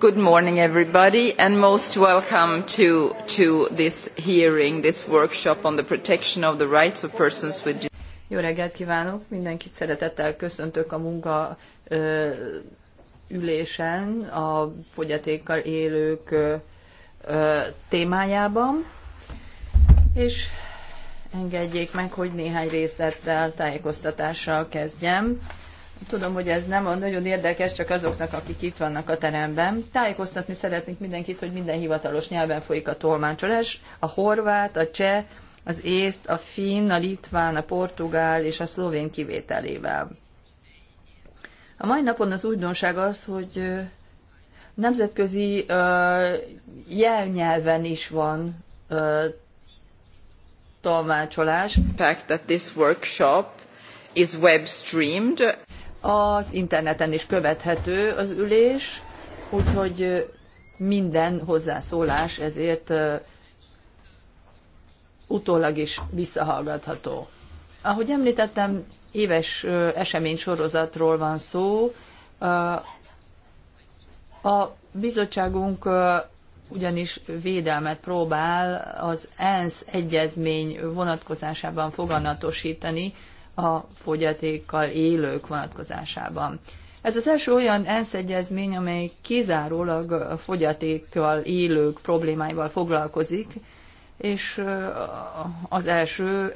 Good morning, everybody, and most welcome to, to this hearing, this workshop on the protection of the rights of persons with Jó reggelt kívánok! Mindenkit szeretettel köszöntök a munka ö, ülésen a fogyatékkal élők ö, ö, témájában, és engedjék meg, hogy néhány részlettel, tájékoztatással kezdjem Tudom, hogy ez nem a nagyon érdekes, csak azoknak, akik itt vannak a teremben. Tájékoztatni szeretnénk mindenkit, hogy minden hivatalos nyelven folyik a tolmácsolás. A horvát, a cseh, az észt, a finn, a litván, a portugál és a szlovén kivételével. A mai napon az újdonság az, hogy nemzetközi jelnyelven is van tolmácsolás. Fact that this workshop is web streamed az interneten is követhető az ülés, úgyhogy minden hozzászólás ezért utólag is visszahallgatható. Ahogy említettem, éves eseménysorozatról van szó. A bizottságunk ugyanis védelmet próbál az ENSZ egyezmény vonatkozásában foganatosítani a fogyatékkal élők vonatkozásában. Ez az első olyan ENSZ egyezmény, amely kizárólag a fogyatékkal élők problémáival foglalkozik, és az első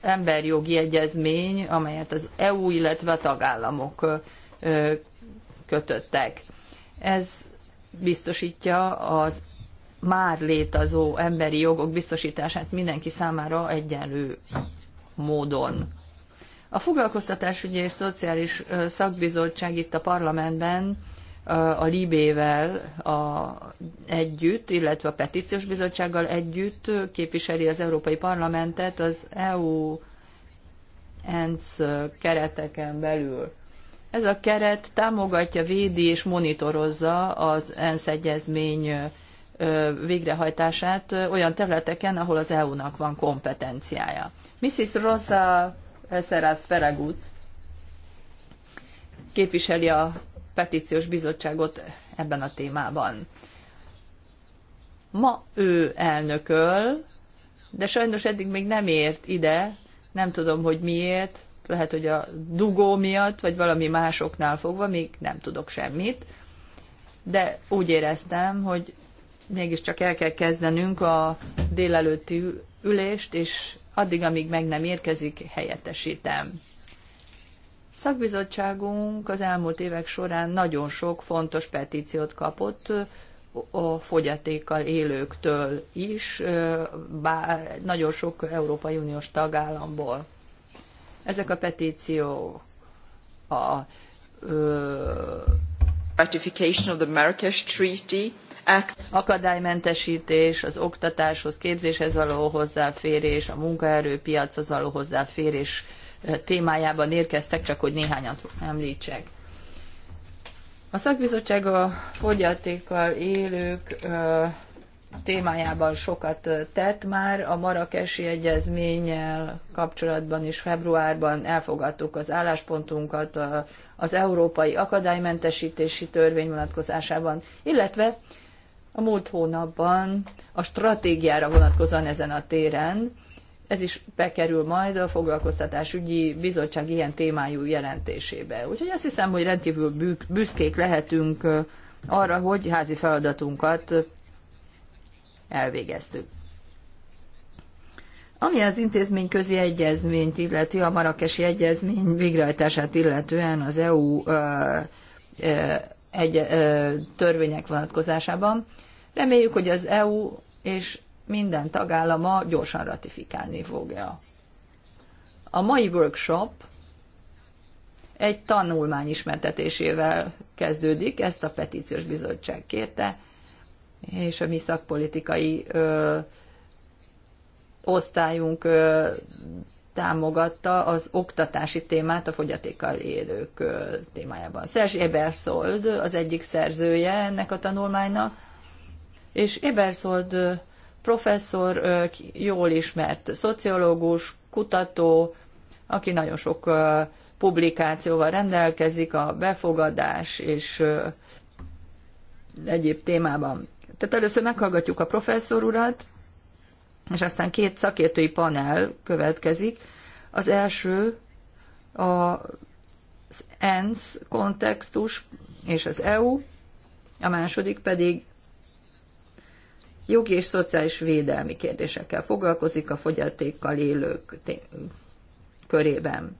emberjogi egyezmény, amelyet az EU, illetve a tagállamok kötöttek. Ez biztosítja az már létező emberi jogok biztosítását mindenki számára egyenlő módon. A ugye és szociális szakbizottság itt a parlamentben a Libével a, együtt, illetve a petíciós bizottsággal együtt képviseli az Európai Parlamentet az EU ENSZ kereteken belül. Ez a keret támogatja, védi és monitorozza az ENSZ egyezmény végrehajtását olyan területeken, ahol az EU-nak van kompetenciája. Mrs. Rosa Eszerász Feregut képviseli a petíciós bizottságot ebben a témában. Ma ő elnököl, de sajnos eddig még nem ért ide, nem tudom, hogy miért, lehet, hogy a dugó miatt, vagy valami másoknál fogva, még nem tudok semmit, de úgy éreztem, hogy mégiscsak el kell kezdenünk a délelőtti ülést, és addig, amíg meg nem érkezik, helyettesítem. Szakbizottságunk az elmúlt évek során nagyon sok fontos petíciót kapott a fogyatékkal élőktől is, bár nagyon sok Európai Uniós tagállamból. Ezek a petíciók a ratification of the Marrakesh Treaty, Akadálymentesítés, az oktatáshoz, képzéshez való hozzáférés, a munkaerőpiachoz való hozzáférés eh, témájában érkeztek, csak hogy néhányat említsek. A szakbizottság a fogyatékkal élők eh, témájában sokat eh, tett már. A marakesi egyezménnyel kapcsolatban is februárban elfogadtuk az álláspontunkat az Európai Akadálymentesítési Törvény vonatkozásában, illetve a múlt hónapban a stratégiára vonatkozóan ezen a téren. Ez is bekerül majd a foglalkoztatásügyi bizottság ilyen témájú jelentésébe. Úgyhogy azt hiszem, hogy rendkívül büszkék lehetünk arra, hogy házi feladatunkat elvégeztük. Ami az intézmény közi egyezményt illeti, a marakesi egyezmény végrehajtását illetően az EU ö, ö, egy, ö, törvények vonatkozásában, Reméljük, hogy az EU és minden tagállama gyorsan ratifikálni fogja. A mai workshop egy tanulmány ismertetésével kezdődik, ezt a petíciós bizottság kérte, és a mi szakpolitikai ö, osztályunk ö, támogatta az oktatási témát a fogyatékkal élők ö, témájában. Szerzs Eberszold az egyik szerzője ennek a tanulmánynak, és Ebersold professzor jól ismert szociológus, kutató, aki nagyon sok publikációval rendelkezik a befogadás és egyéb témában. Tehát először meghallgatjuk a professzor urat, és aztán két szakértői panel következik. Az első a, ENSZ kontextus és az EU, a második pedig jogi és szociális védelmi kérdésekkel foglalkozik a fogyatékkal élők körében.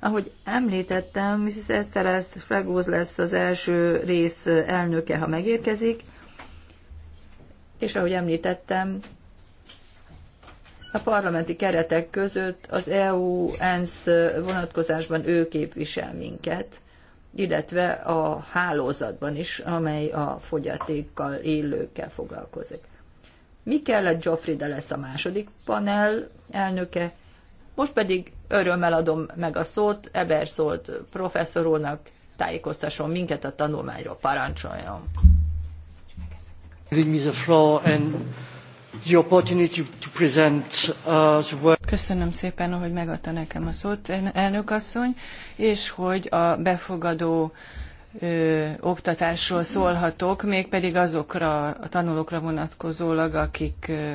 Ahogy említettem, Mrs. Esther Fregóz lesz az első rész elnöke, ha megérkezik, és ahogy említettem, a parlamenti keretek között az EU-ENSZ vonatkozásban ő képvisel minket, illetve a hálózatban is, amely a fogyatékkal élőkkel foglalkozik. Mi kellett Geoffrey de lesz a második panel elnöke, most pedig örömmel adom meg a szót Eberszolt professzor úrnak, tájékoztasson minket a tanulmányról, parancsoljon. Uh, Köszönöm szépen, hogy megadta nekem a szót, elnök asszony, és hogy a befogadó ö, oktatásról szólhatok, mégpedig azokra a tanulókra vonatkozólag, akik ö,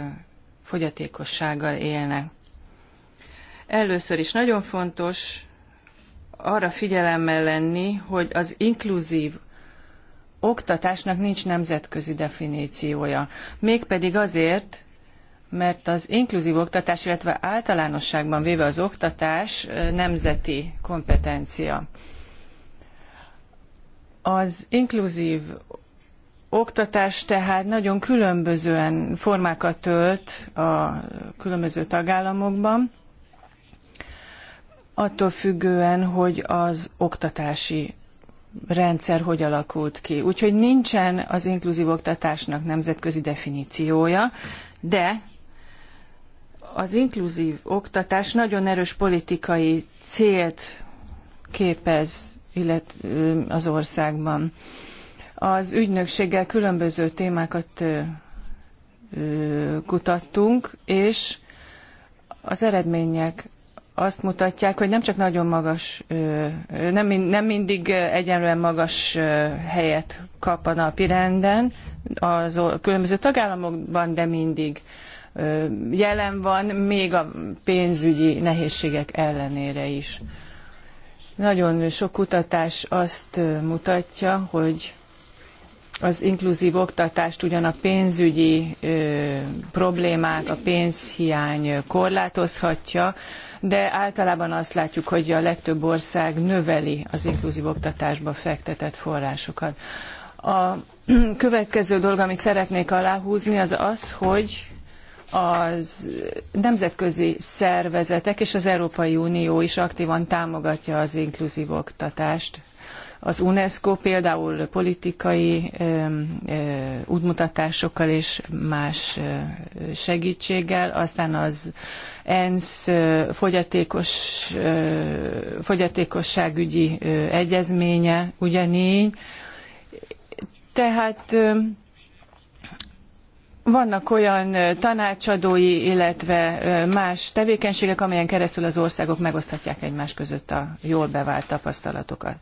fogyatékossággal élnek. Először is nagyon fontos arra figyelemmel lenni, hogy az inkluzív oktatásnak nincs nemzetközi definíciója. Mégpedig azért, mert az inkluzív oktatás, illetve általánosságban véve az oktatás nemzeti kompetencia. Az inkluzív oktatás tehát nagyon különbözően formákat ölt a különböző tagállamokban, attól függően, hogy az oktatási rendszer hogy alakult ki. Úgyhogy nincsen az inkluzív oktatásnak nemzetközi definíciója, de az inkluzív oktatás nagyon erős politikai célt képez illet, az országban. Az ügynökséggel különböző témákat kutattunk, és az eredmények azt mutatják, hogy nem csak nagyon magas, nem, nem mindig egyenlően magas helyet kap a napi renden az különböző tagállamokban, de mindig jelen van, még a pénzügyi nehézségek ellenére is. Nagyon sok kutatás azt mutatja, hogy az inkluzív oktatást ugyan a pénzügyi ö, problémák, a pénzhiány korlátozhatja, de általában azt látjuk, hogy a legtöbb ország növeli az inkluzív oktatásba fektetett forrásokat. A következő dolog, amit szeretnék aláhúzni, az az, hogy az nemzetközi szervezetek és az Európai Unió is aktívan támogatja az inkluzív oktatást. Az UNESCO például politikai ö, ö, útmutatásokkal és más ö, segítséggel, aztán az ENSZ ö, fogyatékos, ö, fogyatékosságügyi ö, egyezménye ugyanígy. Tehát ö, vannak olyan tanácsadói, illetve más tevékenységek, amelyen keresztül az országok megoszthatják egymás között a jól bevált tapasztalatokat.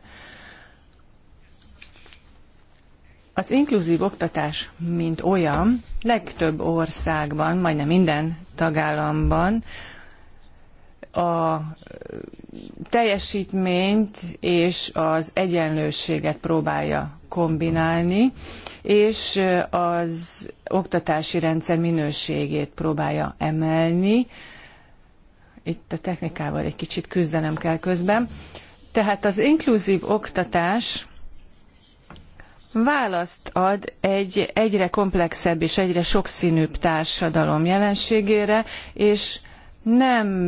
Az inkluzív oktatás, mint olyan, legtöbb országban, majdnem minden tagállamban a teljesítményt és az egyenlőséget próbálja kombinálni és az oktatási rendszer minőségét próbálja emelni. Itt a technikával egy kicsit küzdenem kell közben. Tehát az inkluzív oktatás választ ad egy egyre komplexebb és egyre sokszínűbb társadalom jelenségére, és nem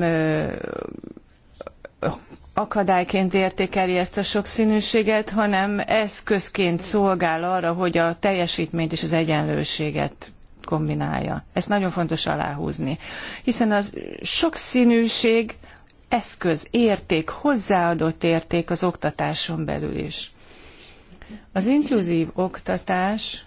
akadályként értékeli ezt a sokszínűséget, hanem eszközként szolgál arra, hogy a teljesítményt és az egyenlőséget kombinálja. Ezt nagyon fontos aláhúzni. Hiszen az sokszínűség eszköz, érték, hozzáadott érték az oktatáson belül is. Az inkluzív oktatás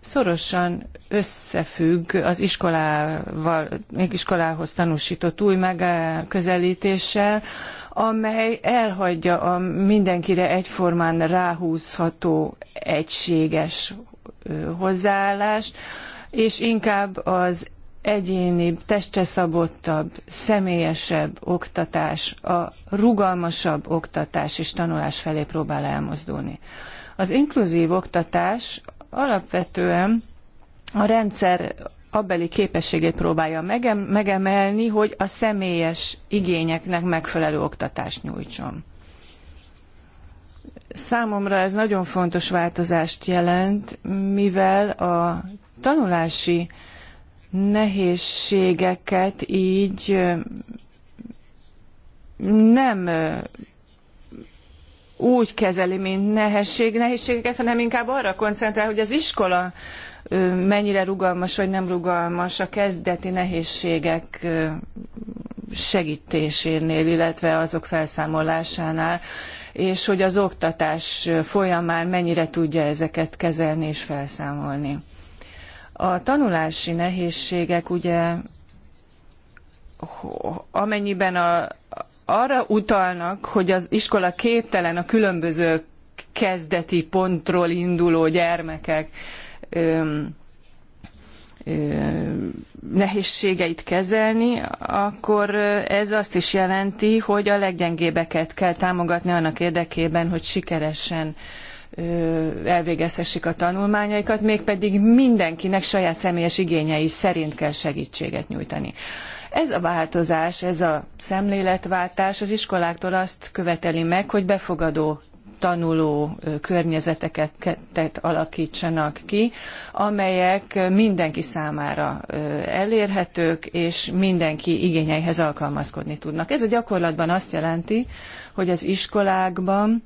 szorosan összefügg az iskolával, iskolához tanúsított új megközelítéssel, amely elhagyja a mindenkire egyformán ráhúzható egységes hozzáállást, és inkább az egyénibb, testre szabottabb, személyesebb oktatás, a rugalmasabb oktatás és tanulás felé próbál elmozdulni. Az inkluzív oktatás alapvetően a rendszer abbeli képességét próbálja megemelni, hogy a személyes igényeknek megfelelő oktatást nyújtson. Számomra ez nagyon fontos változást jelent, mivel a tanulási nehézségeket így nem úgy kezeli, mint nehézség, nehézségeket, hanem inkább arra koncentrál, hogy az iskola mennyire rugalmas vagy nem rugalmas a kezdeti nehézségek segítésénél, illetve azok felszámolásánál, és hogy az oktatás folyamán mennyire tudja ezeket kezelni és felszámolni. A tanulási nehézségek ugye amennyiben a, arra utalnak, hogy az iskola képtelen a különböző kezdeti pontról induló gyermekek öm, nehézségeit kezelni, akkor ez azt is jelenti, hogy a leggyengébbeket kell támogatni annak érdekében, hogy sikeresen elvégezhessék a tanulmányaikat, mégpedig mindenkinek saját személyes igényei szerint kell segítséget nyújtani. Ez a változás, ez a szemléletváltás az iskoláktól azt követeli meg, hogy befogadó tanuló környezeteket alakítsanak ki, amelyek mindenki számára elérhetők, és mindenki igényeihez alkalmazkodni tudnak. Ez a gyakorlatban azt jelenti, hogy az iskolákban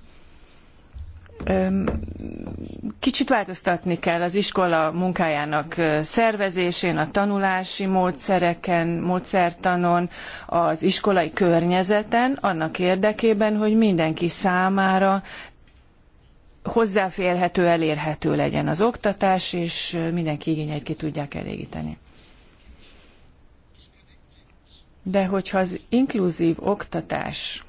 Kicsit változtatni kell az iskola munkájának szervezésén, a tanulási módszereken, módszertanon, az iskolai környezeten, annak érdekében, hogy mindenki számára hozzáférhető, elérhető legyen az oktatás, és mindenki igényeit ki tudják elégíteni. De hogyha az inkluzív oktatás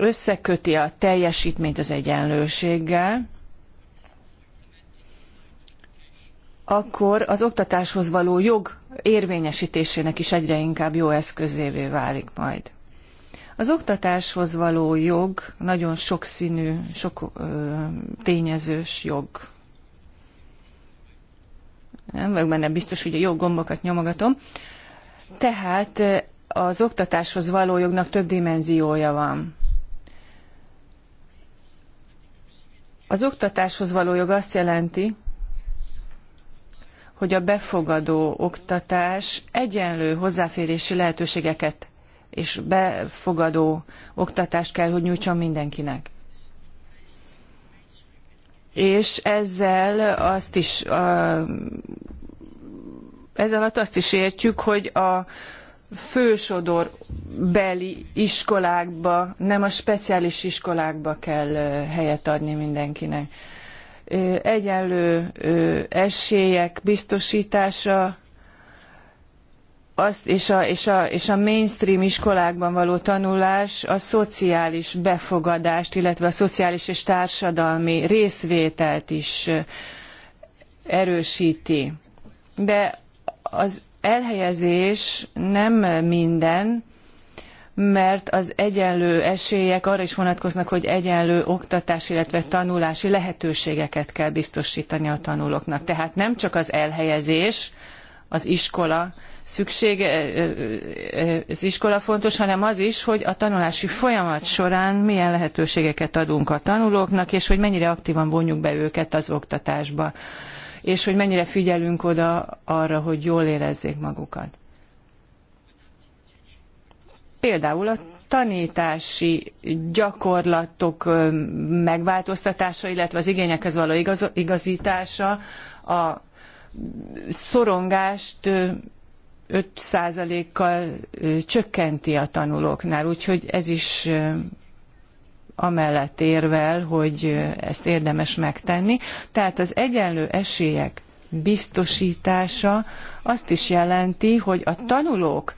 összeköti a teljesítményt az egyenlőséggel, akkor az oktatáshoz való jog érvényesítésének is egyre inkább jó eszközévé válik majd. Az oktatáshoz való jog nagyon sokszínű, sok ö, tényezős jog. Nem vagyok benne biztos, hogy a jó gombokat nyomogatom. Tehát az oktatáshoz való jognak több dimenziója van. Az oktatáshoz való jog azt jelenti, hogy a befogadó oktatás egyenlő hozzáférési lehetőségeket és befogadó oktatást kell, hogy nyújtson mindenkinek. És ezzel azt is, ez alatt azt is értjük, hogy a fősodor beli iskolákba, nem a speciális iskolákba kell helyet adni mindenkinek. Egyenlő esélyek biztosítása, azt, és, a, és, a, és a mainstream iskolákban való tanulás a szociális befogadást, illetve a szociális és társadalmi részvételt is erősíti. De az elhelyezés nem minden, mert az egyenlő esélyek arra is vonatkoznak, hogy egyenlő oktatás, illetve tanulási lehetőségeket kell biztosítani a tanulóknak. Tehát nem csak az elhelyezés, az iskola szükség, az iskola fontos, hanem az is, hogy a tanulási folyamat során milyen lehetőségeket adunk a tanulóknak, és hogy mennyire aktívan vonjuk be őket az oktatásba és hogy mennyire figyelünk oda arra, hogy jól érezzék magukat. Például a tanítási gyakorlatok megváltoztatása, illetve az igényekhez való igaz, igazítása a szorongást 5%-kal csökkenti a tanulóknál, úgyhogy ez is amellett érvel, hogy ezt érdemes megtenni. Tehát az egyenlő esélyek biztosítása azt is jelenti, hogy a tanulók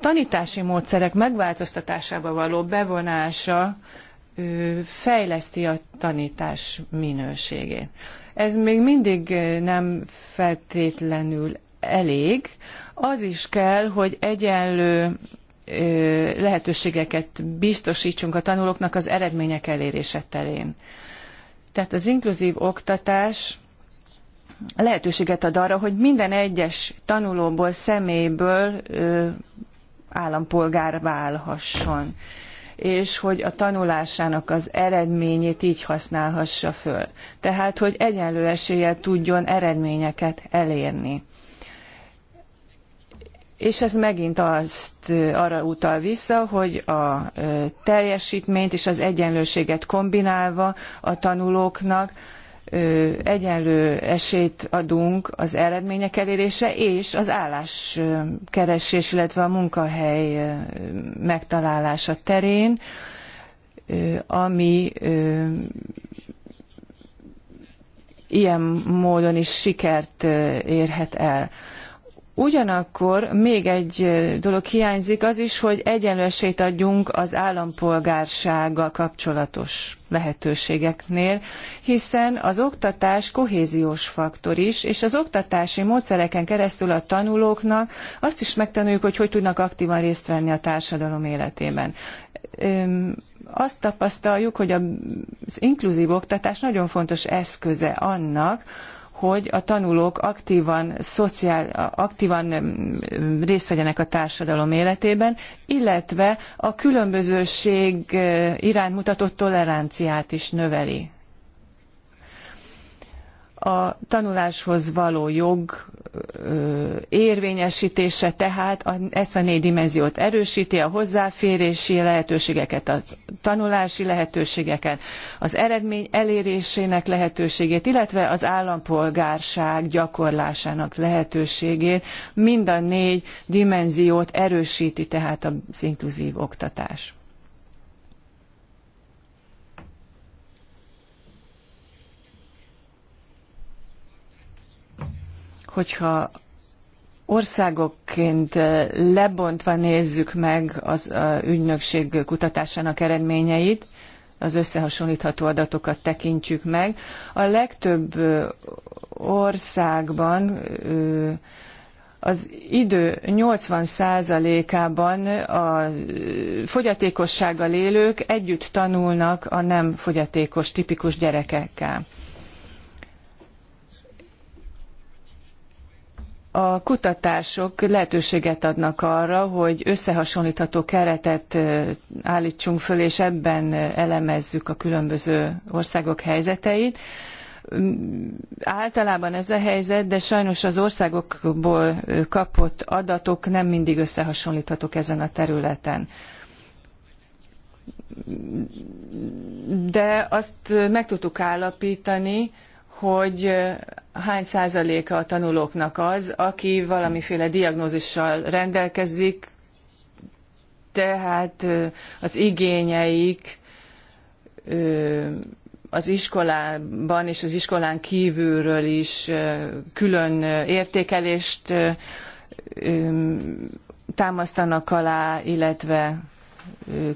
tanítási módszerek megváltoztatásába való bevonása fejleszti a tanítás minőségét. Ez még mindig nem feltétlenül elég. Az is kell, hogy egyenlő lehetőségeket biztosítsunk a tanulóknak az eredmények elérése terén. Tehát az inkluzív oktatás lehetőséget ad arra, hogy minden egyes tanulóból, személyből állampolgár válhasson, és hogy a tanulásának az eredményét így használhassa föl. Tehát, hogy egyenlő eséllyel tudjon eredményeket elérni és ez megint azt arra utal vissza, hogy a teljesítményt és az egyenlőséget kombinálva a tanulóknak egyenlő esélyt adunk az eredmények elérése és az álláskeresés, illetve a munkahely megtalálása terén, ami ilyen módon is sikert érhet el. Ugyanakkor még egy dolog hiányzik, az is, hogy egyenlő esélyt adjunk az állampolgársággal kapcsolatos lehetőségeknél, hiszen az oktatás kohéziós faktor is, és az oktatási módszereken keresztül a tanulóknak azt is megtanuljuk, hogy hogy tudnak aktívan részt venni a társadalom életében azt tapasztaljuk, hogy az inkluzív oktatás nagyon fontos eszköze annak, hogy a tanulók aktívan, szociál, aktívan részt vegyenek a társadalom életében, illetve a különbözőség eh, iránt mutatott toleranciát is növeli a tanuláshoz való jog érvényesítése tehát ezt a négy dimenziót erősíti, a hozzáférési lehetőségeket, a tanulási lehetőségeket, az eredmény elérésének lehetőségét, illetve az állampolgárság gyakorlásának lehetőségét. Mind a négy dimenziót erősíti tehát az inkluzív oktatás. hogyha országokként eh, lebontva nézzük meg az ügynökség kutatásának eredményeit, az összehasonlítható adatokat tekintjük meg. A legtöbb eh, országban eh, az idő 80%-ában a fogyatékossággal élők együtt tanulnak a nem fogyatékos tipikus gyerekekkel. A kutatások lehetőséget adnak arra, hogy összehasonlítható keretet állítsunk föl, és ebben elemezzük a különböző országok helyzeteit. Általában ez a helyzet, de sajnos az országokból kapott adatok nem mindig összehasonlíthatók ezen a területen de azt meg tudtuk állapítani, hogy hány százaléka a tanulóknak az, aki valamiféle diagnózissal rendelkezik, tehát az igényeik az iskolában és az iskolán kívülről is külön értékelést támasztanak alá, illetve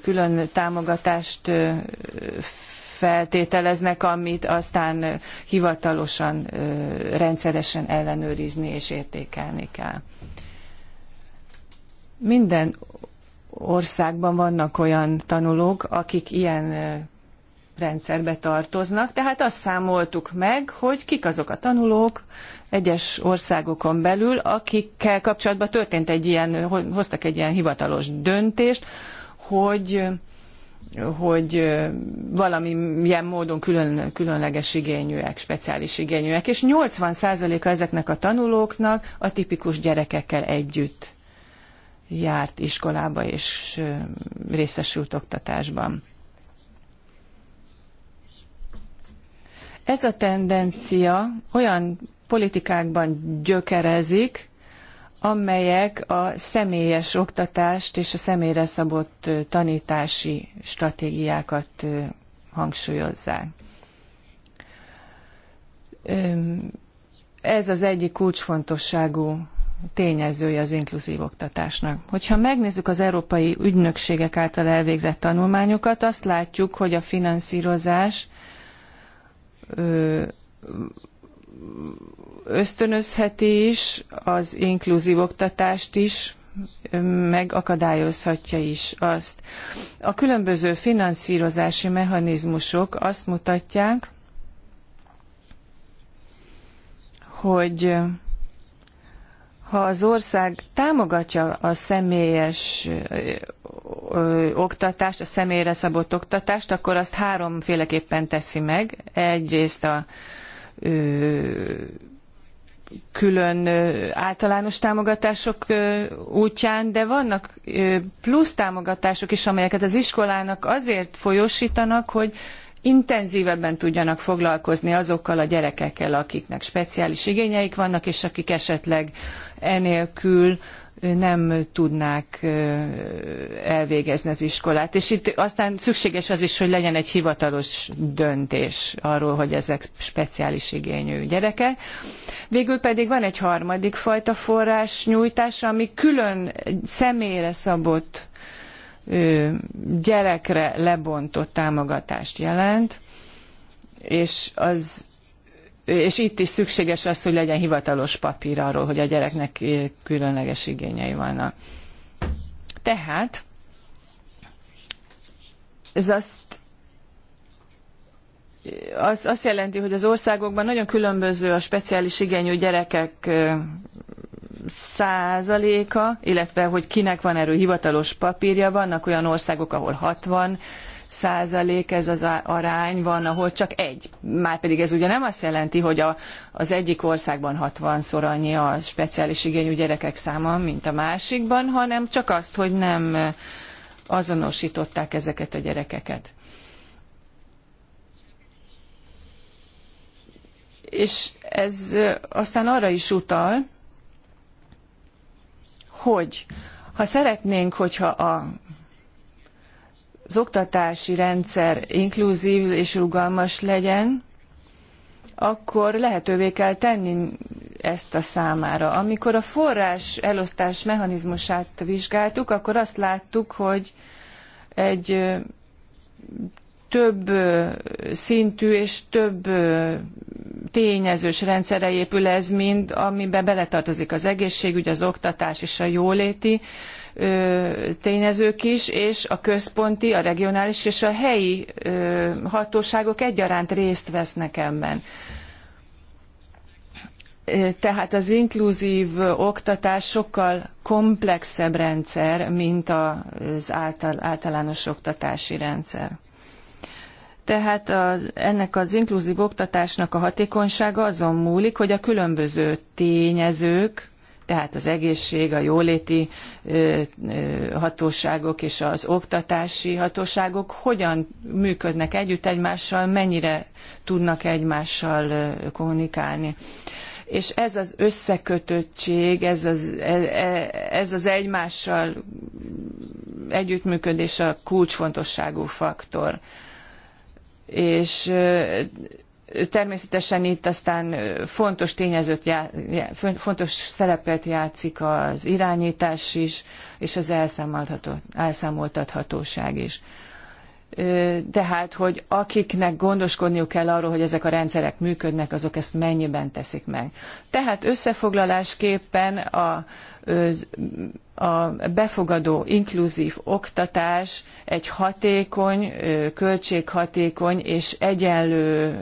külön támogatást feltételeznek, amit aztán hivatalosan, rendszeresen ellenőrizni és értékelni kell. Minden országban vannak olyan tanulók, akik ilyen rendszerbe tartoznak, tehát azt számoltuk meg, hogy kik azok a tanulók egyes országokon belül, akikkel kapcsolatban történt egy ilyen, hoztak egy ilyen hivatalos döntést, hogy hogy valamilyen módon külön, különleges igényűek, speciális igényűek, és 80%-a ezeknek a tanulóknak a tipikus gyerekekkel együtt járt iskolába és részesült oktatásban. Ez a tendencia olyan politikákban gyökerezik, amelyek a személyes oktatást és a személyre szabott tanítási stratégiákat hangsúlyozzák. Ez az egyik kulcsfontosságú tényezője az inkluzív oktatásnak. Hogyha megnézzük az európai ügynökségek által elvégzett tanulmányokat, azt látjuk, hogy a finanszírozás ösztönözheti is, az inkluzív oktatást is, megakadályozhatja is azt. A különböző finanszírozási mechanizmusok azt mutatják, hogy ha az ország támogatja a személyes oktatást, a személyre szabott oktatást, akkor azt háromféleképpen teszi meg. Egyrészt a külön általános támogatások útján, de vannak plusz támogatások is, amelyeket az iskolának azért folyósítanak, hogy intenzívebben tudjanak foglalkozni azokkal a gyerekekkel, akiknek speciális igényeik vannak, és akik esetleg enélkül nem tudnák elvégezni az iskolát. És itt aztán szükséges az is, hogy legyen egy hivatalos döntés arról, hogy ezek speciális igényű gyerekek. Végül pedig van egy harmadik fajta forrásnyújtás, ami külön személyre szabott gyerekre lebontott támogatást jelent, és az és itt is szükséges az, hogy legyen hivatalos papír arról, hogy a gyereknek eh, különleges igényei vannak. Tehát ez azt eh, az azt jelenti, hogy az országokban nagyon különböző a speciális igényű gyerekek eh, százaléka, illetve hogy kinek van erről hivatalos papírja. Vannak olyan országok, ahol 60 százalék ez az arány, van, ahol csak egy. Márpedig ez ugye nem azt jelenti, hogy a, az egyik országban 60-szor annyi a speciális igényű gyerekek száma, mint a másikban, hanem csak azt, hogy nem azonosították ezeket a gyerekeket. És ez aztán arra is utal, hogy ha szeretnénk, hogyha a az oktatási rendszer inkluzív és rugalmas legyen, akkor lehetővé kell tenni ezt a számára. Amikor a forrás elosztás mechanizmusát vizsgáltuk, akkor azt láttuk, hogy egy több szintű és több tényezős rendszerre épül ez mind, amiben beletartozik az egészségügy, az oktatás és a jóléti tényezők is, és a központi, a regionális és a helyi hatóságok egyaránt részt vesznek ebben. Tehát az inkluzív oktatás sokkal komplexebb rendszer, mint az általános oktatási rendszer. Tehát az, ennek az inkluzív oktatásnak a hatékonysága azon múlik, hogy a különböző tényezők, tehát az egészség, a jóléti hatóságok és az oktatási hatóságok hogyan működnek együtt egymással, mennyire tudnak egymással kommunikálni és ez az összekötöttség, ez az, e, e, ez az egymással együttműködés a kulcsfontosságú faktor. És Természetesen itt aztán fontos tényezőt, já, fontos szerepet játszik az irányítás is, és az elszámoltathatóság is tehát, hogy akiknek gondoskodniuk kell arról, hogy ezek a rendszerek működnek, azok ezt mennyiben teszik meg. Tehát összefoglalásképpen a, a befogadó, inkluzív oktatás egy hatékony, költséghatékony és egyenlő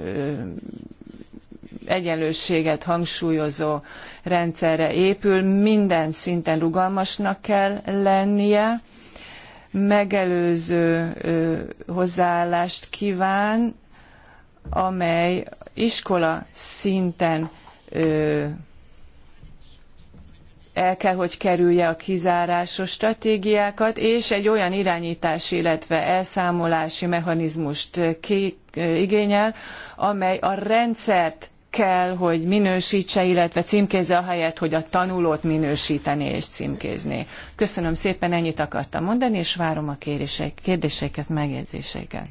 egyenlőséget hangsúlyozó rendszerre épül, minden szinten rugalmasnak kell lennie, megelőző hozzáállást kíván, amely iskola szinten el kell, hogy kerülje a kizárásos stratégiákat, és egy olyan irányítási, illetve elszámolási mechanizmust ki, igényel, amely a rendszert kell, hogy minősítse, illetve címkézze a helyet, hogy a tanulót minősíteni és címkézni. Köszönöm szépen, ennyit akartam mondani, és várom a kérdések, kérdéseket, megjegyzéseket.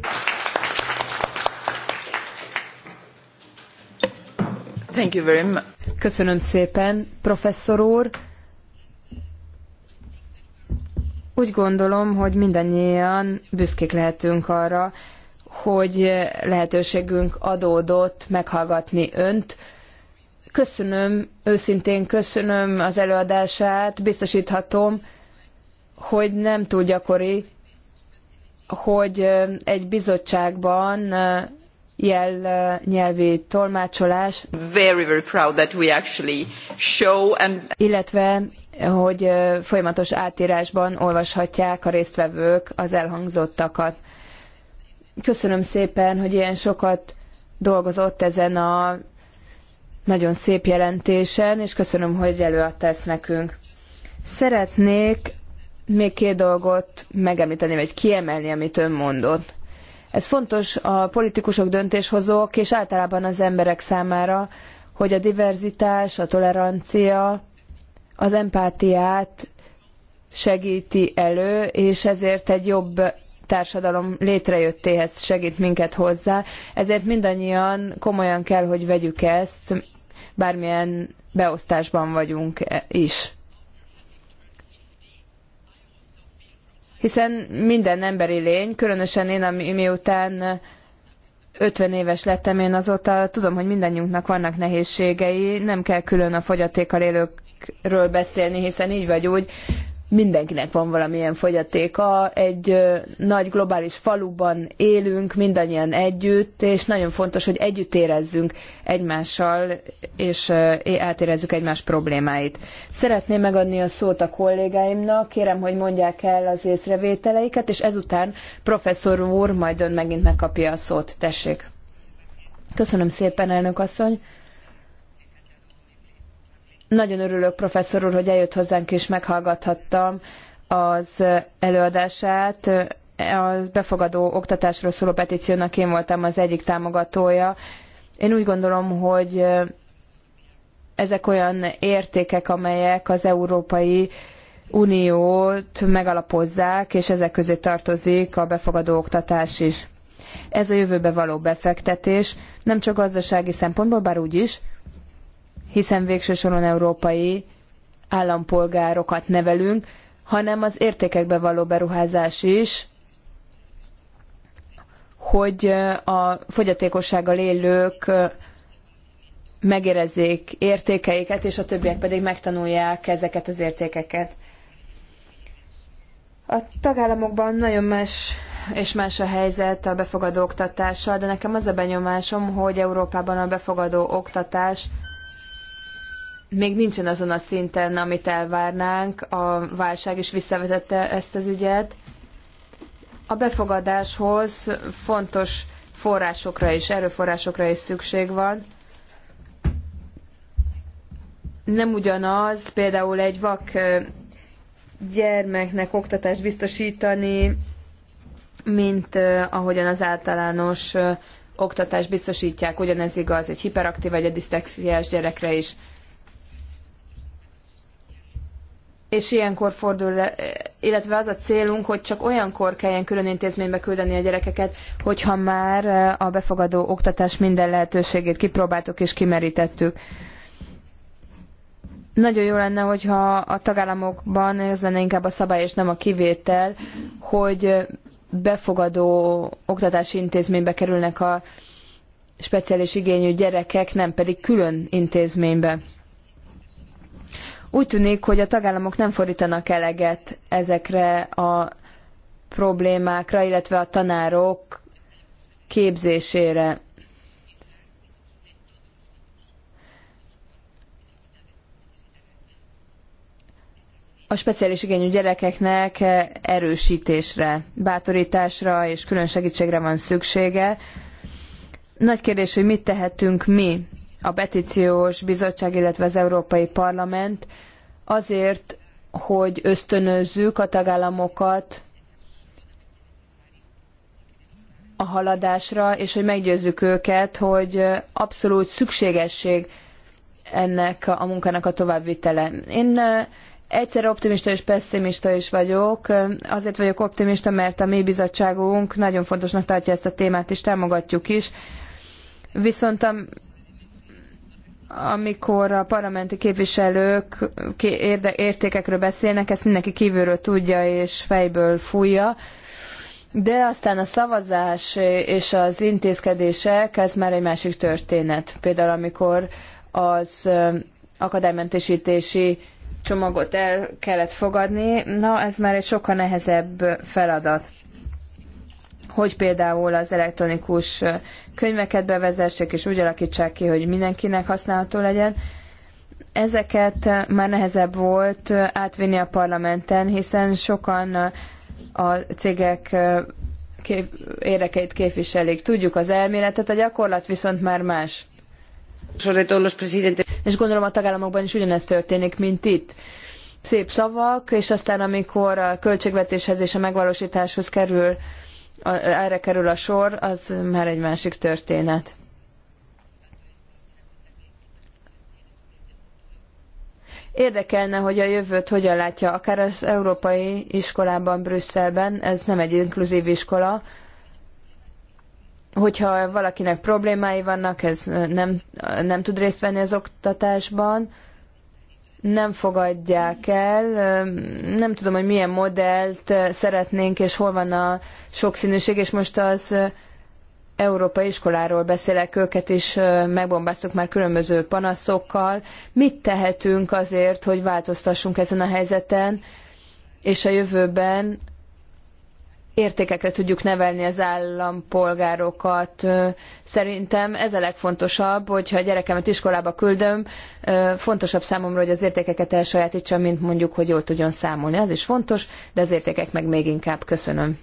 Thank you very much. Köszönöm szépen, professzor úr. Úgy gondolom, hogy mindannyian büszkék lehetünk arra, hogy lehetőségünk adódott meghallgatni önt. Köszönöm, őszintén köszönöm az előadását, biztosíthatom, hogy nem túl gyakori, hogy egy bizottságban jel nyelvi tolmácsolás, very, very proud that we actually show and... illetve hogy folyamatos átírásban olvashatják a résztvevők az elhangzottakat. Köszönöm szépen, hogy ilyen sokat dolgozott ezen a nagyon szép jelentésen, és köszönöm, hogy előadta ezt nekünk. Szeretnék még két dolgot megemlíteni, vagy kiemelni, amit ön mondott. Ez fontos a politikusok, döntéshozók és általában az emberek számára, hogy a diverzitás, a tolerancia, az empátiát segíti elő, és ezért egy jobb társadalom létrejöttéhez segít minket hozzá, ezért mindannyian komolyan kell, hogy vegyük ezt, bármilyen beosztásban vagyunk is. Hiszen minden emberi lény, különösen én, ami, miután 50 éves lettem, én azóta tudom, hogy mindannyiunknak vannak nehézségei, nem kell külön a fogyatékkal élőkről beszélni, hiszen így vagy úgy mindenkinek van valamilyen fogyatéka. Egy nagy globális faluban élünk, mindannyian együtt, és nagyon fontos, hogy együtt érezzünk egymással, és átérezzük egymás problémáit. Szeretném megadni a szót a kollégáimnak, kérem, hogy mondják el az észrevételeiket, és ezután professzor úr majd ön megint megkapja a szót. Tessék! Köszönöm szépen, elnök asszony! Nagyon örülök, professzor úr, hogy eljött hozzánk és meghallgathattam az előadását. A befogadó oktatásról szóló petíciónak én voltam az egyik támogatója. Én úgy gondolom, hogy ezek olyan értékek, amelyek az európai uniót megalapozzák, és ezek közé tartozik a befogadó oktatás is. Ez a jövőbe való befektetés, nem csak gazdasági szempontból, bár úgy is, hiszen végső soron európai állampolgárokat nevelünk, hanem az értékekbe való beruházás is, hogy a fogyatékossággal élők megérezzék értékeiket, és a többiek pedig megtanulják ezeket az értékeket. A tagállamokban nagyon más és más a helyzet a befogadó oktatással, de nekem az a benyomásom, hogy Európában a befogadó oktatás még nincsen azon a szinten, amit elvárnánk. A válság is visszavetette ezt az ügyet. A befogadáshoz fontos forrásokra és erőforrásokra is szükség van. Nem ugyanaz, például egy vak gyermeknek oktatást biztosítani, mint ahogyan az általános oktatást biztosítják, ugyanez igaz egy hiperaktív vagy egy diszlexiás gyerekre is. és ilyenkor fordul, le, illetve az a célunk, hogy csak olyankor kelljen külön intézménybe küldeni a gyerekeket, hogyha már a befogadó oktatás minden lehetőségét kipróbáltuk és kimerítettük. Nagyon jó lenne, hogyha a tagállamokban ez lenne inkább a szabály és nem a kivétel, hogy befogadó oktatási intézménybe kerülnek a speciális igényű gyerekek, nem pedig külön intézménybe. Úgy tűnik, hogy a tagállamok nem fordítanak eleget ezekre a problémákra, illetve a tanárok képzésére. a speciális igényű gyerekeknek erősítésre, bátorításra és külön segítségre van szüksége. Nagy kérdés, hogy mit tehetünk mi a petíciós bizottság, illetve az Európai Parlament azért, hogy ösztönözzük a tagállamokat a haladásra, és hogy meggyőzzük őket, hogy abszolút szükségesség ennek a munkának a továbbvitele. Én egyszer optimista és pessimista is vagyok. Azért vagyok optimista, mert a mi bizottságunk nagyon fontosnak tartja ezt a témát, és támogatjuk is. Viszont a amikor a parlamenti képviselők értékekről beszélnek, ezt mindenki kívülről tudja és fejből fújja, de aztán a szavazás és az intézkedések, ez már egy másik történet. Például amikor az akadálymentesítési csomagot el kellett fogadni, na ez már egy sokkal nehezebb feladat. Hogy például az elektronikus könyveket bevezessék, és úgy alakítsák ki, hogy mindenkinek használható legyen. Ezeket eh, már nehezebb volt eh, átvinni a parlamenten, hiszen sokan eh, a cégek kép, érdekeit képviselik. Tudjuk az elméletet, a gyakorlat viszont már más. És gondolom a tagállamokban is ugyanezt történik, mint itt. Szép szavak, és aztán amikor a költségvetéshez és a megvalósításhoz kerül erre kerül a sor, az már egy másik történet. Érdekelne, hogy a jövőt hogyan látja, akár az európai iskolában, Brüsszelben, ez nem egy inkluzív iskola, hogyha valakinek problémái vannak, ez nem, nem tud részt venni az oktatásban, nem fogadják el. Nem tudom, hogy milyen modellt szeretnénk, és hol van a sokszínűség, és most az európai iskoláról beszélek, őket is megbombáztuk már különböző panaszokkal. Mit tehetünk azért, hogy változtassunk ezen a helyzeten, és a jövőben értékekre tudjuk nevelni az állampolgárokat. Szerintem ez a legfontosabb, hogyha a gyerekemet iskolába küldöm, fontosabb számomra, hogy az értékeket elsajátítsam, mint mondjuk, hogy jól tudjon számolni. Az is fontos, de az értékek meg még inkább. Köszönöm.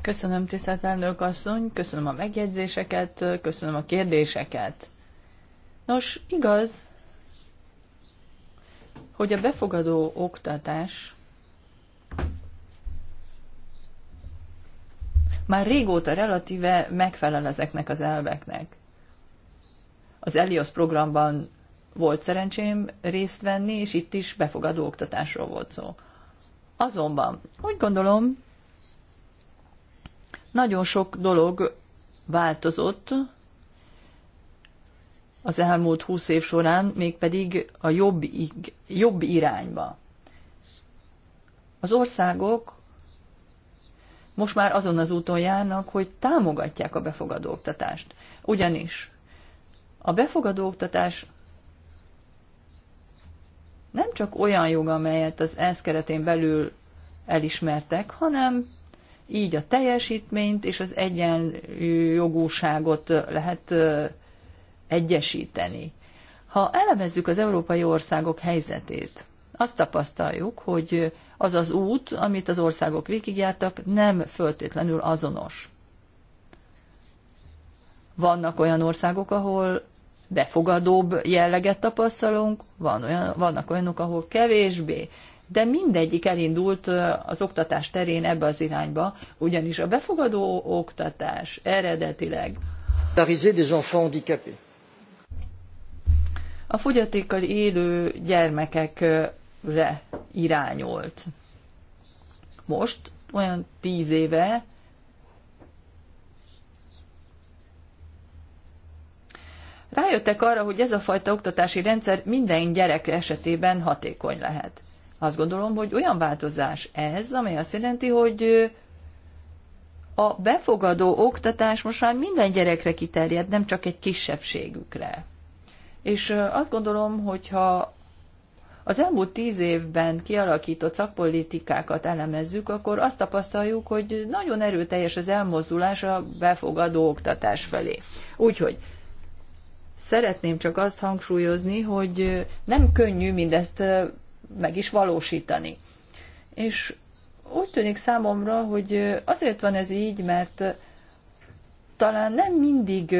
Köszönöm, tisztelt elnök asszony, köszönöm a megjegyzéseket, köszönöm a kérdéseket. Nos, igaz, hogy a befogadó oktatás már régóta relatíve megfelel ezeknek az elveknek. Az Elios programban volt szerencsém részt venni, és itt is befogadó oktatásról volt szó. Azonban úgy gondolom, nagyon sok dolog változott az elmúlt húsz év során, mégpedig a jobb, jobb irányba. Az országok most már azon az úton járnak, hogy támogatják a befogadó oktatást. Ugyanis a befogadó oktatás nem csak olyan jog, amelyet az ENSZ keretén belül elismertek, hanem így a teljesítményt és az egyenjogúságot lehet egyesíteni. Ha elemezzük az európai országok helyzetét, azt tapasztaljuk, hogy az az út, amit az országok végigjártak, nem föltétlenül azonos. Vannak olyan országok, ahol befogadóbb jelleget tapasztalunk, van olyan, vannak olyanok, ahol kevésbé, de mindegyik elindult az oktatás terén ebbe az irányba, ugyanis a befogadó oktatás eredetileg a fogyatékkal élő gyermekek re irányolt. Most olyan tíz éve rájöttek arra, hogy ez a fajta oktatási rendszer minden gyerek esetében hatékony lehet. Azt gondolom, hogy olyan változás ez, amely azt jelenti, hogy a befogadó oktatás most már minden gyerekre kiterjed, nem csak egy kisebbségükre. És azt gondolom, hogyha az elmúlt tíz évben kialakított szakpolitikákat elemezzük, akkor azt tapasztaljuk, hogy nagyon erőteljes az elmozdulás a befogadó oktatás felé. Úgyhogy szeretném csak azt hangsúlyozni, hogy nem könnyű mindezt meg is valósítani. És úgy tűnik számomra, hogy azért van ez így, mert talán nem mindig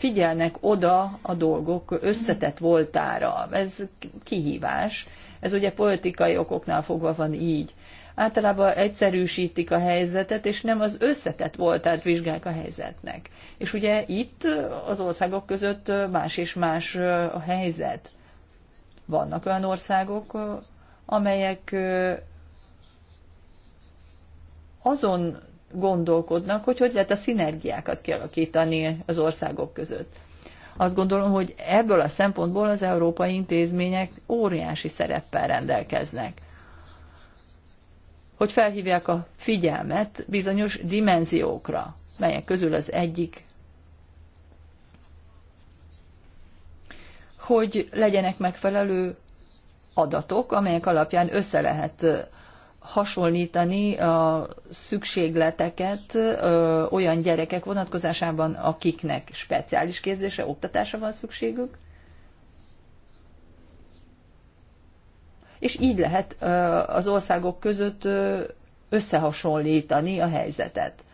figyelnek oda a dolgok összetett voltára. Ez kihívás. Ez ugye politikai okoknál fogva van így. Általában egyszerűsítik a helyzetet, és nem az összetett voltát vizsgálják a helyzetnek. És ugye itt az országok között más és más a helyzet. Vannak olyan országok, amelyek azon gondolkodnak, hogy hogy lehet a szinergiákat kialakítani az országok között. Azt gondolom, hogy ebből a szempontból az európai intézmények óriási szereppel rendelkeznek. Hogy felhívják a figyelmet bizonyos dimenziókra, melyek közül az egyik, hogy legyenek megfelelő adatok, amelyek alapján össze lehet hasonlítani a szükségleteket ö, olyan gyerekek vonatkozásában, akiknek speciális képzésre, oktatásra van szükségük. És így lehet ö, az országok között ö, összehasonlítani a helyzetet.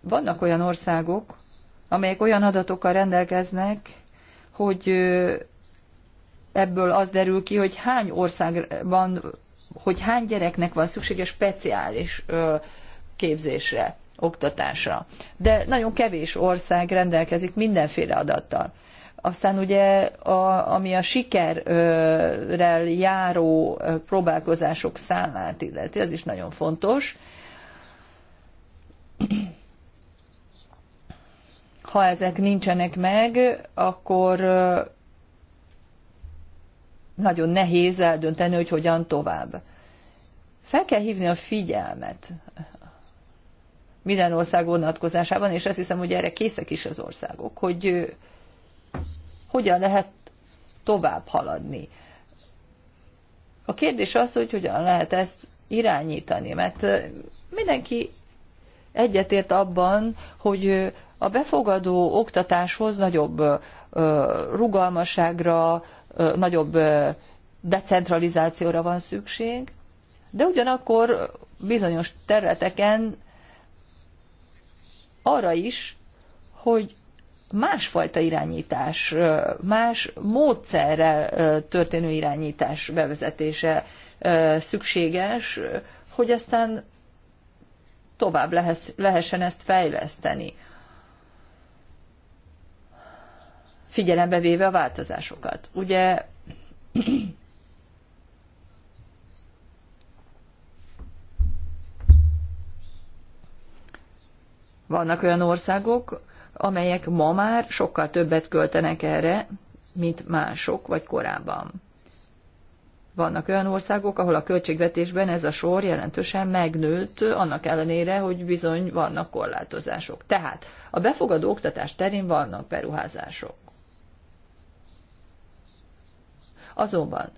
Vannak olyan országok, amelyek olyan adatokkal rendelkeznek, hogy ebből az derül ki, hogy hány országban, hogy hány gyereknek van szüksége speciális képzésre, oktatásra. De nagyon kevés ország rendelkezik mindenféle adattal. Aztán ugye, a, ami a sikerrel járó próbálkozások számát illeti, ez is nagyon fontos. Ha ezek nincsenek meg, akkor nagyon nehéz eldönteni, hogy hogyan tovább. Fel kell hívni a figyelmet minden ország vonatkozásában, és azt hiszem, hogy erre készek is az országok, hogy hogyan lehet tovább haladni. A kérdés az, hogy hogyan lehet ezt irányítani, mert mindenki egyetért abban, hogy a befogadó oktatáshoz nagyobb rugalmasságra, nagyobb decentralizációra van szükség, de ugyanakkor bizonyos területeken arra is, hogy másfajta irányítás, más módszerrel történő irányítás bevezetése szükséges, hogy aztán tovább lehessen ezt fejleszteni. figyelembe véve a változásokat. Ugye vannak olyan országok, amelyek ma már sokkal többet költenek erre, mint mások, vagy korábban. Vannak olyan országok, ahol a költségvetésben ez a sor jelentősen megnőtt, annak ellenére, hogy bizony vannak korlátozások. Tehát a befogadó oktatás terén vannak beruházások. Azonban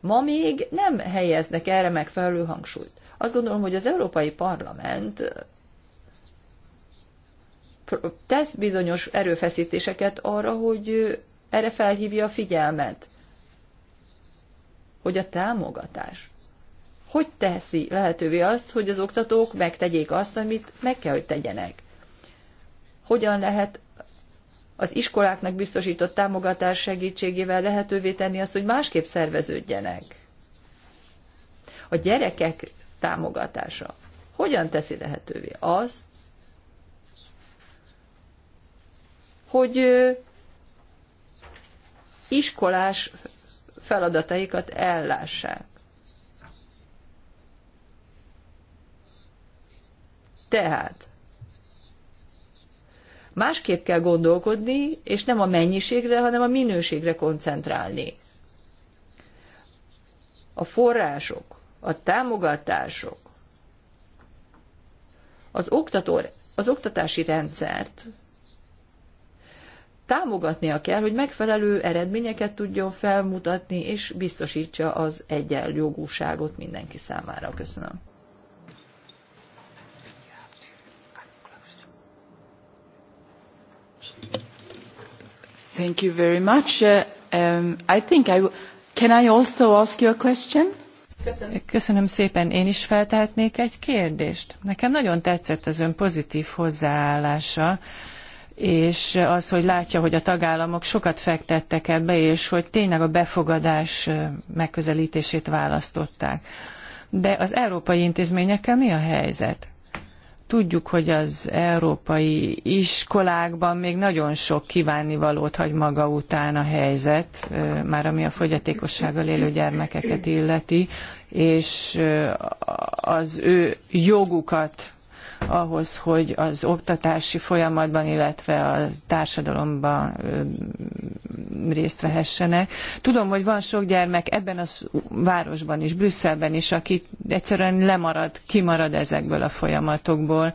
ma még nem helyeznek erre megfelelő hangsúlyt. Azt gondolom, hogy az Európai Parlament tesz bizonyos erőfeszítéseket arra, hogy erre felhívja a figyelmet, hogy a támogatás hogy teszi lehetővé azt, hogy az oktatók megtegyék azt, amit meg kell, hogy tegyenek. Hogyan lehet az iskoláknak biztosított támogatás segítségével lehetővé tenni azt, hogy másképp szerveződjenek. A gyerekek támogatása hogyan teszi lehetővé azt, hogy iskolás feladataikat ellássák. Tehát Másképp kell gondolkodni, és nem a mennyiségre, hanem a minőségre koncentrálni. A források, a támogatások, az, oktató, az oktatási rendszert támogatnia kell, hogy megfelelő eredményeket tudjon felmutatni, és biztosítsa az egyenjogúságot mindenki számára. Köszönöm. Thank you very much. Uh, um, I think I can I also ask you a question? Köszönöm. Köszönöm szépen, én is feltehetnék egy kérdést. Nekem nagyon tetszett az ön pozitív hozzáállása, és az, hogy látja, hogy a tagállamok sokat fektettek ebbe, és hogy tényleg a befogadás megközelítését választották. De az európai intézményekkel mi a helyzet? Tudjuk, hogy az európai iskolákban még nagyon sok kívánivalót hagy maga után a helyzet, már ami a fogyatékossággal élő gyermekeket illeti, és az ő jogukat ahhoz, hogy az oktatási folyamatban, illetve a társadalomban részt vehessenek. Tudom, hogy van sok gyermek ebben a városban is, Brüsszelben is, aki egyszerűen lemarad, kimarad ezekből a folyamatokból.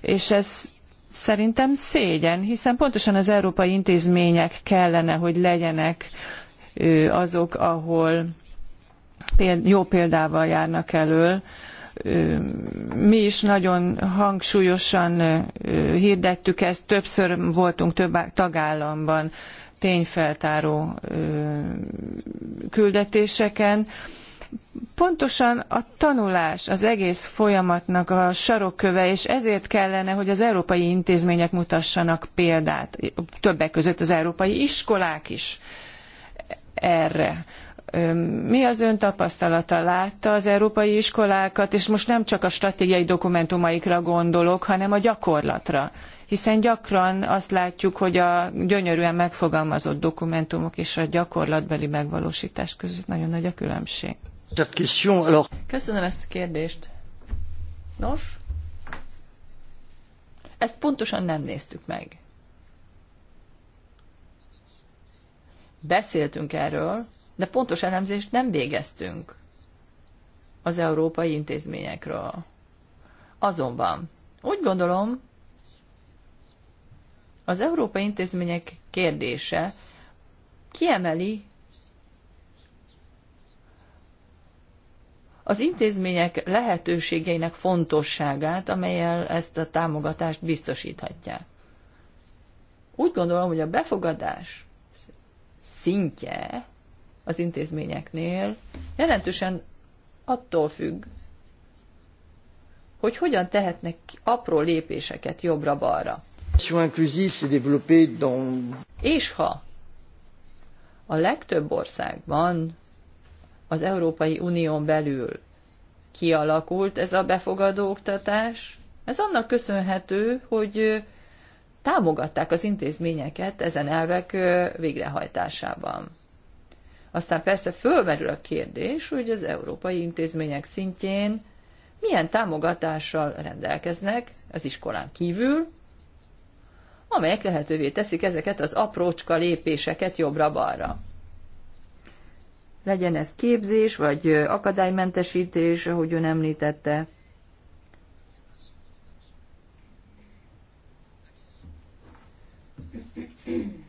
És ez szerintem szégyen, hiszen pontosan az európai intézmények kellene, hogy legyenek azok, ahol jó példával járnak elő, mi is nagyon hangsúlyosan hirdettük ezt, többször voltunk több tagállamban tényfeltáró küldetéseken. Pontosan a tanulás az egész folyamatnak a sarokköve, és ezért kellene, hogy az európai intézmények mutassanak példát, többek között az európai iskolák is erre mi az ön tapasztalata? Látta az európai iskolákat, és most nem csak a stratégiai dokumentumaikra gondolok, hanem a gyakorlatra. Hiszen gyakran azt látjuk, hogy a gyönyörűen megfogalmazott dokumentumok és a gyakorlatbeli megvalósítás között nagyon nagy a különbség. Köszönöm ezt a kérdést. Nos, ezt pontosan nem néztük meg. Beszéltünk erről, de pontos elemzést nem végeztünk az európai intézményekről. Azonban úgy gondolom, az európai intézmények kérdése kiemeli az intézmények lehetőségeinek fontosságát, amelyel ezt a támogatást biztosíthatják. Úgy gondolom, hogy a befogadás szintje az intézményeknél jelentősen attól függ, hogy hogyan tehetnek apró lépéseket jobbra-balra. És ha a legtöbb országban az Európai Unión belül kialakult ez a befogadó oktatás, ez annak köszönhető, hogy támogatták az intézményeket ezen elvek végrehajtásában. Aztán persze fölmerül a kérdés, hogy az európai intézmények szintjén milyen támogatással rendelkeznek az iskolán kívül, amelyek lehetővé teszik ezeket az aprócska lépéseket jobbra-balra. Legyen ez képzés, vagy akadálymentesítés, ahogy ön említette. Thank you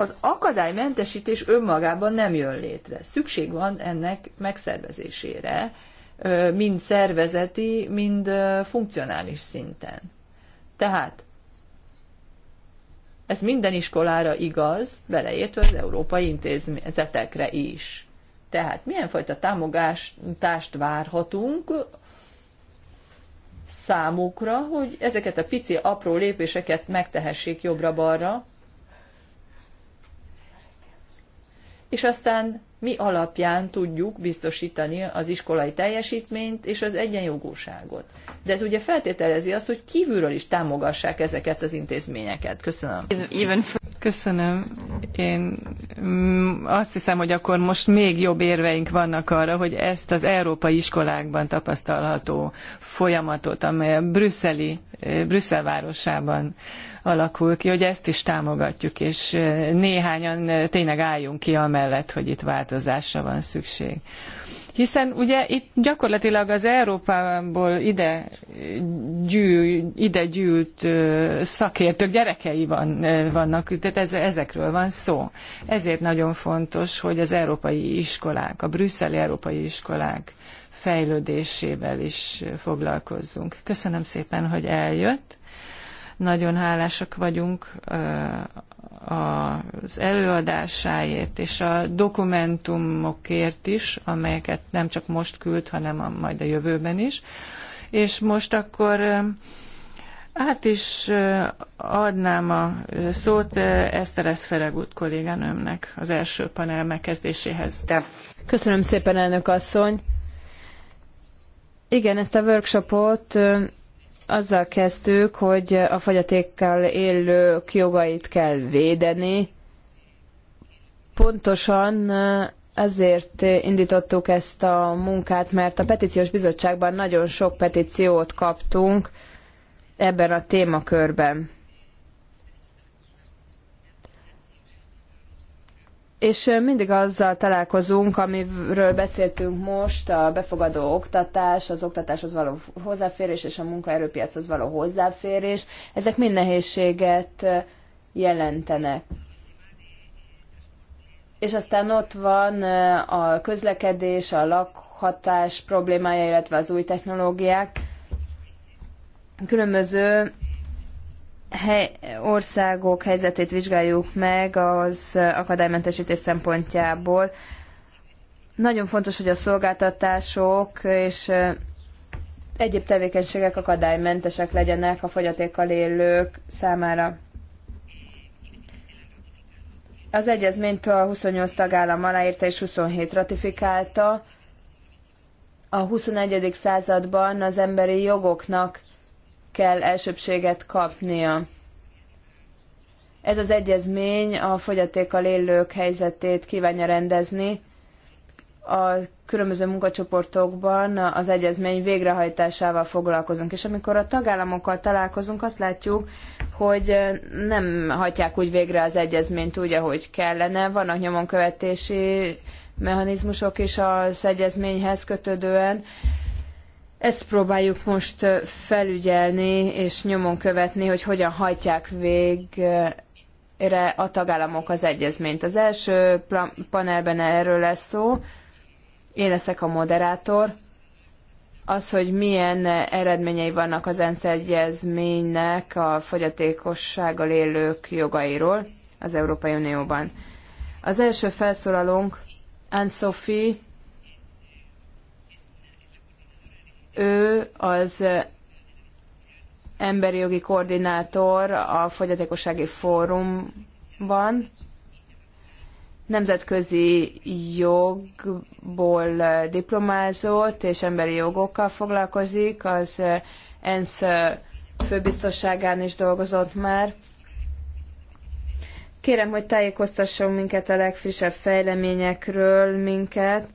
az akadálymentesítés önmagában nem jön létre. Szükség van ennek megszervezésére, mind szervezeti, mind funkcionális szinten. Tehát ez minden iskolára igaz, beleértve az európai intézetekre is. Tehát milyen fajta támogatást várhatunk számukra, hogy ezeket a pici apró lépéseket megtehessék jobbra-balra, és aztán mi alapján tudjuk biztosítani az iskolai teljesítményt és az egyenjogúságot. De ez ugye feltételezi azt, hogy kívülről is támogassák ezeket az intézményeket. Köszönöm. Köszönöm. Én mm, azt hiszem, hogy akkor most még jobb érveink vannak arra, hogy ezt az európai iskolákban tapasztalható folyamatot, amely a brüsszeli, eh, Brüsszel városában alakul ki, hogy ezt is támogatjuk, és eh, néhányan eh, tényleg álljunk ki amellett, hogy itt változásra van szükség. Hiszen ugye itt gyakorlatilag az Európából ide, gyűl, ide gyűlt szakértők gyerekei van, vannak, tehát ez, ezekről van szó. Ezért nagyon fontos, hogy az európai iskolák, a brüsszeli európai iskolák fejlődésével is foglalkozzunk. Köszönöm szépen, hogy eljött. Nagyon hálásak vagyunk az előadásáért és a dokumentumokért is, amelyeket nem csak most küld, hanem a, majd a jövőben is. És most akkor át is adnám a szót Eszteres Feregut kolléganőmnek az első panel megkezdéséhez. Köszönöm szépen, elnök asszony! Igen, ezt a workshopot azzal kezdtük, hogy a fogyatékkal élők jogait kell védeni. Pontosan ezért indítottuk ezt a munkát, mert a petíciós bizottságban nagyon sok petíciót kaptunk ebben a témakörben. És mindig azzal találkozunk, amiről beszéltünk most, a befogadó oktatás, az oktatáshoz való hozzáférés és a munkaerőpiachoz való hozzáférés. Ezek mind nehézséget jelentenek. És aztán ott van a közlekedés, a lakhatás problémája, illetve az új technológiák. Különböző hely, országok helyzetét vizsgáljuk meg az akadálymentesítés szempontjából. Nagyon fontos, hogy a szolgáltatások és egyéb tevékenységek akadálymentesek legyenek a fogyatékkal élők számára. Az egyezményt a 28 tagállam aláírta és 27 ratifikálta. A 21. században az emberi jogoknak kell elsőbséget kapnia. Ez az egyezmény a fogyatékkal élők helyzetét kívánja rendezni. A különböző munkacsoportokban az egyezmény végrehajtásával foglalkozunk, és amikor a tagállamokkal találkozunk, azt látjuk, hogy nem hagyják úgy végre az egyezményt úgy, ahogy kellene. Vannak nyomonkövetési mechanizmusok is az egyezményhez kötődően, ezt próbáljuk most felügyelni és nyomon követni, hogy hogyan hajtják végre a tagállamok az egyezményt. Az első panelben erről lesz szó, én leszek a moderátor. Az, hogy milyen eredményei vannak az ENSZ egyezménynek a fogyatékossággal élők jogairól az Európai Unióban. Az első felszólalónk Anne-Sophie Ő az emberi jogi koordinátor a Fogyatékossági Fórumban, nemzetközi jogból diplomázott és emberi jogokkal foglalkozik, az ENSZ főbiztosságán is dolgozott már. Kérem, hogy tájékoztasson minket a legfrissebb fejleményekről minket,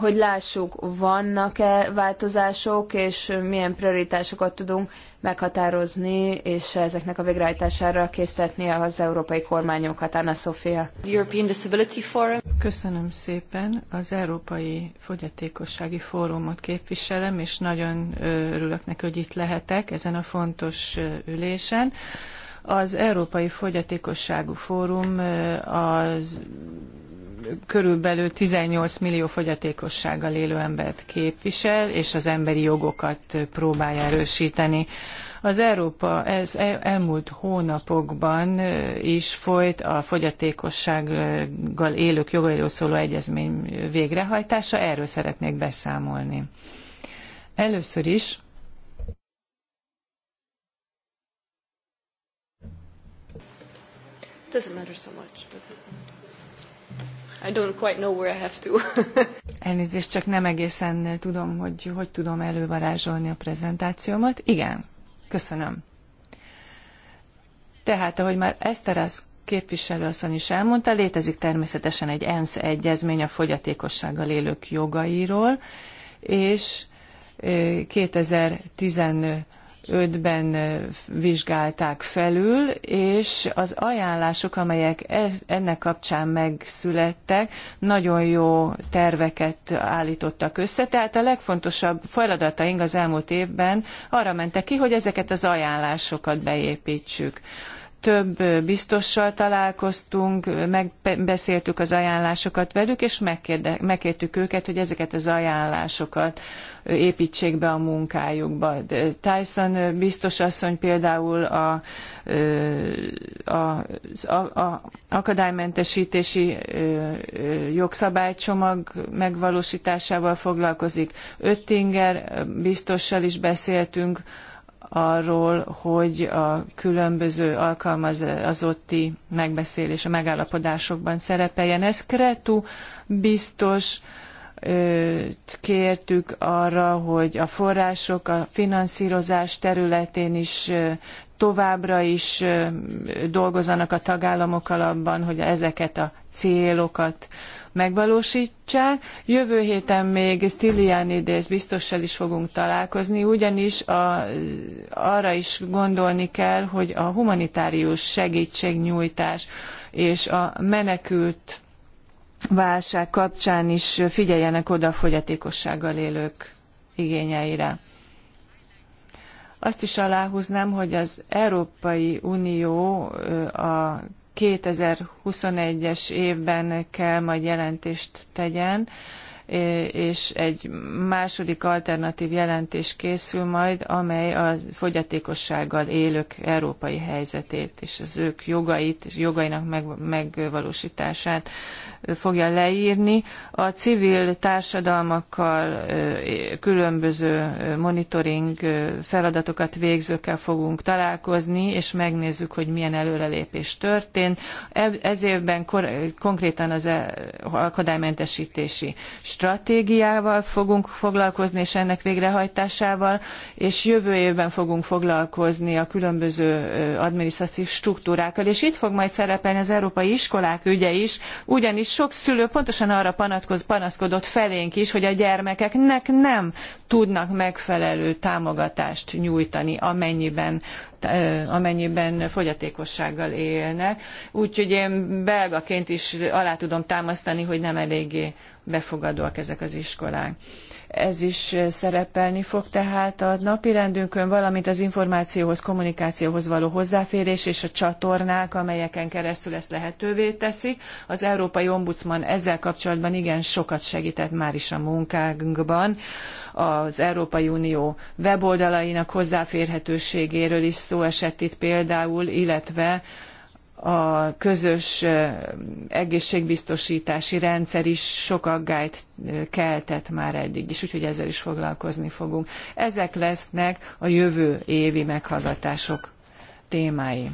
hogy lássuk, vannak-e változások, és milyen prioritásokat tudunk meghatározni, és ezeknek a végrehajtására késztetni az európai kormányokat. Anna Sofia. Köszönöm szépen. Az Európai Fogyatékossági Fórumot képviselem, és nagyon örülök neki, hogy itt lehetek ezen a fontos ülésen. Az Európai Fogyatékosságú Fórum az körülbelül 18 millió fogyatékossággal élő embert képvisel, és az emberi jogokat próbálja erősíteni. Az Európa ez e, elmúlt hónapokban is folyt a fogyatékossággal élők jogairól szóló egyezmény végrehajtása, erről szeretnék beszámolni. Először is Doesn't matter so much, but I don't quite know where I have to. Elnézést, csak nem egészen tudom, hogy hogy tudom elővarázsolni a prezentációmat. Igen, köszönöm. Tehát, ahogy már Eszterász képviselőasszony is elmondta, létezik természetesen egy ENSZ egyezmény a fogyatékossággal élők jogairól, és 2015 eh, ötben vizsgálták felül, és az ajánlások, amelyek ennek kapcsán megszülettek, nagyon jó terveket állítottak össze. Tehát a legfontosabb feladataink az elmúlt évben arra mentek ki, hogy ezeket az ajánlásokat beépítsük több biztossal találkoztunk, megbeszéltük az ajánlásokat velük, és megkértük őket, hogy ezeket az ajánlásokat építsék be a munkájukba. Tyson biztos asszony például a, a, a, a akadálymentesítési jogszabálycsomag megvalósításával foglalkozik. Öttinger biztossal is beszéltünk, arról, hogy a különböző alkalmazotti megbeszélés a megállapodásokban szerepeljen. Ez Kretu biztos kértük arra, hogy a források a finanszírozás területén is továbbra is dolgozzanak a tagállamokkal abban, hogy ezeket a célokat megvalósítsák. Jövő héten még Stylianides biztossal is fogunk találkozni, ugyanis a, arra is gondolni kell, hogy a humanitárius segítségnyújtás és a menekült válság kapcsán is figyeljenek oda a fogyatékossággal élők igényeire. Azt is aláhúznám, hogy az Európai Unió a 2021-es évben kell majd jelentést tegyen, és egy második alternatív jelentés készül majd, amely a fogyatékossággal élők európai helyzetét és az ők jogait és jogainak megvalósítását fogja leírni. A civil társadalmakkal különböző monitoring feladatokat végzőkkel fogunk találkozni, és megnézzük, hogy milyen előrelépés történt. E, ez évben konkrétan az e, akadálymentesítési stratégiával fogunk foglalkozni, és ennek végrehajtásával, és jövő évben fogunk foglalkozni a különböző adminisztratív struktúrákkal, és itt fog majd szerepelni az európai iskolák ügye is, ugyanis és sok szülő pontosan arra panaszkodott felénk is, hogy a gyermekeknek nem tudnak megfelelő támogatást nyújtani, amennyiben, amennyiben fogyatékossággal élnek. Úgyhogy én belgaként is alá tudom támasztani, hogy nem eléggé befogadóak ezek az iskolák ez is szerepelni fog tehát a napirendünkön, valamint az információhoz, kommunikációhoz való hozzáférés és a csatornák, amelyeken keresztül ezt lehetővé teszik. Az Európai Ombudsman ezzel kapcsolatban igen sokat segített már is a munkánkban. Az Európai Unió weboldalainak hozzáférhetőségéről is szó esett itt például, illetve a közös egészségbiztosítási rendszer is sok aggályt keltett már eddig is, úgyhogy ezzel is foglalkozni fogunk. Ezek lesznek a jövő évi meghallgatások témái.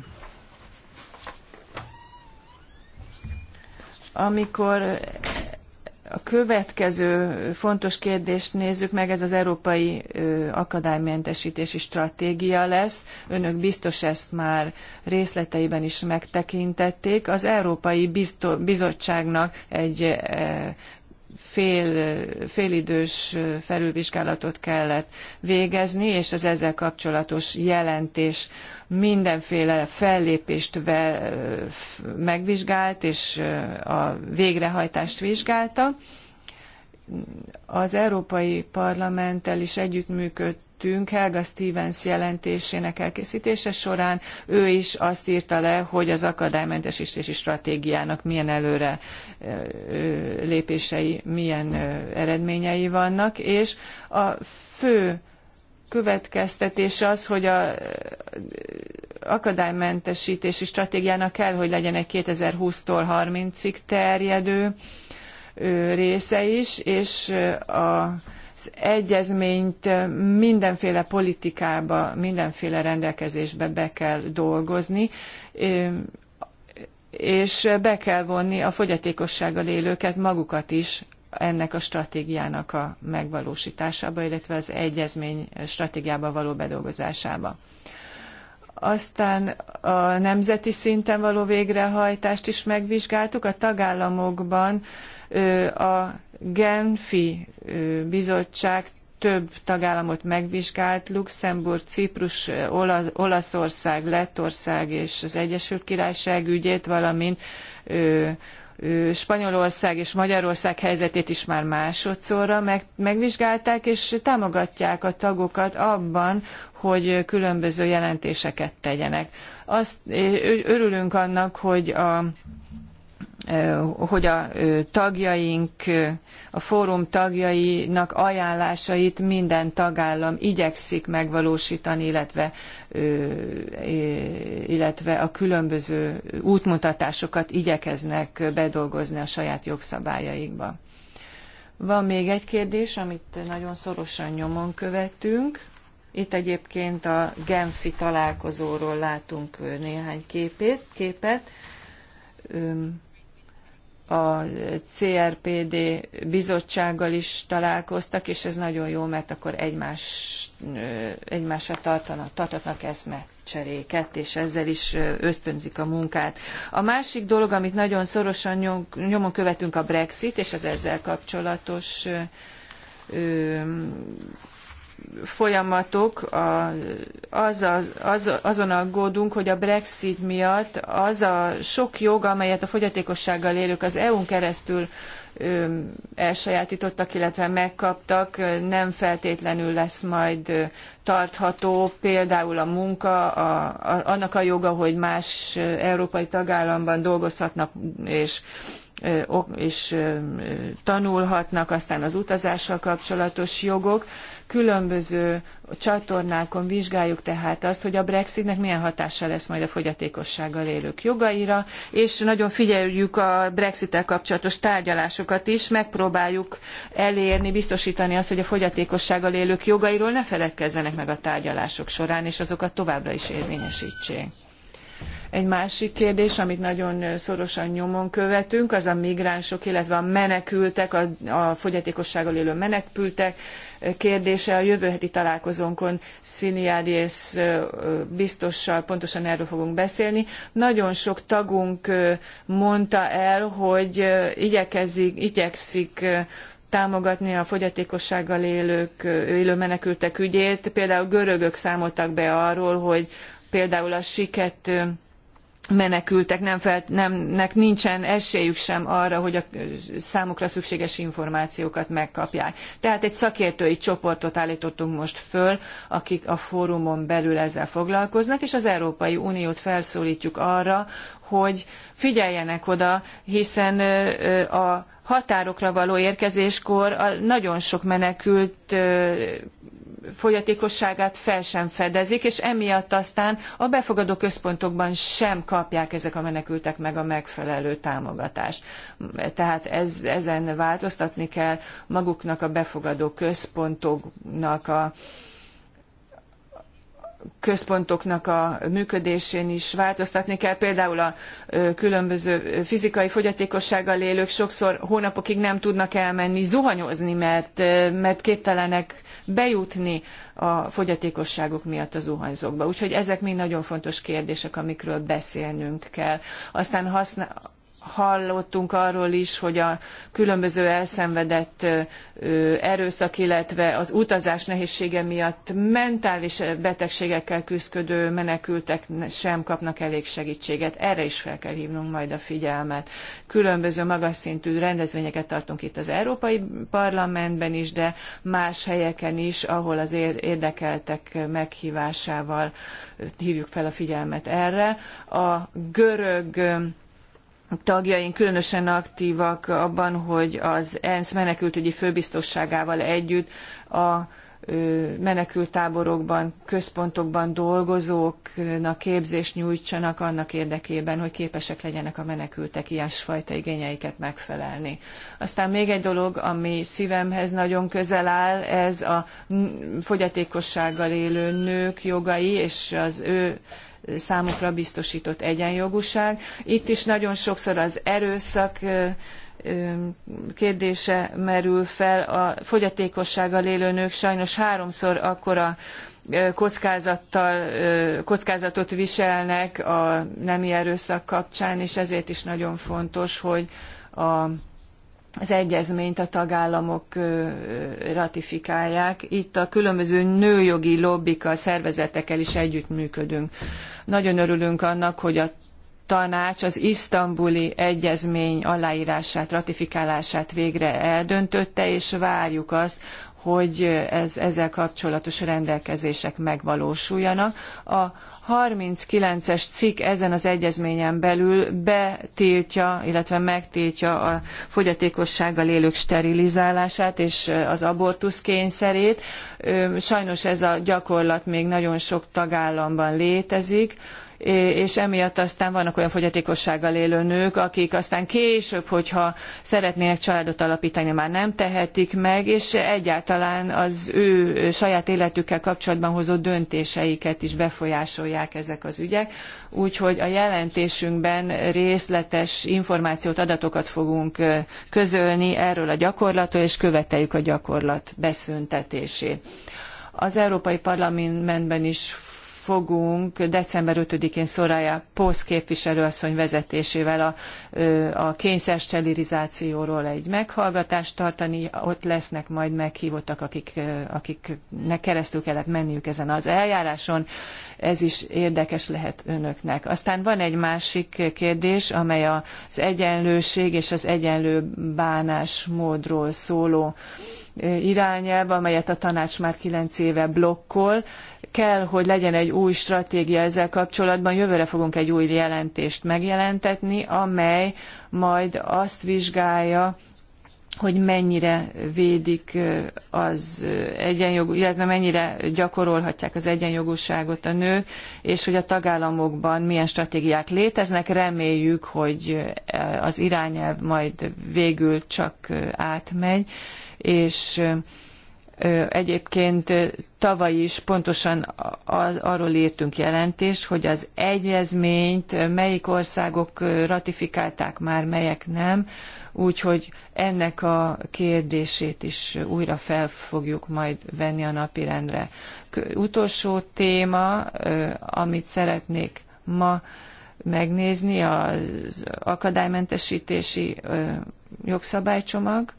Amikor a következő fontos kérdést nézzük meg, ez az európai akadálymentesítési stratégia lesz. Önök biztos ezt már részleteiben is megtekintették. Az Európai Bizto Bizottságnak egy fél, félidős felülvizsgálatot kellett végezni, és az ezzel kapcsolatos jelentés mindenféle fellépést megvizsgált, és a végrehajtást vizsgálta. Az Európai Parlamenttel is együttműködtünk Helga Stevens jelentésének elkészítése során. Ő is azt írta le, hogy az akadálymentesítési stratégiának milyen előre lépései, milyen eredményei vannak, és a fő következtetés az, hogy a eh, akadálymentesítési stratégiának kell, hogy legyen egy 2020-tól 30-ig terjedő része is, és eh, az egyezményt eh, mindenféle politikába, mindenféle rendelkezésbe be kell dolgozni és be kell vonni a fogyatékossággal élőket magukat is ennek a stratégiának a megvalósításába, illetve az egyezmény stratégiába való bedolgozásába. Aztán a nemzeti szinten való végrehajtást is megvizsgáltuk. A tagállamokban a Genfi bizottság több tagállamot megvizsgált, Luxemburg, Ciprus, Olaszország, Lettország és az Egyesült Királyság ügyét, valamint Spanyolország és Magyarország helyzetét is már másodszorra meg, megvizsgálták, és támogatják a tagokat abban, hogy különböző jelentéseket tegyenek. Azt örülünk annak, hogy a hogy a tagjaink, a fórum tagjainak ajánlásait minden tagállam igyekszik megvalósítani, illetve, illetve a különböző útmutatásokat igyekeznek bedolgozni a saját jogszabályaikba. Van még egy kérdés, amit nagyon szorosan nyomon követünk. Itt egyébként a Genfi találkozóról látunk néhány képét, képet a CRPD bizottsággal is találkoztak, és ez nagyon jó, mert akkor egymás, egymásra tartanak, tartatnak eszme cseréket, és ezzel is ösztönzik a munkát. A másik dolog, amit nagyon szorosan nyom, nyomon követünk a Brexit, és az ezzel kapcsolatos folyamatok, a, az, a az, azon aggódunk, hogy a Brexit miatt az a sok jog, amelyet a fogyatékossággal élők az EU-n keresztül ö, elsajátítottak, illetve megkaptak, nem feltétlenül lesz majd tartható, például a munka, a, a, annak a joga, hogy más európai tagállamban dolgozhatnak, és és tanulhatnak, aztán az utazással kapcsolatos jogok különböző csatornákon vizsgáljuk tehát azt, hogy a Brexitnek milyen hatása lesz majd a fogyatékossággal élők jogaira, és nagyon figyeljük a Brexit-tel kapcsolatos tárgyalásokat is, megpróbáljuk elérni, biztosítani azt, hogy a fogyatékossággal élők jogairól ne feledkezzenek meg a tárgyalások során, és azokat továbbra is érvényesítsék. Egy másik kérdés, amit nagyon szorosan nyomon követünk, az a migránsok, illetve a menekültek, a, a fogyatékossággal élő menekültek kérdése a jövő heti találkozónkon Sziniádiész biztossal pontosan erről fogunk beszélni. Nagyon sok tagunk mondta el, hogy igyekezik, igyekszik támogatni a fogyatékossággal élők, élő menekültek ügyét. Például görögök számoltak be arról, hogy például a siket menekültek, nem nem, nemnek nincsen esélyük sem arra, hogy a számukra szükséges információkat megkapják. Tehát egy szakértői csoportot állítottunk most föl, akik a fórumon belül ezzel foglalkoznak, és az Európai Uniót felszólítjuk arra, hogy figyeljenek oda, hiszen a határokra való érkezéskor nagyon sok menekült fogyatékosságát fel sem fedezik, és emiatt aztán a befogadó központokban sem kapják ezek a menekültek meg a megfelelő támogatást. Tehát ez, ezen változtatni kell maguknak a befogadó központoknak a központoknak a működésén is változtatni kell. Például a különböző fizikai fogyatékossággal élők sokszor hónapokig nem tudnak elmenni zuhanyozni, mert, mert képtelenek bejutni a fogyatékosságuk miatt a zuhanyzókba. Úgyhogy ezek mind nagyon fontos kérdések, amikről beszélnünk kell. Aztán használ, hallottunk arról is, hogy a különböző elszenvedett erőszak, illetve az utazás nehézsége miatt mentális betegségekkel küzdködő menekültek sem kapnak elég segítséget. Erre is fel kell hívnunk majd a figyelmet. Különböző magas szintű rendezvényeket tartunk itt az Európai Parlamentben is, de más helyeken is, ahol az érdekeltek meghívásával hívjuk fel a figyelmet erre. A görög tagjaink különösen aktívak abban, hogy az ENSZ menekültügyi főbiztosságával együtt a menekülttáborokban, központokban dolgozóknak képzést nyújtsanak annak érdekében, hogy képesek legyenek a menekültek ilyesfajta igényeiket megfelelni. Aztán még egy dolog, ami szívemhez nagyon közel áll, ez a fogyatékossággal élő nők jogai és az ő számukra biztosított egyenjogúság. Itt is nagyon sokszor az erőszak kérdése merül fel. A fogyatékossággal élő nők sajnos háromszor akkora kockázattal, kockázatot viselnek a nemi erőszak kapcsán, és ezért is nagyon fontos, hogy a az egyezményt a tagállamok ratifikálják. Itt a különböző nőjogi lobbikkal, szervezetekkel is együttműködünk. Nagyon örülünk annak, hogy a tanács az isztambuli egyezmény aláírását, ratifikálását végre eldöntötte, és várjuk azt, hogy ez, ezzel kapcsolatos rendelkezések megvalósuljanak. A, 39-es cikk ezen az egyezményen belül betiltja, illetve megtiltja a fogyatékossággal élők sterilizálását és az abortusz kényszerét. Sajnos ez a gyakorlat még nagyon sok tagállamban létezik és emiatt aztán vannak olyan fogyatékossággal élő nők, akik aztán később, hogyha szeretnének családot alapítani, már nem tehetik meg, és egyáltalán az ő saját életükkel kapcsolatban hozott döntéseiket is befolyásolják ezek az ügyek. Úgyhogy a jelentésünkben részletes információt, adatokat fogunk közölni erről a gyakorlatról, és követeljük a gyakorlat beszüntetését. Az Európai Parlamentben is fogunk december 5-én Szorája Pósz képviselőasszony vezetésével a, a kényszer sterilizációról egy meghallgatást tartani. Ott lesznek majd meghívottak, akik, akiknek keresztül kellett menniük ezen az eljáráson. Ez is érdekes lehet önöknek. Aztán van egy másik kérdés, amely az egyenlőség és az egyenlő bánásmódról szóló irányelv, amelyet a tanács már kilenc éve blokkol kell, hogy legyen egy új stratégia ezzel kapcsolatban. Jövőre fogunk egy új jelentést megjelentetni, amely majd azt vizsgálja, hogy mennyire védik az egyenjogú, illetve mennyire gyakorolhatják az egyenjogúságot a nők, és hogy a tagállamokban milyen stratégiák léteznek. Reméljük, hogy az irányelv majd végül csak átmegy, és Egyébként tavaly is pontosan arról írtunk jelentést, hogy az egyezményt melyik országok ratifikálták már, melyek nem, úgyhogy ennek a kérdését is újra fel fogjuk majd venni a napirendre. Utolsó téma, amit szeretnék ma megnézni, az akadálymentesítési jogszabálycsomag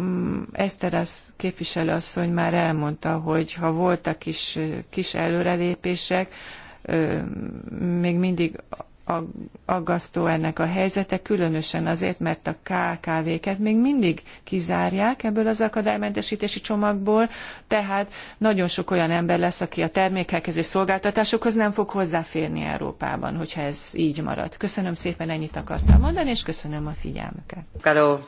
Mm, Eszterasz képviselőasszony már elmondta, hogy ha voltak is kis előrelépések, még mindig aggasztó ennek a helyzete, különösen azért, mert a KKV-ket még mindig kizárják ebből az akadálymentesítési csomagból, tehát nagyon sok olyan ember lesz, aki a termékekhez és szolgáltatásokhoz nem fog hozzáférni Európában, hogyha ez így marad. Köszönöm szépen, ennyit akartam mondani, és köszönöm a figyelmüket. Hello.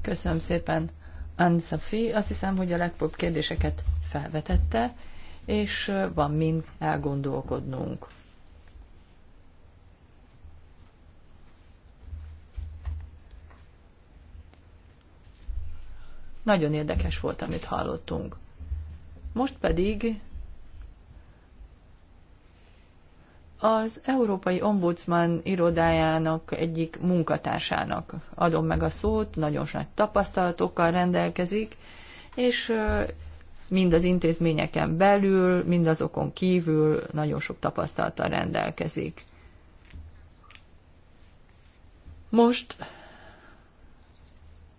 Köszönöm szépen, Anne-Sophie. Azt hiszem, hogy a legfőbb kérdéseket felvetette, és van mind elgondolkodnunk. Nagyon érdekes volt, amit hallottunk. Most pedig Az Európai Ombudsman irodájának egyik munkatársának adom meg a szót, nagyon nagy tapasztalatokkal rendelkezik, és mind az intézményeken belül, mind azokon kívül nagyon sok tapasztalattal rendelkezik. Most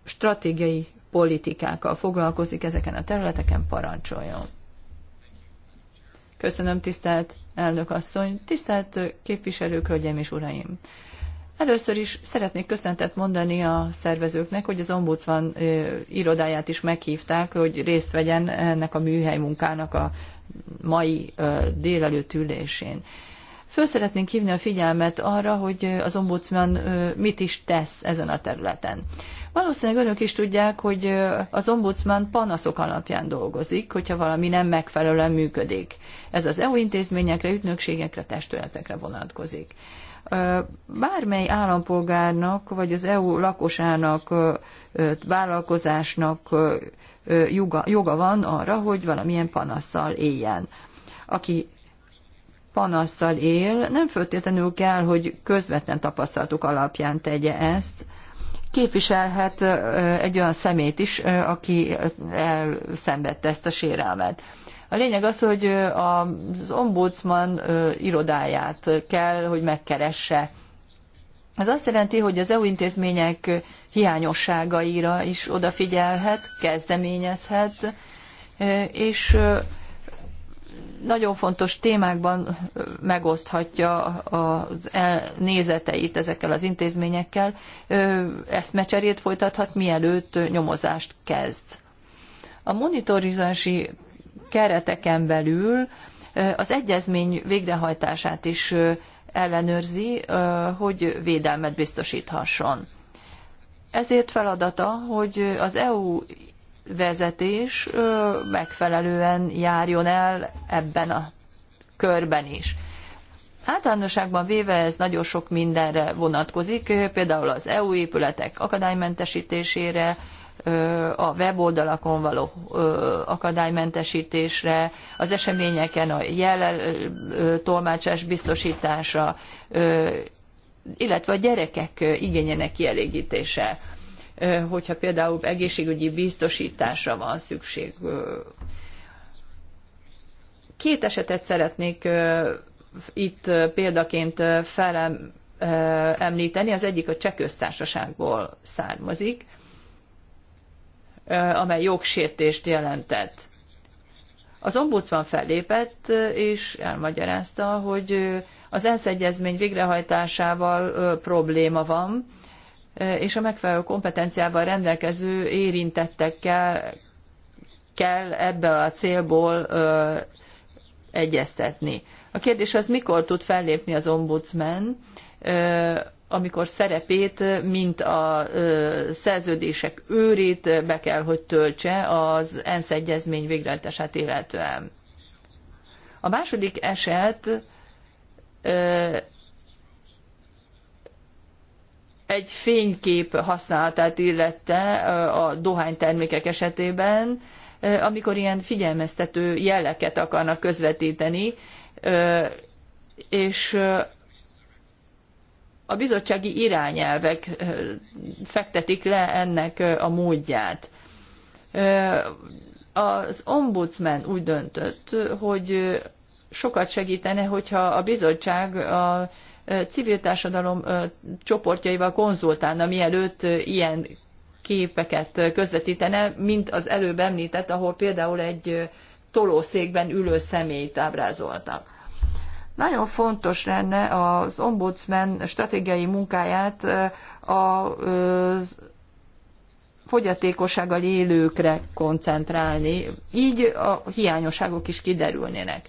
stratégiai politikákkal foglalkozik ezeken a területeken, parancsoljon. Köszönöm, tisztelt elnök asszony, tisztelt képviselők, hölgyeim és uraim! Először is szeretnék köszöntet mondani a szervezőknek, hogy az Ombudsman irodáját is meghívták, hogy részt vegyen ennek a műhely munkának a mai délelőtt ülésén. Föl szeretnénk hívni a figyelmet arra, hogy az ombudsman mit is tesz ezen a területen. Valószínűleg önök is tudják, hogy az ombudsman panaszok alapján dolgozik, hogyha valami nem megfelelően működik. Ez az EU intézményekre, ütnökségekre, testületekre vonatkozik. Bármely állampolgárnak, vagy az EU lakosának, vállalkozásnak joga, van arra, hogy valamilyen panasszal éljen. Aki panasszal él, nem föltétlenül kell, hogy közvetlen tapasztalatok alapján tegye ezt, képviselhet egy olyan szemét is, aki elszenvedte ezt a sérelmet. A lényeg az, hogy az ombudsman irodáját kell, hogy megkeresse. Ez azt jelenti, hogy az EU intézmények hiányosságaira is odafigyelhet, kezdeményezhet, és nagyon fontos témákban megoszthatja az nézeteit ezekkel az intézményekkel, eszmecserét folytathat, mielőtt nyomozást kezd. A monitorizási kereteken belül az egyezmény végrehajtását is ellenőrzi, hogy védelmet biztosíthasson. Ezért feladata, hogy az EU vezetés megfelelően járjon el ebben a körben is. Általánosságban véve ez nagyon sok mindenre vonatkozik, például az EU épületek akadálymentesítésére, a weboldalakon való akadálymentesítésre, az eseményeken a jelen tolmácsás biztosítása, illetve a gyerekek igényének kielégítése hogyha például egészségügyi biztosításra van szükség. Két esetet szeretnék itt példaként felemlíteni, az egyik a Csehköztársaságból származik, amely jogsértést jelentett. Az ombudsman fellépett, és elmagyarázta, hogy az ENSZ egyezmény végrehajtásával probléma van, Eh, és a megfelelő kompetenciával rendelkező érintettekkel kell ebből a célból ö, egyeztetni. A kérdés az, mikor tud fellépni az ombudsman, ö, amikor szerepét, mint a ö, szerződések őrét be kell, hogy töltse az ENSZ egyezmény végrehajtását illetően. A második eset ö, egy fénykép használatát illette a dohánytermékek esetében, amikor ilyen figyelmeztető jeleket akarnak közvetíteni, és a bizottsági irányelvek fektetik le ennek a módját. Az ombudsman úgy döntött, hogy sokat segítene, hogyha a bizottság a civil társadalom csoportjaival konzultálna, mielőtt ilyen képeket közvetítene, mint az előbb említett, ahol például egy tolószékben ülő személyt ábrázoltak. Nagyon fontos lenne az ombudsman stratégiai munkáját a fogyatékossággal élőkre koncentrálni, így a hiányosságok is kiderülnének.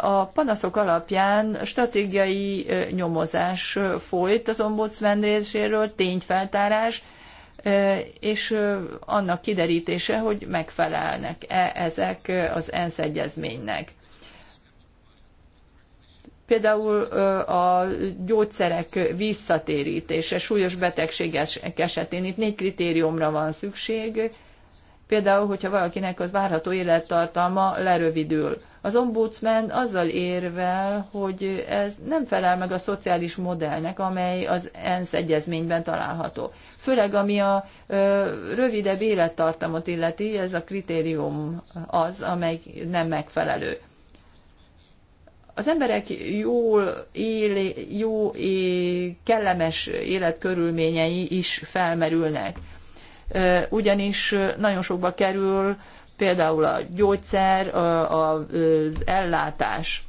A panaszok alapján stratégiai nyomozás folyt az ombudsman részéről, tényfeltárás, és annak kiderítése, hogy megfelelnek-e ezek az ENSZ egyezménynek. Például a gyógyszerek visszatérítése súlyos betegségek esetén itt négy kritériumra van szükség. Például, hogyha valakinek az várható élettartalma lerövidül az ombudsman azzal érvel, hogy ez nem felel meg a szociális modellnek, amely az ENSZ egyezményben található. Főleg ami a ö, rövidebb élettartamot illeti, ez a kritérium az, amely nem megfelelő. Az emberek jól él, jó, é, kellemes életkörülményei is felmerülnek ugyanis nagyon sokba kerül például a gyógyszer, az ellátás.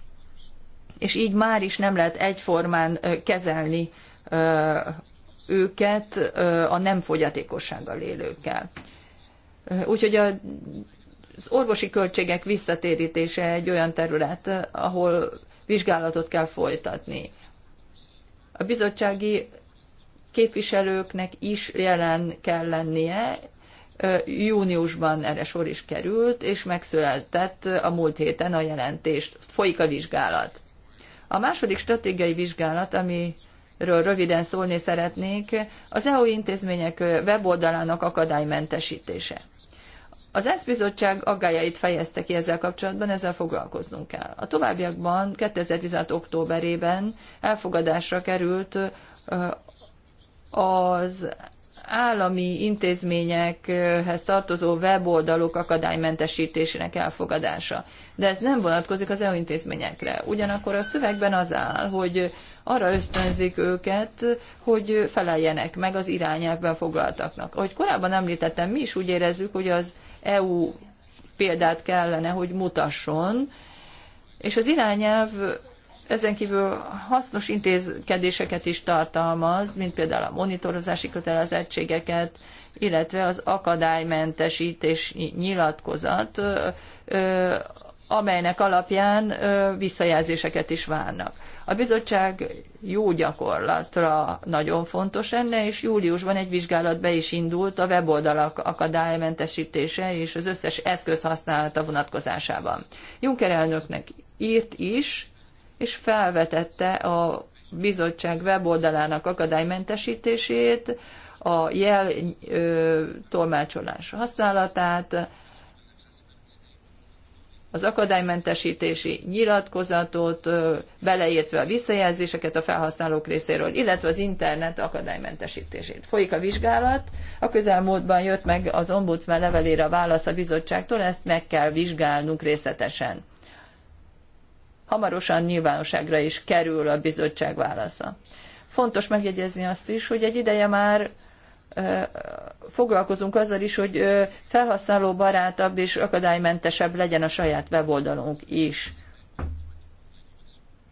És így már is nem lehet egyformán kezelni őket a nem fogyatékossággal élőkkel. Úgyhogy a, az orvosi költségek visszatérítése egy olyan terület, ahol vizsgálatot kell folytatni. A bizottsági képviselőknek is jelen kell lennie, júniusban erre sor is került, és megszületett a múlt héten a jelentést. Folyik a vizsgálat. A második stratégiai vizsgálat, ami ről röviden szólni szeretnék, az EU intézmények weboldalának akadálymentesítése. Az ENSZ bizottság aggájait fejezte ki ezzel kapcsolatban, ezzel foglalkoznunk kell. A továbbiakban 2016. októberében elfogadásra került az állami intézményekhez tartozó weboldalok akadálymentesítésének elfogadása. De ez nem vonatkozik az EU intézményekre. Ugyanakkor a szövegben az áll, hogy arra ösztönzik őket, hogy feleljenek meg az irányelvben foglaltaknak. Ahogy korábban említettem, mi is úgy érezzük, hogy az EU példát kellene, hogy mutasson, és az irányelv ezen kívül hasznos intézkedéseket is tartalmaz, mint például a monitorozási kötelezettségeket, illetve az akadálymentesítés nyilatkozat, amelynek alapján visszajelzéseket is várnak. A bizottság jó gyakorlatra nagyon fontos enne, és júliusban egy vizsgálat be is indult a weboldalak akadálymentesítése és az összes eszköz használata vonatkozásában. Juncker elnöknek írt is, és felvetette a bizottság weboldalának akadálymentesítését, a jel ö, tolmácsolás használatát, az akadálymentesítési nyilatkozatot, ö, beleértve a visszajelzéseket a felhasználók részéről, illetve az internet akadálymentesítését. Folyik a vizsgálat, a közelmúltban jött meg az ombudsman levelére a válasz a bizottságtól, ezt meg kell vizsgálnunk részletesen hamarosan nyilvánosságra is kerül a bizottság válasza. Fontos megjegyezni azt is, hogy egy ideje már foglalkozunk azzal is, hogy felhasználó barátabb és akadálymentesebb legyen a saját weboldalunk is.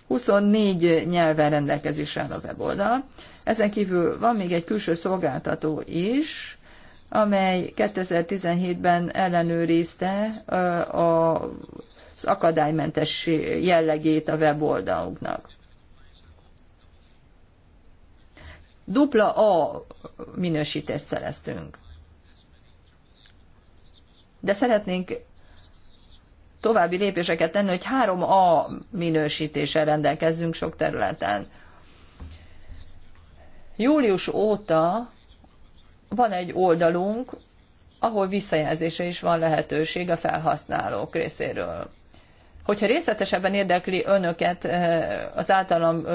24 nyelven rendelkezésre áll a weboldal. Ezen kívül van még egy külső szolgáltató is, amely 2017-ben ellenőrizte a az akadálymentes jellegét a weboldalunknak. Dupla A minősítést szereztünk. De szeretnénk további lépéseket tenni, hogy 3A minősítéssel rendelkezzünk sok területen. Július óta van egy oldalunk, ahol visszajelzése is van lehetőség a felhasználók részéről. Hogyha részletesebben érdekli önöket eh, az általam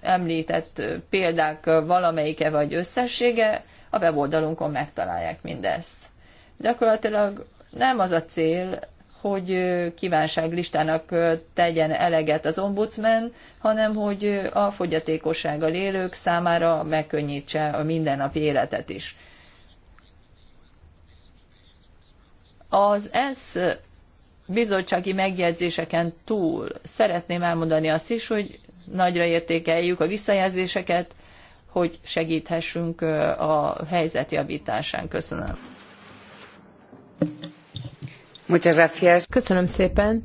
említett példák valamelyike vagy összessége, a weboldalunkon megtalálják mindezt. Gyakorlatilag nem az a cél, hogy kívánságlistának tegyen eleget az ombudsman, hanem hogy a fogyatékossággal élők számára megkönnyítse a mindennapi életet is. Az ENSZ bizottsági megjegyzéseken túl szeretném elmondani azt is, hogy nagyra értékeljük a visszajelzéseket, hogy segíthessünk a helyzet javításán. Köszönöm. Köszönöm szépen.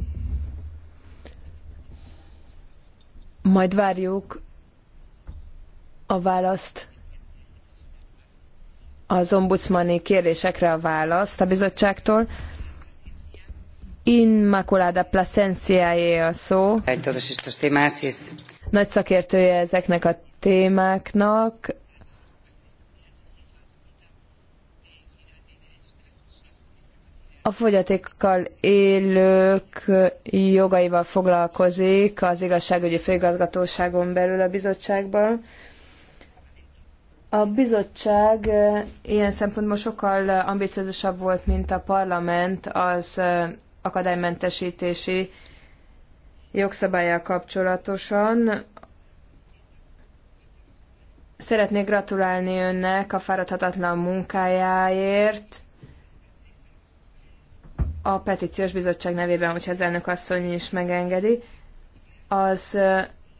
Majd várjuk a választ az ombudsmani kérdésekre a választ a bizottságtól. Immaculada Plasenciáé a szó. Nagy szakértője ezeknek a témáknak. A fogyatékkal élők jogaival foglalkozik az igazságügyi főigazgatóságon belül a bizottságban. A bizottság eh, ilyen szempontból sokkal ambiciózusabb volt, mint a parlament az eh, akadálymentesítési jogszabályjal kapcsolatosan. Szeretnék gratulálni önnek a fáradhatatlan munkájáért a petíciós bizottság nevében, hogyha az elnök asszony is megengedi. Az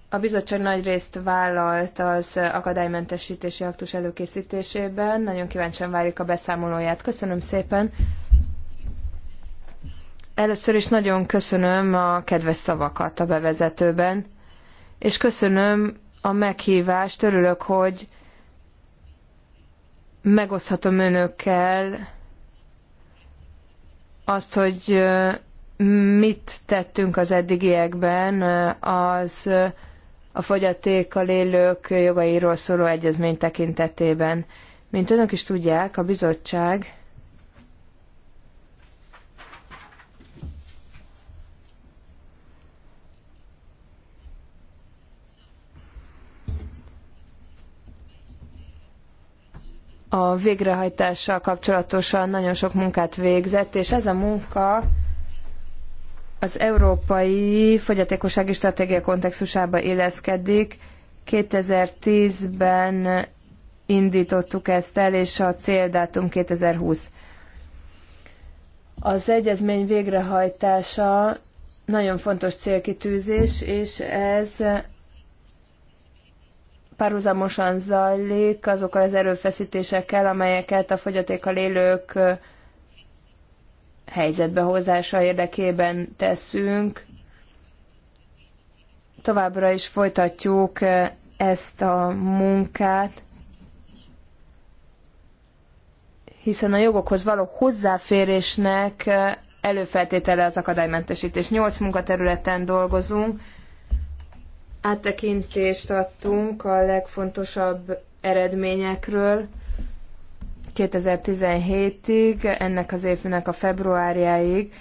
a bizottság nagy részt vállalt az akadálymentesítési aktus előkészítésében. Nagyon kíváncsian várjuk a beszámolóját. Köszönöm szépen! Először is nagyon köszönöm a kedves szavakat a bevezetőben, és köszönöm a meghívást, örülök, hogy megoszthatom önökkel azt, hogy mit tettünk az eddigiekben az a fogyatékkal élők jogairól szóló egyezmény tekintetében. Mint önök is tudják, a bizottság a végrehajtással kapcsolatosan nagyon sok munkát végzett, és ez a munka az európai fogyatékossági stratégia kontextusába illeszkedik. 2010-ben indítottuk ezt el, és a céldátum 2020. Az egyezmény végrehajtása nagyon fontos célkitűzés, és ez párhuzamosan zajlik azokkal az erőfeszítésekkel, amelyeket a fogyatékkal élők helyzetbe hozása érdekében teszünk. Továbbra is folytatjuk ezt a munkát, hiszen a jogokhoz való hozzáférésnek előfeltétele az akadálymentesítés. Nyolc munkaterületen dolgozunk, áttekintést adtunk a legfontosabb eredményekről 2017-ig, ennek az évnek a februárjáig,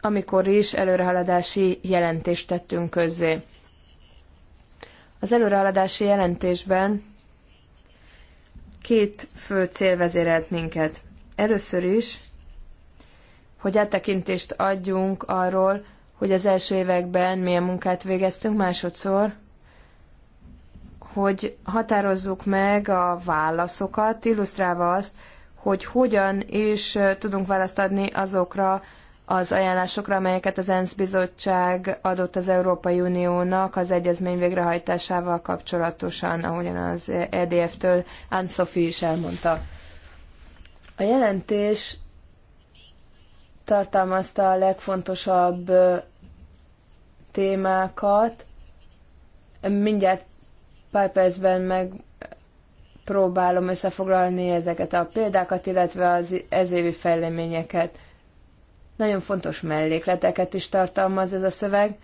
amikor is előrehaladási jelentést tettünk közzé. Az előrehaladási jelentésben két fő cél vezérelt minket. Először is, hogy áttekintést adjunk arról, hogy az első években milyen munkát végeztünk, másodszor, hogy határozzuk meg a válaszokat, illusztrálva azt, hogy hogyan is tudunk választ adni azokra az ajánlásokra, amelyeket az ENSZ bizottság adott az Európai Uniónak az egyezmény végrehajtásával kapcsolatosan, ahogyan az EDF-től Anne Sophie is elmondta. A jelentés tartalmazta a legfontosabb témákat. Mindjárt Pipersben meg próbálom összefoglalni ezeket a példákat, illetve az ezévi fejleményeket. Nagyon fontos mellékleteket is tartalmaz ez a szöveg.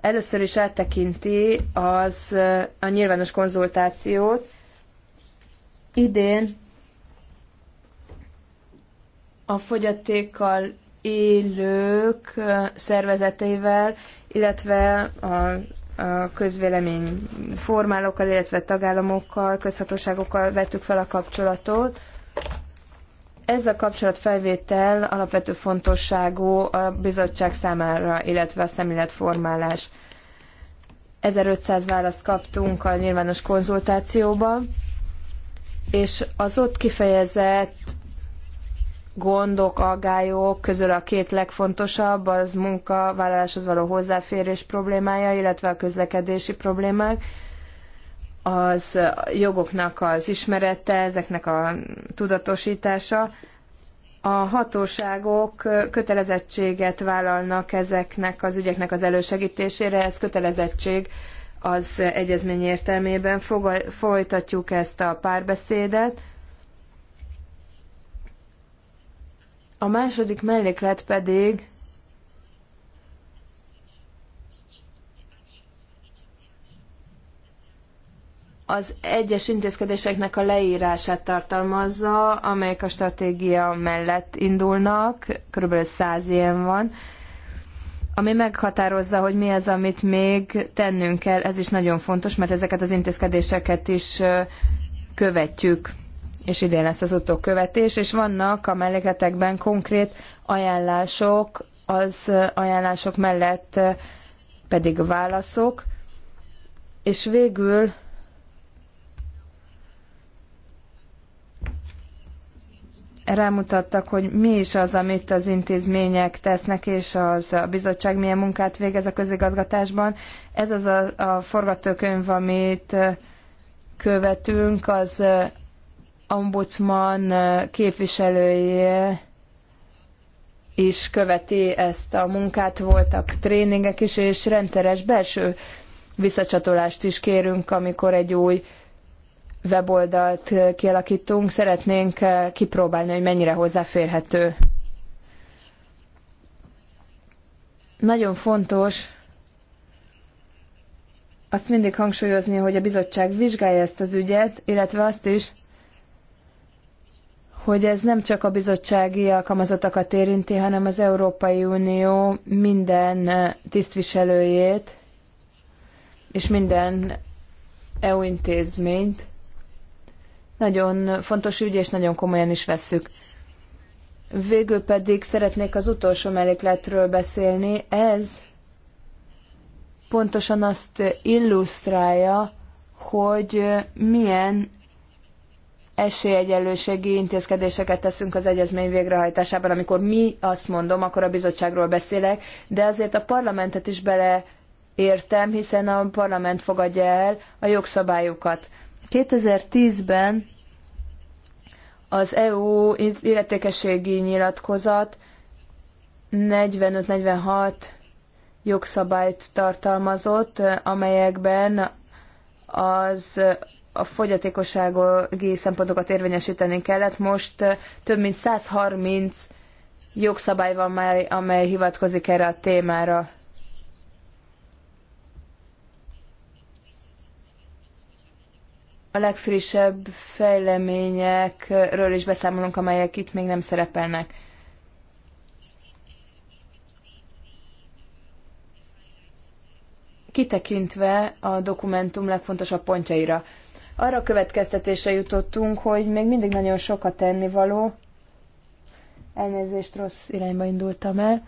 Először is áttekinti az, a nyilvános konzultációt. Idén a fogyatékkal élők szervezeteivel, illetve a a közvélemény formálókkal, illetve tagállamokkal, közhatóságokkal vettük fel a kapcsolatot. Ez a kapcsolatfelvétel alapvető fontosságú a bizottság számára, illetve a szemléletformálás. 1500 választ kaptunk a nyilvános konzultációba, és az ott kifejezett gondok, aggályok közül a két legfontosabb az munkavállaláshoz való hozzáférés problémája, illetve a közlekedési problémák az jogoknak az ismerete, ezeknek a tudatosítása. A hatóságok kötelezettséget vállalnak ezeknek az ügyeknek az elősegítésére, ez kötelezettség az egyezmény értelmében. Folytatjuk ezt a párbeszédet A második melléklet pedig az egyes intézkedéseknek a leírását tartalmazza, amelyek a stratégia mellett indulnak, kb. 100 ilyen van, ami meghatározza, hogy mi az, amit még tennünk kell, ez is nagyon fontos, mert ezeket az intézkedéseket is követjük és idén lesz az utókövetés, és vannak a mellékletekben konkrét ajánlások, az ajánlások mellett eh, pedig válaszok, és végül rámutattak, hogy mi is az, amit az intézmények tesznek, és az a bizottság milyen munkát végez a közigazgatásban. Ez az a, a forgatókönyv, amit eh, követünk, az eh, ombudsman eh, képviselője is követi ezt a munkát, voltak tréningek is, és rendszeres belső visszacsatolást is kérünk, amikor egy új weboldalt eh, kialakítunk. Szeretnénk eh, kipróbálni, hogy mennyire hozzáférhető. Nagyon fontos azt mindig hangsúlyozni, hogy a bizottság vizsgálja ezt az ügyet, illetve azt is, hogy ez nem csak a bizottsági alkalmazottakat érinti, hanem az Európai Unió minden eh, tisztviselőjét és minden EU intézményt. Nagyon fontos ügy, és nagyon komolyan is vesszük. Végül pedig szeretnék az utolsó mellékletről beszélni. Ez pontosan azt illusztrálja, hogy eh, milyen esélyegyenlőségi intézkedéseket teszünk az egyezmény végrehajtásában. Amikor mi azt mondom, akkor a bizottságról beszélek, de azért a parlamentet is bele értem, hiszen a parlament fogadja el a jogszabályokat. 2010-ben az EU illetékességi nyilatkozat 45-46 jogszabályt tartalmazott, amelyekben az a fogyatékossági szempontokat érvényesíteni kellett. Most eh, több mint 130 jogszabály van már, amely hivatkozik erre a témára. A legfrissebb fejleményekről is beszámolunk, amelyek itt még nem szerepelnek. Kitekintve a dokumentum legfontosabb pontjaira. Arra következtetése jutottunk, hogy még mindig nagyon sokat tennivaló. Elnézést, rossz irányba indultam el.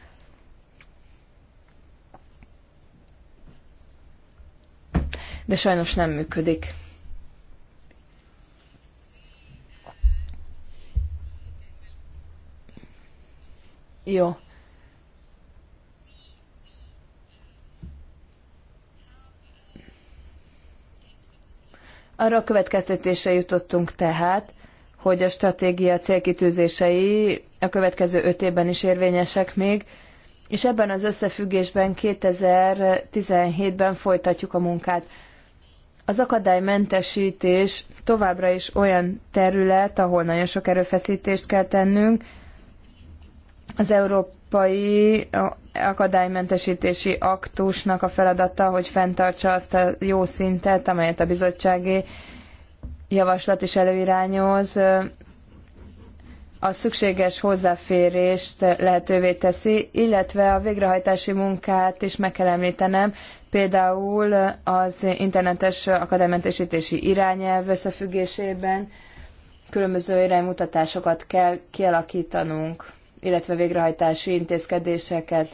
De sajnos nem működik. Jó. Arra a következtetésre jutottunk tehát, hogy a stratégia célkitűzései a következő öt évben is érvényesek még, és ebben az összefüggésben 2017-ben folytatjuk a munkát. Az akadálymentesítés továbbra is olyan terület, ahol nagyon sok erőfeszítést kell tennünk. Az európai akadálymentesítési aktusnak a feladata, hogy fenntartsa azt a jó szintet, amelyet a bizottsági javaslat is előirányoz, a szükséges hozzáférést lehetővé teszi, illetve a végrehajtási munkát is meg kell említenem, például az internetes akadálymentesítési irányelv összefüggésében különböző iránymutatásokat kell kialakítanunk illetve végrehajtási intézkedéseket.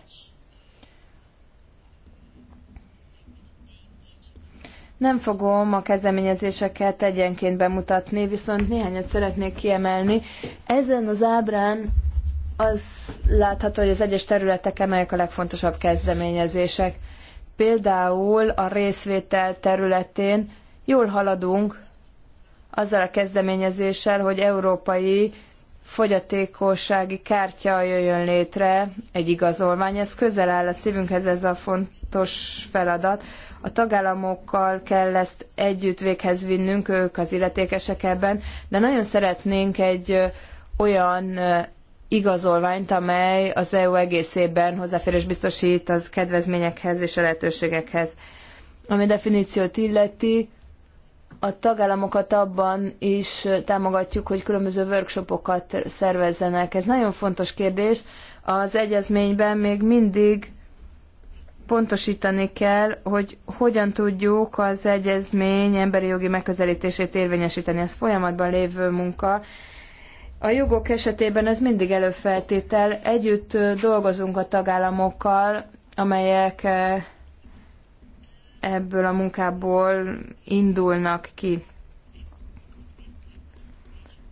Nem fogom a kezdeményezéseket egyenként bemutatni, viszont néhányat szeretnék kiemelni. Ezen az ábrán az látható, hogy az egyes területeken melyek a legfontosabb kezdeményezések. Például a részvétel területén jól haladunk azzal a kezdeményezéssel, hogy európai fogyatékossági kártya jöjjön létre, egy igazolvány. Ez közel áll a szívünkhez, ez a fontos feladat. A tagállamokkal kell ezt együtt véghez vinnünk, ők az illetékesek ebben, de nagyon szeretnénk egy olyan igazolványt, amely az EU egészében hozzáférés biztosít az kedvezményekhez és a lehetőségekhez. Ami a definíciót illeti, a tagállamokat abban is támogatjuk, hogy különböző workshopokat szervezzenek. Ez nagyon fontos kérdés. Az egyezményben még mindig pontosítani kell, hogy hogyan tudjuk az egyezmény emberi jogi megközelítését érvényesíteni. Ez folyamatban lévő munka. A jogok esetében ez mindig előfeltétel. Együtt dolgozunk a tagállamokkal, amelyek eh, ebből a munkából indulnak ki.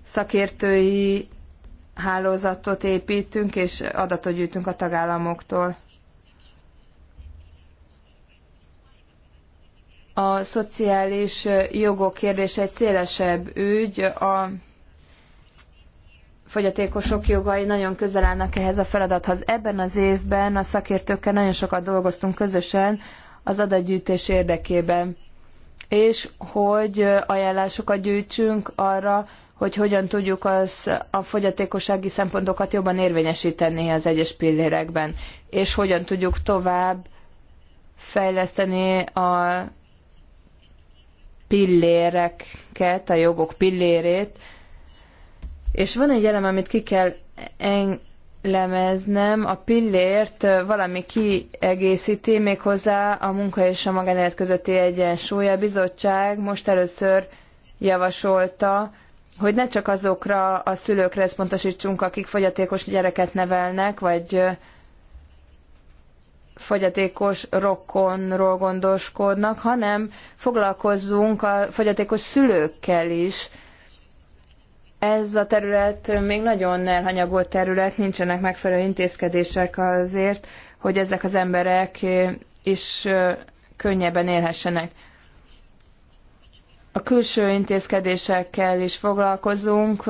Szakértői hálózatot építünk, és adatot gyűjtünk a tagállamoktól. A szociális jogok kérdése egy szélesebb ügy. A fogyatékosok jogai nagyon közel állnak ehhez a feladathoz. Ebben az évben a szakértőkkel nagyon sokat dolgoztunk közösen az adatgyűjtés érdekében, és hogy ajánlásokat gyűjtsünk arra, hogy hogyan tudjuk az, a fogyatékossági szempontokat jobban érvényesíteni az egyes pillérekben, és hogyan tudjuk tovább fejleszteni a pilléreket, a jogok pillérét. És van egy elem, amit ki kell nem a pillért valami kiegészíti méghozzá a munka és a magánélet közötti egyensúly. A bizottság most először javasolta, hogy ne csak azokra a szülőkre összpontosítsunk, akik fogyatékos gyereket nevelnek, vagy fogyatékos rokonról gondoskodnak, hanem foglalkozzunk a fogyatékos szülőkkel is, ez a terület még nagyon elhanyagolt terület, nincsenek megfelelő intézkedések azért, hogy ezek az emberek is könnyebben élhessenek. A külső intézkedésekkel is foglalkozunk,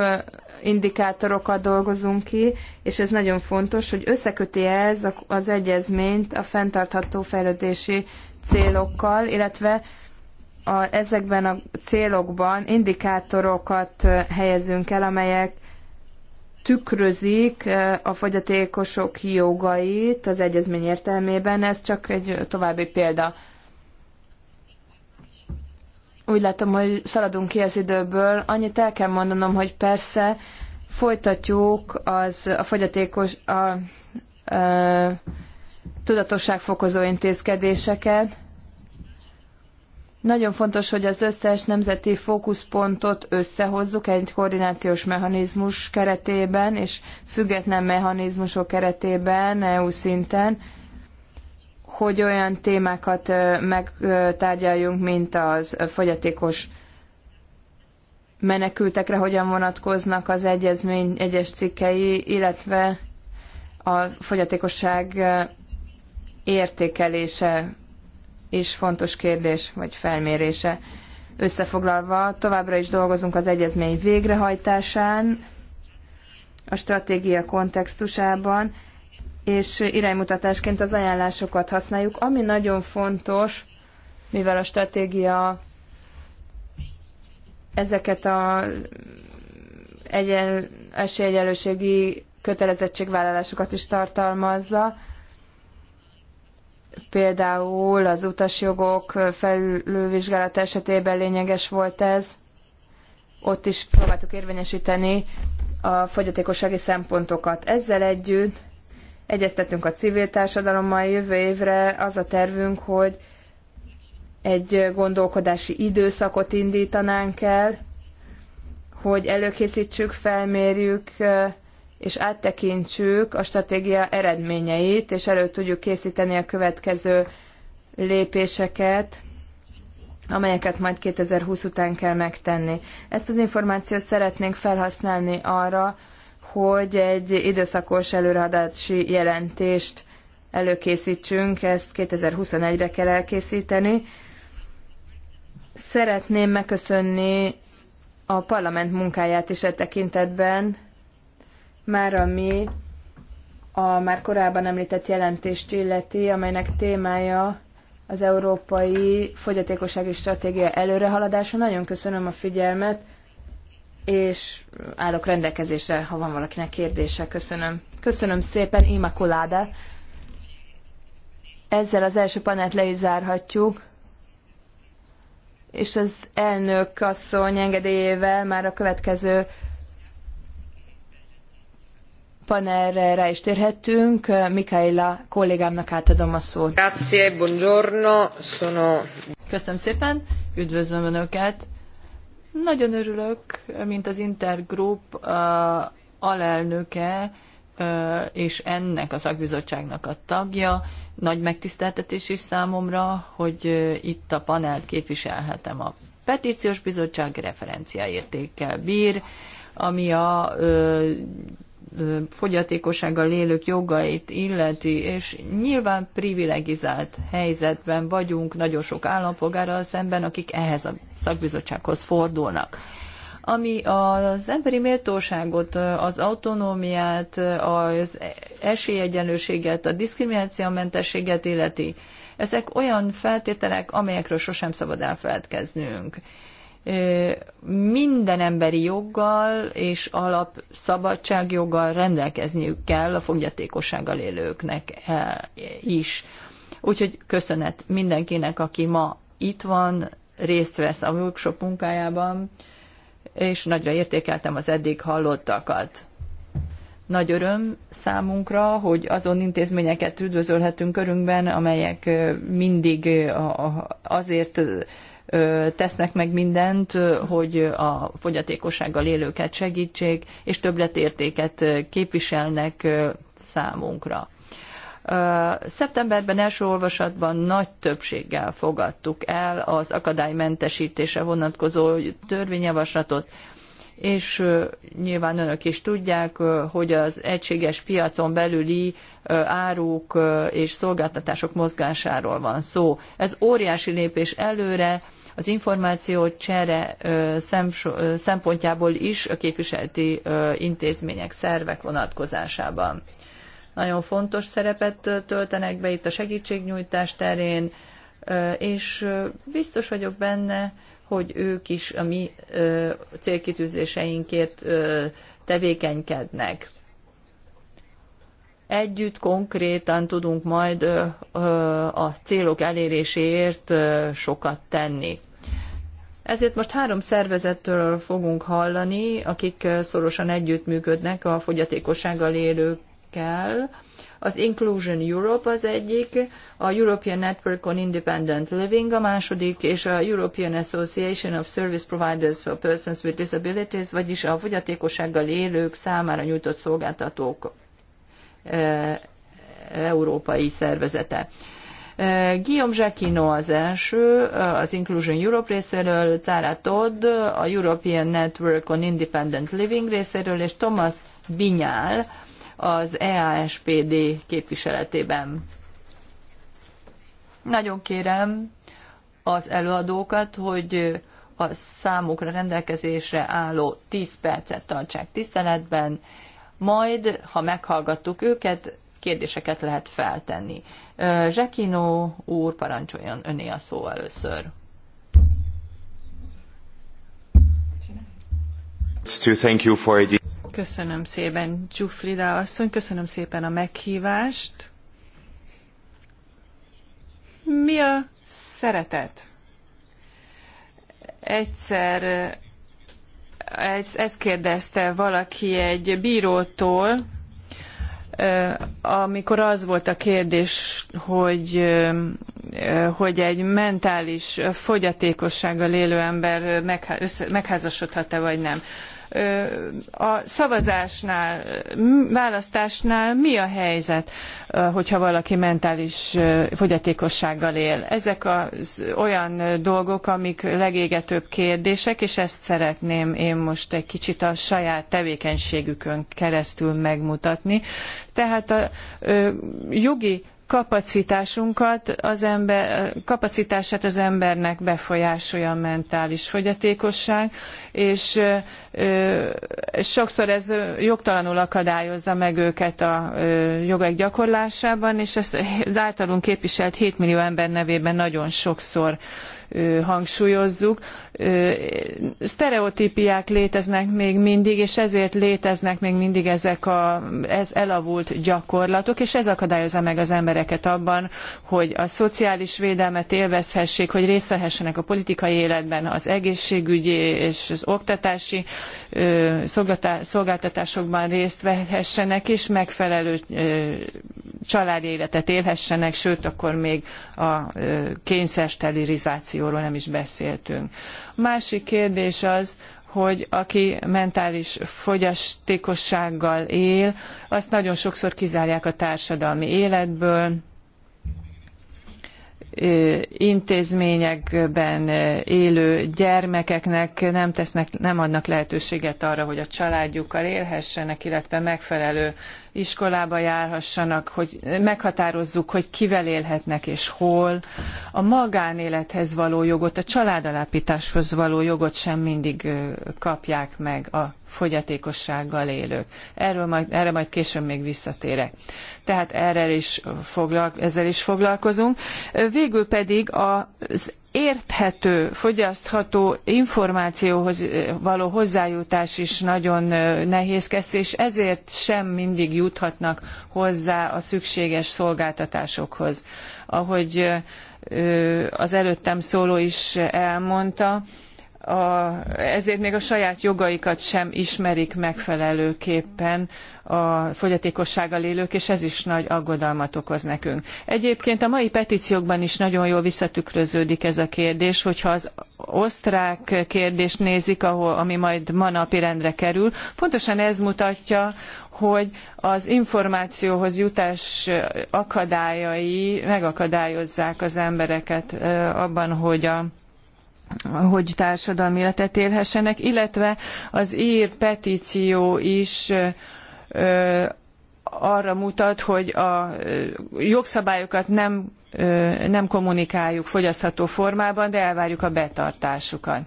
indikátorokat dolgozunk ki, és ez nagyon fontos, hogy összeköti ez az egyezményt a fenntartható fejlődési célokkal, illetve a, ezekben a célokban indikátorokat helyezünk el, amelyek tükrözik a fogyatékosok jogait az egyezmény értelmében. Ez csak egy további példa. Úgy látom, hogy szaladunk ki az időből. Annyit el kell mondanom, hogy persze folytatjuk az a fogyatékos a, a, a tudatosságfokozó intézkedéseket, nagyon fontos, hogy az összes nemzeti fókuszpontot összehozzuk egy koordinációs mechanizmus keretében és független mechanizmusok keretében EU szinten, hogy olyan témákat megtárgyaljunk, mint az fogyatékos menekültekre hogyan vonatkoznak az egyezmény egyes cikkei, illetve a fogyatékosság értékelése is fontos kérdés vagy felmérése. Összefoglalva, továbbra is dolgozunk az egyezmény végrehajtásán, a stratégia kontextusában, és iránymutatásként az ajánlásokat használjuk, ami nagyon fontos, mivel a stratégia ezeket a egyen, esélyegyelőségi kötelezettségvállalásokat is tartalmazza, Például az utasjogok felülvizsgálata esetében lényeges volt ez. Ott is próbáltuk érvényesíteni a fogyatékossági szempontokat. Ezzel együtt egyeztettünk a civil társadalommal jövő évre. Az a tervünk, hogy egy gondolkodási időszakot indítanánk el, hogy előkészítsük, felmérjük, és áttekintsük a stratégia eredményeit, és elő tudjuk készíteni a következő lépéseket, amelyeket majd 2020 után kell megtenni. Ezt az információt szeretnénk felhasználni arra, hogy egy időszakos előrehaladási jelentést előkészítsünk, ezt 2021-re kell elkészíteni. Szeretném megköszönni a parlament munkáját is e tekintetben, már ami a már korábban említett jelentést illeti, amelynek témája az Európai Fogyatékossági Stratégia előrehaladása. Nagyon köszönöm a figyelmet, és állok rendelkezésre, ha van valakinek kérdése. Köszönöm. Köszönöm szépen, Imakuláda. Ezzel az első panelt le is zárhatjuk, és az elnök asszony engedélyével már a következő panelre rá is térhetünk. Mikaela kollégámnak átadom a szót. Grazie, buongiorno, sono... Köszönöm szépen, üdvözlöm Önöket. Nagyon örülök, mint az Intergroup uh, alelnöke, és ennek a szakbizottságnak a tagja. Nagy megtiszteltetés is számomra, hogy itt a panelt képviselhetem. A petíciós bizottság referenciaértékkel bír, ami a fogyatékossággal élők jogait illeti, és nyilván privilegizált helyzetben vagyunk nagyon sok állampolgárral szemben, akik ehhez a szakbizottsághoz fordulnak. Ami az emberi méltóságot, az autonómiát, az esélyegyenlőséget, a diszkriminációmentességet illeti, ezek olyan feltételek, amelyekről sosem szabad elfeledkeznünk minden emberi joggal és alap rendelkezniük kell a fogyatékossággal élőknek e, is. Úgyhogy köszönet mindenkinek, aki ma itt van, részt vesz a workshop munkájában, és nagyra értékeltem az eddig hallottakat. Nagy öröm számunkra, hogy azon intézményeket üdvözölhetünk körünkben, amelyek mindig azért tesznek meg mindent, hogy a fogyatékossággal élőket segítsék, és többletértéket képviselnek számunkra. Szeptemberben első olvasatban nagy többséggel fogadtuk el az akadálymentesítése vonatkozó törvényjavaslatot, és nyilván önök is tudják, hogy az egységes piacon belüli áruk és szolgáltatások mozgásáról van szó. Ez óriási lépés előre, az információ csere szempontjából is a képviselti intézmények, szervek vonatkozásában. Nagyon fontos szerepet töltenek be itt a segítségnyújtás terén, és biztos vagyok benne, hogy ők is a mi célkitűzéseinkért tevékenykednek együtt konkrétan tudunk majd a célok eléréséért sokat tenni. Ezért most három szervezettől fogunk hallani, akik szorosan együttműködnek a fogyatékossággal élőkkel. Az Inclusion Europe az egyik, a European Network on Independent Living a második, és a European Association of Service Providers for Persons with Disabilities, vagyis a fogyatékossággal élők számára nyújtott szolgáltatók európai szervezete. Guillaume Jacquino az első, az Inclusion Europe részéről, Tara Todd, a European Network on Independent Living részéről, és Thomas Binyál az EASPD képviseletében. Nagyon kérem az előadókat, hogy a számukra rendelkezésre álló 10 percet tartsák tiszteletben, majd, ha meghallgattuk őket, kérdéseket lehet feltenni. Zsekinó úr, parancsoljon öné a szó először. Köszönöm szépen, Csufrida asszony, köszönöm szépen a meghívást. Mi a szeretet? Egyszer ezt, ezt kérdezte valaki egy bírótól, amikor az volt a kérdés, hogy, hogy egy mentális fogyatékossággal élő ember megházasodhat-e vagy nem a szavazásnál, választásnál mi a helyzet, hogyha valaki mentális fogyatékossággal él? Ezek az olyan dolgok, amik legégetőbb kérdések, és ezt szeretném én most egy kicsit a saját tevékenységükön keresztül megmutatni. Tehát a jogi kapacitásunkat az ember, kapacitását az embernek befolyásolja a mentális fogyatékosság, és sokszor ez jogtalanul akadályozza meg őket a jogaik gyakorlásában, és ezt az általunk képviselt 7 millió ember nevében nagyon sokszor hangsúlyozzuk. Sztereotípiák léteznek még mindig, és ezért léteznek még mindig ezek a ez elavult gyakorlatok, és ez akadályozza meg az embereket abban, hogy a szociális védelmet élvezhessék, hogy részt vehessenek a politikai életben, az egészségügyi és az oktatási szolgáltatásokban részt vehessenek, és megfelelő családi életet élhessenek, sőt, akkor még a kényszer sterilizációról nem is beszéltünk. A másik kérdés az, hogy aki mentális fogyasztékossággal él, azt nagyon sokszor kizárják a társadalmi életből, intézményekben élő gyermekeknek nem, tesznek, nem adnak lehetőséget arra, hogy a családjukkal élhessenek, illetve megfelelő iskolába járhassanak, hogy meghatározzuk, hogy kivel élhetnek és hol. A magánélethez való jogot, a családalapításhoz való jogot sem mindig kapják meg a fogyatékossággal élők. Erről majd, erre majd később még visszatérek. Tehát erre is foglalko- ezzel is foglalkozunk. Végül pedig az érthető, fogyasztható információhoz való hozzájutás is nagyon nehézkes, és ezért sem mindig juthatnak hozzá a szükséges szolgáltatásokhoz. Ahogy az előttem szóló is elmondta, a, ezért még a saját jogaikat sem ismerik megfelelőképpen a fogyatékossággal élők, és ez is nagy aggodalmat okoz nekünk. Egyébként a mai petíciókban is nagyon jól visszatükröződik ez a kérdés, hogyha az osztrák kérdést nézik, ahol, ami majd ma napirendre kerül, pontosan ez mutatja, hogy az információhoz jutás akadályai megakadályozzák az embereket abban, hogy a hogy társadalmi életet élhessenek, illetve az ír petíció is arra mutat, hogy a jogszabályokat nem, nem kommunikáljuk fogyasztható formában, de elvárjuk a betartásukat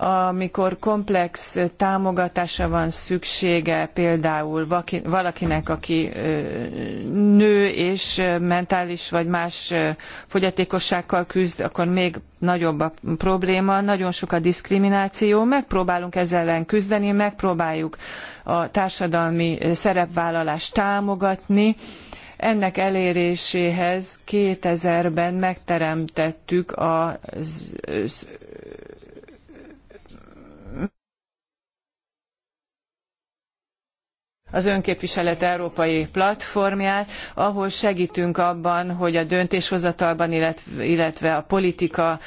amikor komplex támogatásra van szüksége például valakinek, aki nő és mentális vagy más fogyatékossággal küzd, akkor még nagyobb a probléma, nagyon sok a diszkrimináció. Megpróbálunk ezzel ellen küzdeni, megpróbáljuk a társadalmi szerepvállalást támogatni, ennek eléréséhez 2000-ben megteremtettük az, az az önképviselet európai platformját, ahol segítünk abban, hogy a döntéshozatalban, illetve a, politika,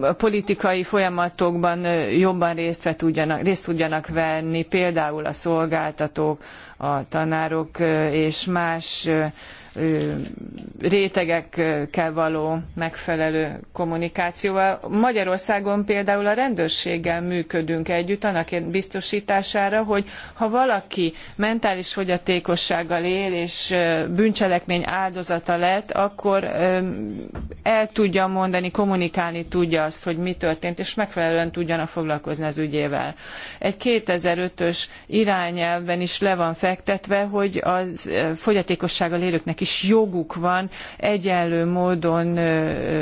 a politikai folyamatokban jobban részt, tudjanak, részt tudjanak venni, például a szolgáltatók, a tanárok és más rétegekkel való megfelelő kommunikációval. Magyarországon például a rendőrséggel működünk együtt annak biztosítására, hogy ha valaki mentális fogyatékossággal él és bűncselekmény áldozata lett, akkor el tudja mondani, kommunikálni tudja azt, hogy mi történt, és megfelelően tudjanak foglalkozni az ügyével. Egy 2005-ös irányelvben is le van fektetve, hogy a fogyatékossággal élőknek is is joguk van egyenlő módon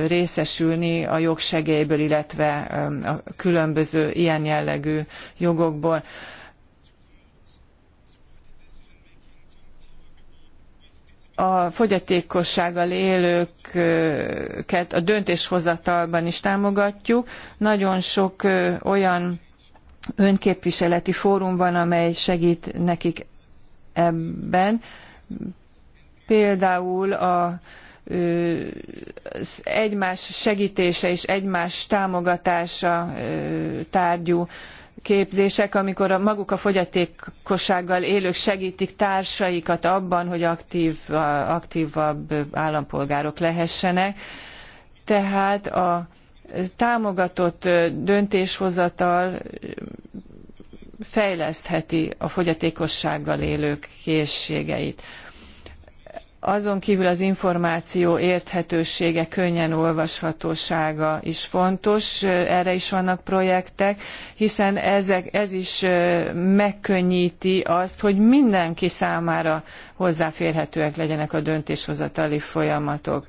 részesülni a jogsegélyből, illetve a különböző ilyen jellegű jogokból. a fogyatékossággal élőket a döntéshozatalban is támogatjuk. Nagyon sok olyan önképviseleti fórum van, amely segít nekik ebben például a az egymás segítése és egymás támogatása tárgyú képzések, amikor a maguk a fogyatékossággal élők segítik társaikat abban, hogy aktív, aktívabb állampolgárok lehessenek. Tehát a támogatott döntéshozatal fejlesztheti a fogyatékossággal élők készségeit. Azon kívül az információ érthetősége, könnyen olvashatósága is fontos, erre is vannak projektek, hiszen ezek, ez is megkönnyíti azt, hogy mindenki számára hozzáférhetőek legyenek a döntéshozatali folyamatok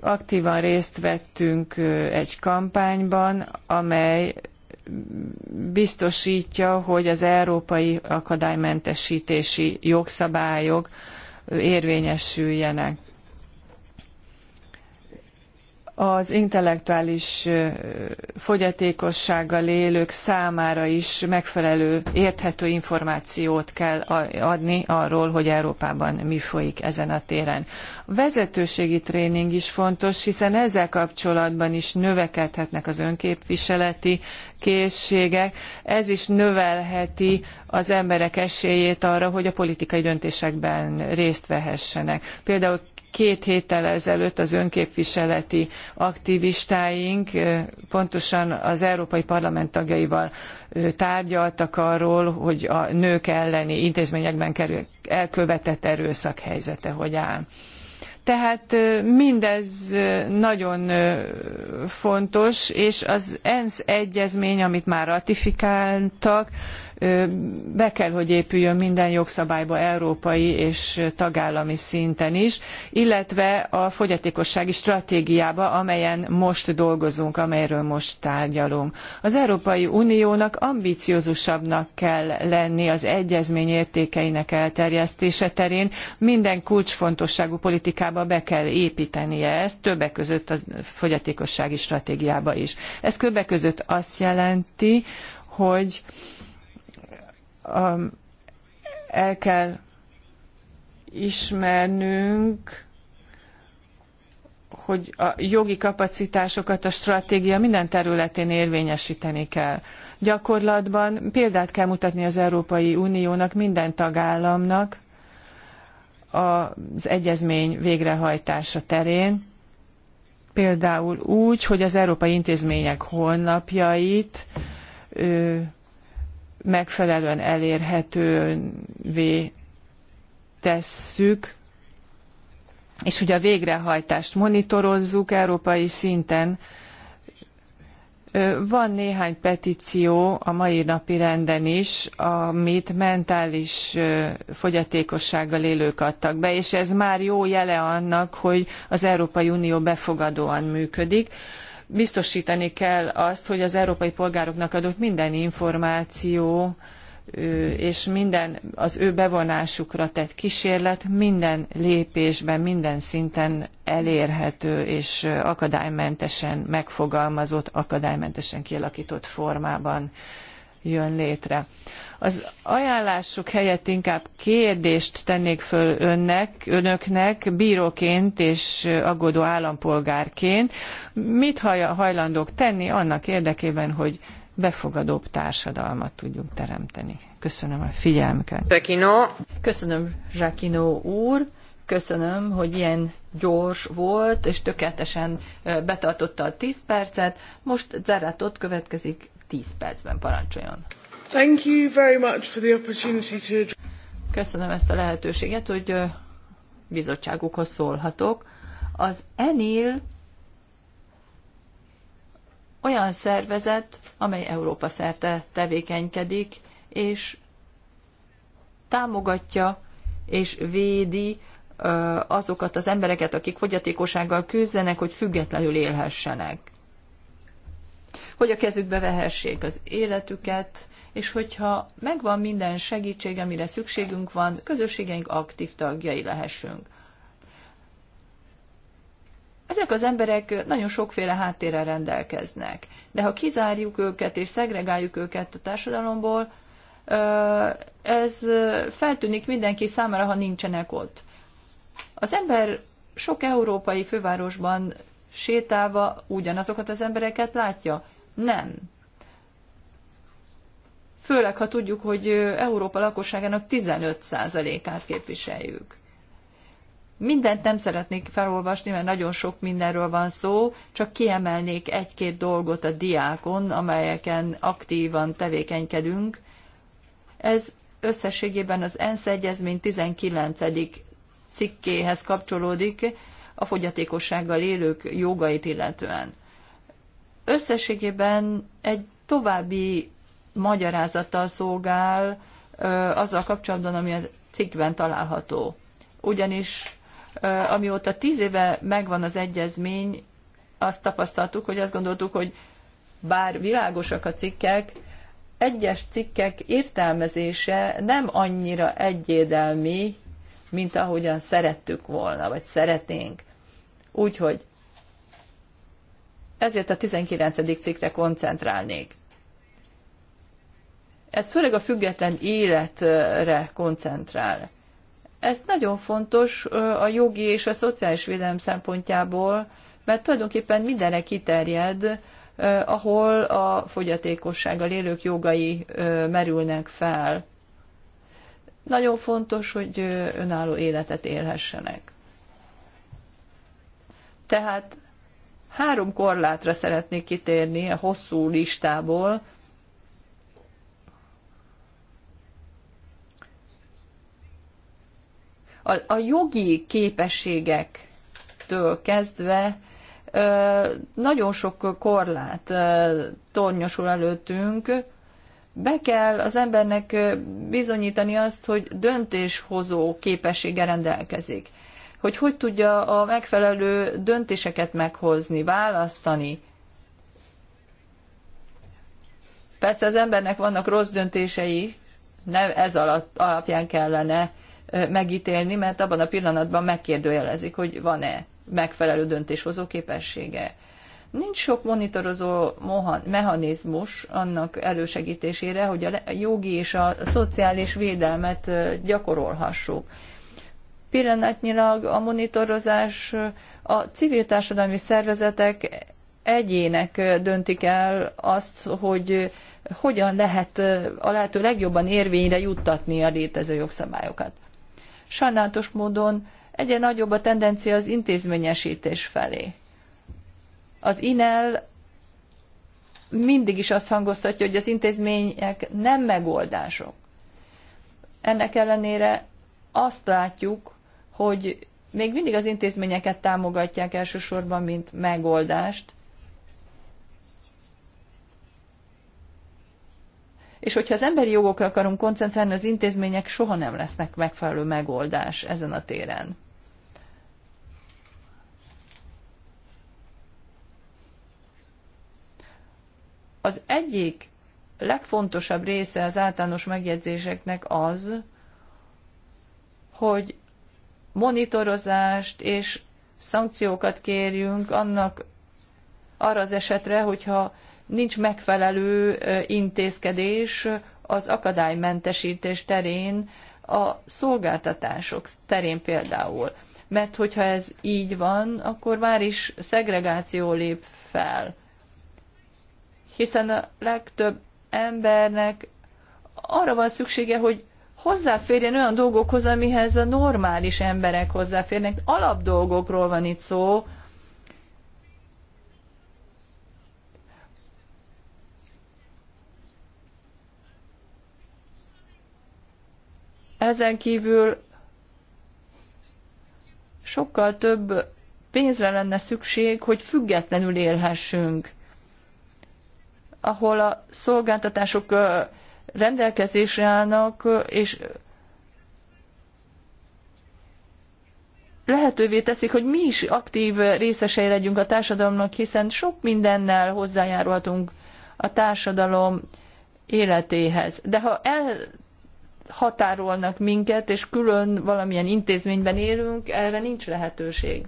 aktívan részt vettünk egy kampányban, amely biztosítja, hogy az európai akadálymentesítési jogszabályok érvényesüljenek az intellektuális fogyatékossággal élők számára is megfelelő, érthető információt kell adni arról, hogy Európában mi folyik ezen a téren. A vezetőségi tréning is fontos, hiszen ezzel kapcsolatban is növekedhetnek az önképviseleti készségek. Ez is növelheti az emberek esélyét arra, hogy a politikai döntésekben részt vehessenek. Például Két héttel ezelőtt az önképviseleti aktivistáink pontosan az Európai Parlament tagjaival tárgyaltak arról, hogy a nők elleni intézményekben elkövetett erőszak helyzete hogy áll. Tehát mindez nagyon fontos, és az ENSZ egyezmény, amit már ratifikáltak, be kell, hogy épüljön minden jogszabályba európai és tagállami szinten is, illetve a fogyatékossági stratégiába, amelyen most dolgozunk, amelyről most tárgyalunk. Az Európai Uniónak ambiciózusabbnak kell lenni az egyezmény értékeinek elterjesztése terén, minden kulcsfontosságú politikába be kell építenie ezt, többek között a fogyatékossági stratégiába is. Ez többek között azt jelenti, hogy Um, el kell ismernünk, hogy a jogi kapacitásokat a stratégia minden területén érvényesíteni kell. Gyakorlatban példát kell mutatni az Európai Uniónak, minden tagállamnak az egyezmény végrehajtása terén, például úgy, hogy az európai intézmények honlapjait megfelelően elérhetővé tesszük, és hogy a végrehajtást monitorozzuk európai szinten. Van néhány petíció a mai napi renden is, amit mentális fogyatékossággal élők adtak be, és ez már jó jele annak, hogy az Európai Unió befogadóan működik biztosítani kell azt, hogy az európai polgároknak adott minden információ és minden az ő bevonásukra tett kísérlet minden lépésben, minden szinten elérhető és akadálymentesen megfogalmazott, akadálymentesen kialakított formában jön létre. Az ajánlásuk helyett inkább kérdést tennék föl önnek, önöknek, bíróként és aggódó állampolgárként. Mit hajlandók tenni annak érdekében, hogy befogadóbb társadalmat tudjunk teremteni? Köszönöm a figyelmüket. Pekino. Köszönöm, Zsákinó úr. Köszönöm, hogy ilyen gyors volt, és tökéletesen betartotta a 10 percet. Most Zeratot következik 10 percben parancsoljon. Thank you very much for the opportunity to... Köszönöm ezt a lehetőséget, hogy bizottságukhoz szólhatok. Az ENIL olyan szervezet, amely Európa szerte tevékenykedik, és támogatja és védi azokat az embereket, akik fogyatékossággal küzdenek, hogy függetlenül élhessenek hogy a kezükbe vehessék az életüket, és hogyha megvan minden segítség, amire szükségünk van, közösségeink aktív tagjai lehessünk. Ezek az emberek nagyon sokféle háttérrel rendelkeznek, de ha kizárjuk őket és szegregáljuk őket a társadalomból, ez feltűnik mindenki számára, ha nincsenek ott. Az ember sok európai fővárosban sétálva ugyanazokat az embereket látja, nem. Főleg, ha tudjuk, hogy Európa lakosságának 15%-át képviseljük. Mindent nem szeretnék felolvasni, mert nagyon sok mindenről van szó, csak kiemelnék egy-két dolgot a diákon, amelyeken aktívan tevékenykedünk. Ez összességében az ENSZ egyezmény 19. cikkéhez kapcsolódik, a fogyatékossággal élők jogait illetően összességében egy további magyarázattal szolgál azzal kapcsolatban, ami a cikkben található. Ugyanis amióta tíz éve megvan az egyezmény, azt tapasztaltuk, hogy azt gondoltuk, hogy bár világosak a cikkek, egyes cikkek értelmezése nem annyira egyédelmi, mint ahogyan szerettük volna, vagy szeretnénk. Úgyhogy ezért a 19. cikkre koncentrálnék. Ez főleg a független életre koncentrál. Ez nagyon fontos a jogi és a szociális védelem szempontjából, mert tulajdonképpen mindenre kiterjed, ahol a fogyatékossággal élők jogai merülnek fel. Nagyon fontos, hogy önálló életet élhessenek. Tehát Három korlátra szeretnék kitérni a hosszú listából. A, a jogi képességektől kezdve nagyon sok korlát tornyosul előttünk. Be kell az embernek bizonyítani azt, hogy döntéshozó képessége rendelkezik hogy hogy tudja a megfelelő döntéseket meghozni, választani. Persze az embernek vannak rossz döntései, nem ez alatt, alapján kellene megítélni, mert abban a pillanatban megkérdőjelezik, hogy van-e megfelelő döntéshozó képessége. Nincs sok monitorozó mechanizmus annak elősegítésére, hogy a jogi és a szociális védelmet gyakorolhassuk. Pillanatnyilag a monitorozás a civil társadalmi szervezetek egyének döntik el azt, hogy hogyan lehet a lehető legjobban érvényre juttatni a létező jogszabályokat. Sajnálatos módon egyre nagyobb a tendencia az intézményesítés felé. Az INEL mindig is azt hangoztatja, hogy az intézmények nem megoldások. Ennek ellenére azt látjuk, hogy még mindig az intézményeket támogatják elsősorban, mint megoldást. És hogyha az emberi jogokra akarunk koncentrálni, az intézmények soha nem lesznek megfelelő megoldás ezen a téren. Az egyik legfontosabb része az általános megjegyzéseknek az, hogy monitorozást és szankciókat kérjünk annak arra az esetre, hogyha nincs megfelelő intézkedés az akadálymentesítés terén, a szolgáltatások terén például. Mert hogyha ez így van, akkor már is szegregáció lép fel. Hiszen a legtöbb embernek arra van szüksége, hogy hozzáférjen olyan dolgokhoz, amihez a normális emberek hozzáférnek. Alap dolgokról van itt szó. Ezen kívül sokkal több pénzre lenne szükség, hogy függetlenül élhessünk, ahol a szolgáltatások rendelkezésre állnak, és lehetővé teszik, hogy mi is aktív részesei legyünk a társadalomnak, hiszen sok mindennel hozzájárulhatunk a társadalom életéhez. De ha elhatárolnak minket, és külön valamilyen intézményben élünk, erre nincs lehetőség.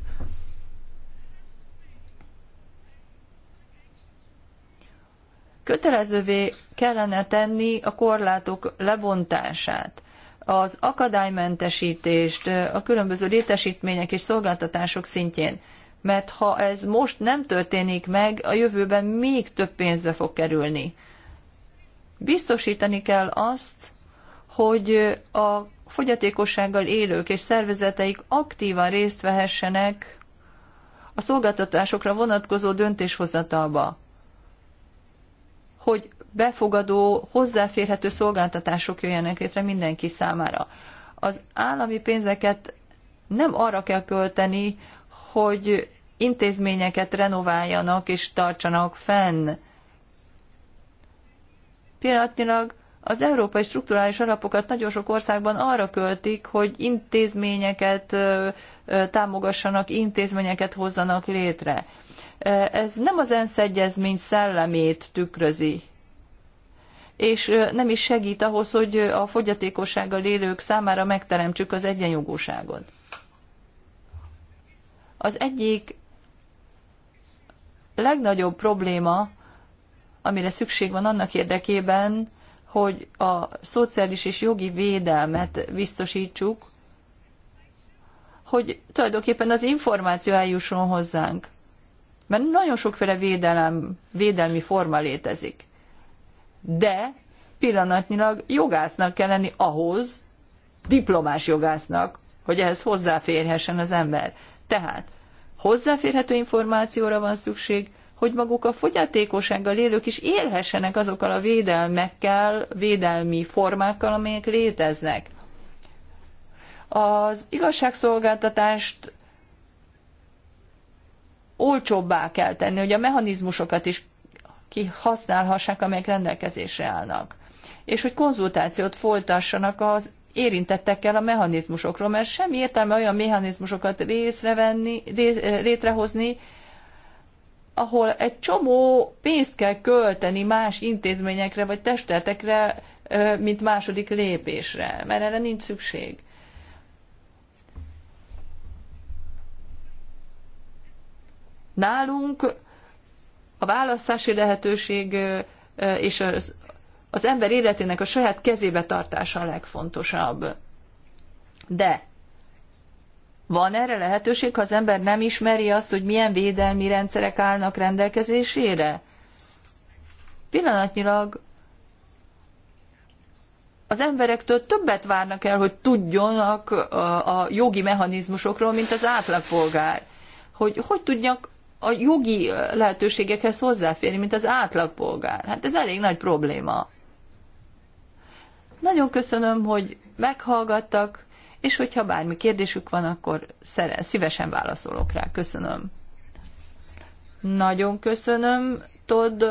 kötelezővé kellene tenni a korlátok lebontását, az akadálymentesítést a különböző létesítmények és szolgáltatások szintjén, mert ha ez most nem történik meg, a jövőben még több pénzbe fog kerülni. Biztosítani kell azt, hogy a fogyatékossággal élők és szervezeteik aktívan részt vehessenek a szolgáltatásokra vonatkozó döntéshozatalba hogy befogadó, hozzáférhető szolgáltatások jöjjenek létre mindenki számára. Az állami pénzeket nem arra kell költeni, hogy intézményeket renováljanak és tartsanak fenn. Pillanatnyilag az európai strukturális alapokat nagyon sok országban arra költik, hogy intézményeket támogassanak, intézményeket hozzanak létre. Eh, ez nem az ENSZ egyezmény szellemét tükrözi, és eh, nem is segít ahhoz, hogy eh, a fogyatékossággal élők számára megteremtsük az egyenjogúságot. Az egyik legnagyobb probléma, amire szükség van annak érdekében, hogy a szociális és jogi védelmet biztosítsuk, hogy tulajdonképpen az információ eljusson hozzánk. Mert nagyon sokféle védelem, védelmi forma létezik. De pillanatnyilag jogásznak kell lenni ahhoz, diplomás jogásznak, hogy ehhez hozzáférhessen az ember. Tehát hozzáférhető információra van szükség, hogy maguk a fogyatékossággal élők is élhessenek azokkal a védelmekkel, védelmi formákkal, amelyek léteznek. Az igazságszolgáltatást olcsóbbá kell tenni, hogy a mechanizmusokat is kihasználhassák, amelyek rendelkezésre állnak. És hogy konzultációt folytassanak az érintettekkel a mechanizmusokról, mert semmi értelme olyan mechanizmusokat részrevenni, eh, létrehozni, ahol egy csomó pénzt kell költeni más intézményekre vagy testületekre, eh, mint második lépésre, mert erre nincs szükség. Nálunk a választási lehetőség és az, az ember életének a saját kezébe tartása a legfontosabb. De van erre lehetőség, ha az ember nem ismeri azt, hogy milyen védelmi rendszerek állnak rendelkezésére? Pillanatnyilag az emberektől többet várnak el, hogy tudjonak a, jogi mechanizmusokról, mint az átlagpolgár. Hogy hogy tudjak a jogi lehetőségekhez hozzáférni, mint az átlagpolgár. Hát ez elég nagy probléma. Nagyon köszönöm, hogy meghallgattak, és hogyha bármi kérdésük van, akkor szívesen válaszolok rá. Köszönöm. Nagyon köszönöm, Todd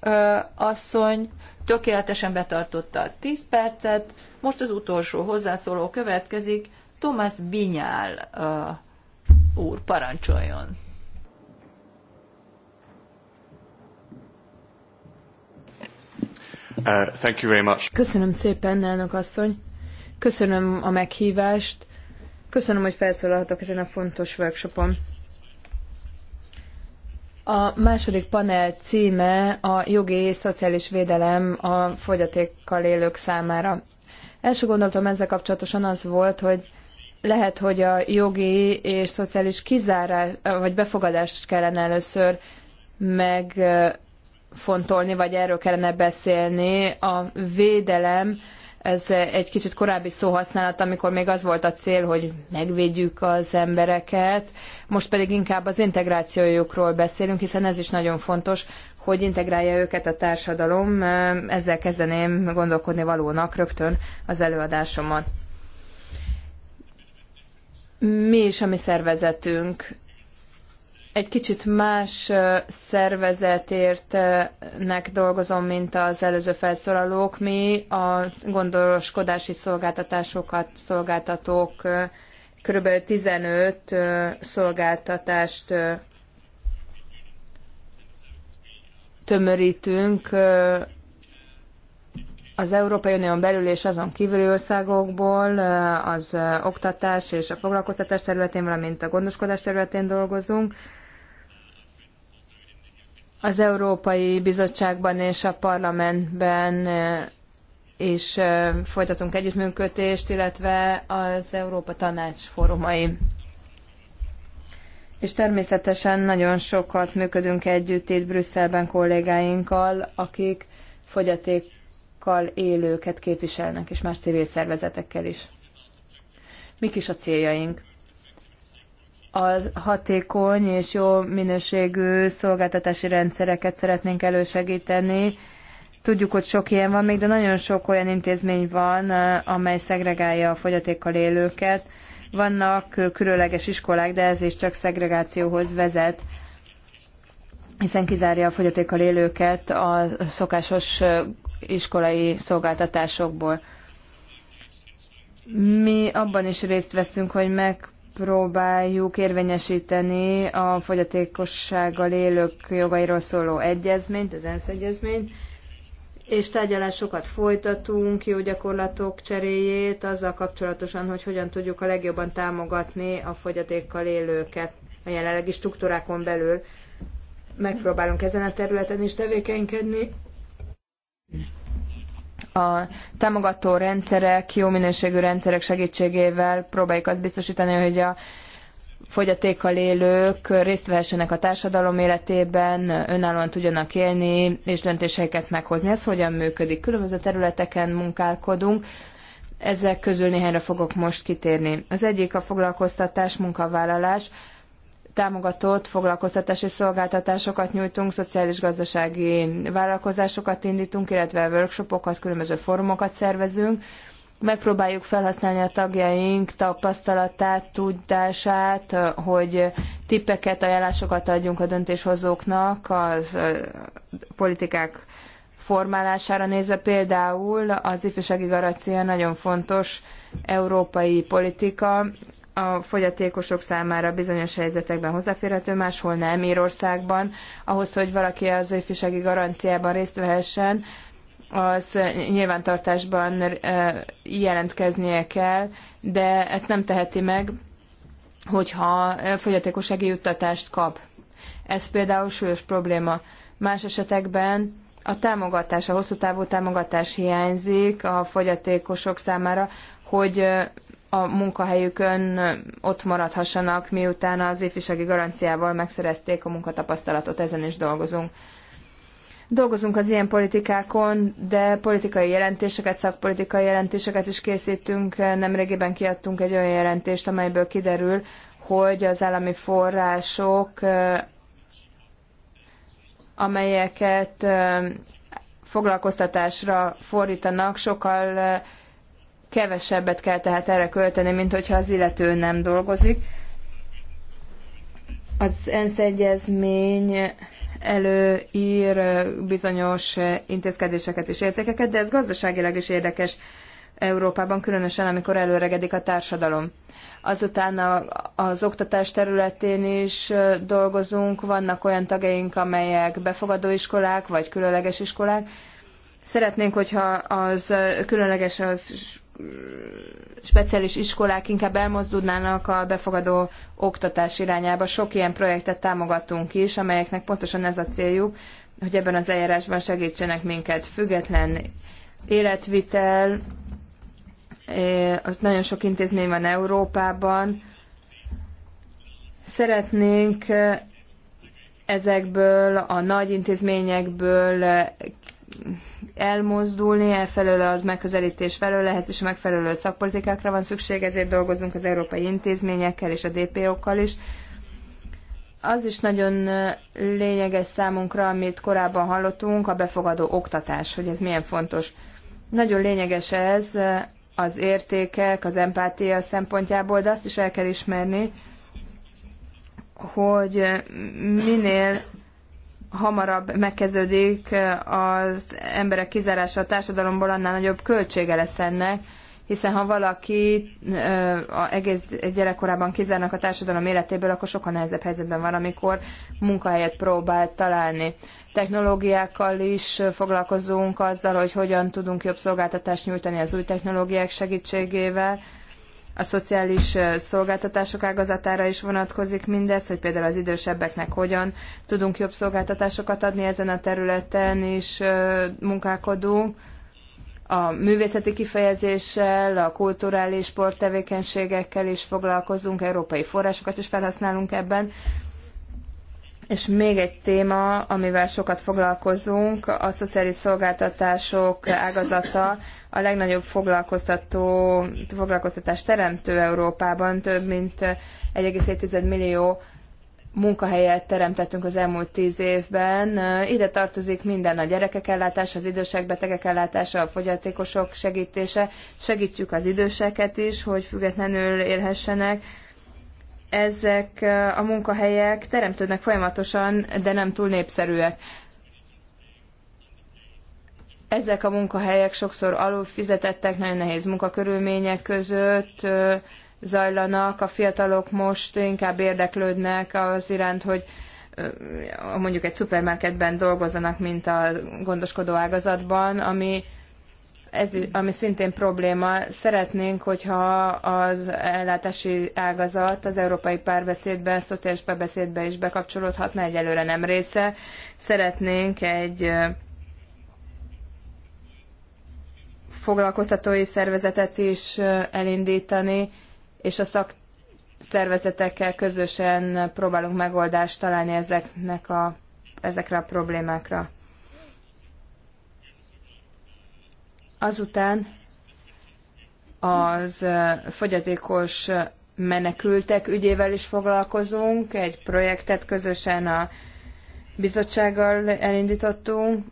ö, asszony. Tökéletesen betartotta a 10 percet. Most az utolsó hozzászóló következik. Tomás Binyál ö, úr, parancsoljon. Uh, thank you very much. Köszönöm szépen, elnök asszony. Köszönöm a meghívást. Köszönöm, hogy felszólalhatok ezen a fontos workshopon. A második panel címe a jogi és szociális védelem a fogyatékkal élők számára. Első gondolatom ezzel kapcsolatosan az volt, hogy lehet, hogy a jogi és szociális kizárás vagy befogadást kellene először meg fontolni vagy erről kellene beszélni. A védelem, ez egy kicsit korábbi szóhasználat, amikor még az volt a cél, hogy megvédjük az embereket, most pedig inkább az integrációjukról beszélünk, hiszen ez is nagyon fontos, hogy integrálja őket a társadalom. Ezzel kezdeném gondolkodni valónak rögtön az előadásomat. Mi is a mi szervezetünk? egy kicsit más szervezetértnek dolgozom, mint az előző felszólalók. Mi a gondoskodási szolgáltatásokat szolgáltatók kb. 15 szolgáltatást tömörítünk az Európai Unión belül és azon kívüli országokból az oktatás és a foglalkoztatás területén, valamint a gondoskodás területén dolgozunk az Európai Bizottságban és a Parlamentben és folytatunk együttműködést, illetve az Európa Tanács fórumai. És természetesen nagyon sokat működünk együtt itt Brüsszelben kollégáinkkal, akik fogyatékkal élőket képviselnek, és más civil szervezetekkel is. Mik is a céljaink? a hatékony és jó minőségű szolgáltatási rendszereket szeretnénk elősegíteni. Tudjuk, hogy sok ilyen van még, de nagyon sok olyan intézmény van, amely szegregálja a fogyatékkal élőket. Vannak különleges iskolák, de ez is csak szegregációhoz vezet, hiszen kizárja a fogyatékkal élőket a szokásos iskolai szolgáltatásokból. Mi abban is részt veszünk, hogy meg próbáljuk érvényesíteni a fogyatékossággal élők jogairól szóló egyezményt, az ENSZ egyezményt, és tárgyalásokat folytatunk, jó gyakorlatok cseréjét azzal kapcsolatosan, hogy hogyan tudjuk a legjobban támogatni a fogyatékkal élőket a jelenlegi struktúrákon belül. Megpróbálunk ezen a területen is tevékenykedni a támogató rendszerek, jó minőségű rendszerek segítségével próbáljuk azt biztosítani, hogy a fogyatékkal élők részt vehessenek a társadalom életében, önállóan tudjanak élni és döntéseiket meghozni. Ez hogyan működik? Különböző területeken munkálkodunk, ezek közül néhányra fogok most kitérni. Az egyik a foglalkoztatás, munkavállalás támogatott foglalkoztatási szolgáltatásokat nyújtunk, szociális-gazdasági vállalkozásokat indítunk, illetve workshopokat, különböző fórumokat szervezünk. Megpróbáljuk felhasználni a tagjaink tapasztalatát, tudását, hogy tippeket, ajánlásokat adjunk a döntéshozóknak a politikák formálására nézve. Például az ifjúsági garancia nagyon fontos európai politika, a fogyatékosok számára bizonyos helyzetekben hozzáférhető, máshol nem Írországban. Ahhoz, hogy valaki az ifjúsági garanciában részt vehessen, az nyilvántartásban eh, jelentkeznie kell, de ezt nem teheti meg, hogyha eh, fogyatékossági juttatást kap. Ez például súlyos probléma. Más esetekben a támogatás, a hosszú távú támogatás hiányzik a fogyatékosok számára, hogy eh, a munkahelyükön ott maradhassanak, miután az ifjúsági garanciával megszerezték a munkatapasztalatot, ezen is dolgozunk. Dolgozunk az ilyen politikákon, de politikai jelentéseket, szakpolitikai jelentéseket is készítünk. Nemrégiben kiadtunk egy olyan jelentést, amelyből kiderül, hogy az állami források, amelyeket foglalkoztatásra fordítanak, sokkal kevesebbet kell tehát erre költeni, mint hogyha az illető nem dolgozik. Az ENSZ egyezmény előír bizonyos intézkedéseket és értékeket, de ez gazdaságilag is érdekes Európában, különösen amikor előregedik a társadalom. Azután a, az oktatás területén is dolgozunk, vannak olyan tagjaink, amelyek befogadó iskolák vagy különleges iskolák. Szeretnénk, hogyha az különleges az speciális iskolák inkább elmozdulnának a befogadó oktatás irányába. Sok ilyen projektet támogatunk is, amelyeknek pontosan ez a céljuk, hogy ebben az eljárásban segítsenek minket. Független életvitel, eh, ott nagyon sok intézmény van Európában. Szeretnénk eh, ezekből a nagy intézményekből eh, elmozdulni elfelől az megközelítés felől, lehet is megfelelő szakpolitikákra van szükség, ezért dolgozunk az európai intézményekkel és a DPO-kkal is. Az is nagyon lényeges számunkra, amit korábban hallottunk, a befogadó oktatás, hogy ez milyen fontos. Nagyon lényeges ez az értékek, az empátia szempontjából, de azt is el kell ismerni, hogy minél hamarabb megkezdődik az emberek kizárása a társadalomból, annál nagyobb költsége lesz ennek, hiszen ha valaki a egész gyerekkorában kizárnak a társadalom életéből, akkor sokkal nehezebb helyzetben van, amikor munkahelyet próbál találni. Technológiákkal is foglalkozunk azzal, hogy hogyan tudunk jobb szolgáltatást nyújtani az új technológiák segítségével, a szociális szolgáltatások ágazatára is vonatkozik mindez, hogy például az idősebbeknek hogyan tudunk jobb szolgáltatásokat adni ezen a területen is munkálkodunk. A művészeti kifejezéssel, a kulturális sporttevékenységekkel is foglalkozunk, európai forrásokat is felhasználunk ebben. És még egy téma, amivel sokat foglalkozunk, a szociális szolgáltatások ágazata a legnagyobb foglalkoztató, foglalkoztatás teremtő Európában, több mint 1,7 millió munkahelyet teremtettünk az elmúlt tíz évben. Ide tartozik minden a gyerekek ellátása, az idősek betegek ellátása, a fogyatékosok segítése. Segítjük az időseket is, hogy függetlenül élhessenek. Ezek a munkahelyek teremtődnek folyamatosan, de nem túl népszerűek. Ezek a munkahelyek sokszor alul fizetettek, nagyon nehéz munkakörülmények között zajlanak. A fiatalok most inkább érdeklődnek az iránt, hogy mondjuk egy szupermarketben dolgozzanak, mint a gondoskodó ágazatban, ami ez, ami szintén probléma, szeretnénk, hogyha az ellátási ágazat az európai párbeszédbe, szociális párbeszédbe is bekapcsolódhatna, egyelőre nem része. Szeretnénk egy foglalkoztatói szervezetet is elindítani, és a szakszervezetekkel közösen próbálunk megoldást találni ezeknek a, ezekre a problémákra. Azután az fogyatékos menekültek ügyével is foglalkozunk, egy projektet közösen a bizottsággal elindítottunk,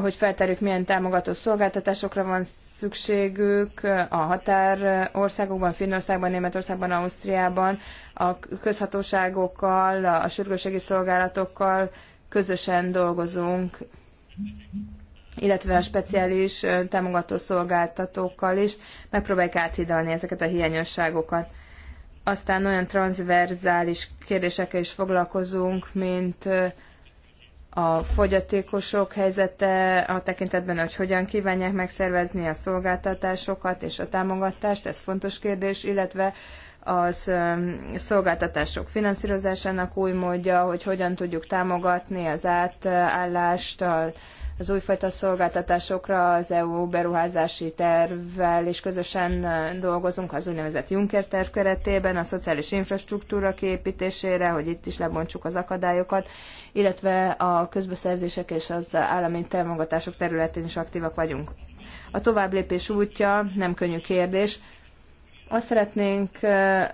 hogy feltárjuk, milyen támogató szolgáltatásokra van szükségük a határ országokban, Finnországban, Németországban, Ausztriában, a közhatóságokkal, a sürgőségi szolgálatokkal közösen dolgozunk, illetve a speciális támogató szolgáltatókkal is megpróbáljuk áthidalni ezeket a hiányosságokat. Aztán olyan transzverzális kérdésekkel is foglalkozunk, mint a fogyatékosok helyzete a tekintetben, hogy hogyan kívánják megszervezni a szolgáltatásokat és a támogatást, ez fontos kérdés, illetve az szolgáltatások finanszírozásának új módja, hogy hogyan tudjuk támogatni az átállást az újfajta szolgáltatásokra, az EU beruházási tervvel és közösen dolgozunk az úgynevezett Juncker terv keretében, a szociális infrastruktúra kiépítésére, hogy itt is lebontsuk az akadályokat, illetve a közbeszerzések és az állami támogatások területén is aktívak vagyunk. A tovább lépés útja nem könnyű kérdés. Azt szeretnénk,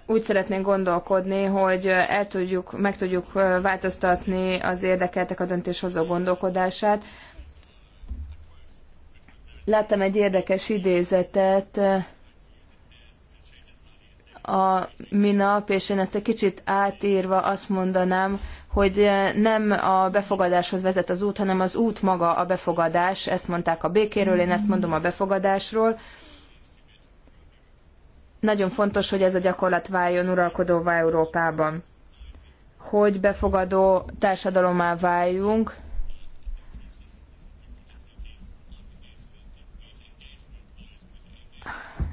úgy szeretnénk gondolkodni, hogy el tudjuk, meg tudjuk változtatni az érdekeltek a döntéshozó gondolkodását. Láttam egy érdekes idézetet, a minap, és én ezt egy kicsit átírva azt mondanám, hogy eh, nem a befogadáshoz vezet az út, hanem az út maga a befogadás. Ezt mondták a békéről, én ezt mondom a befogadásról. Nagyon fontos, hogy ez a gyakorlat váljon uralkodóvá Európában. Hogy befogadó társadalomá váljunk,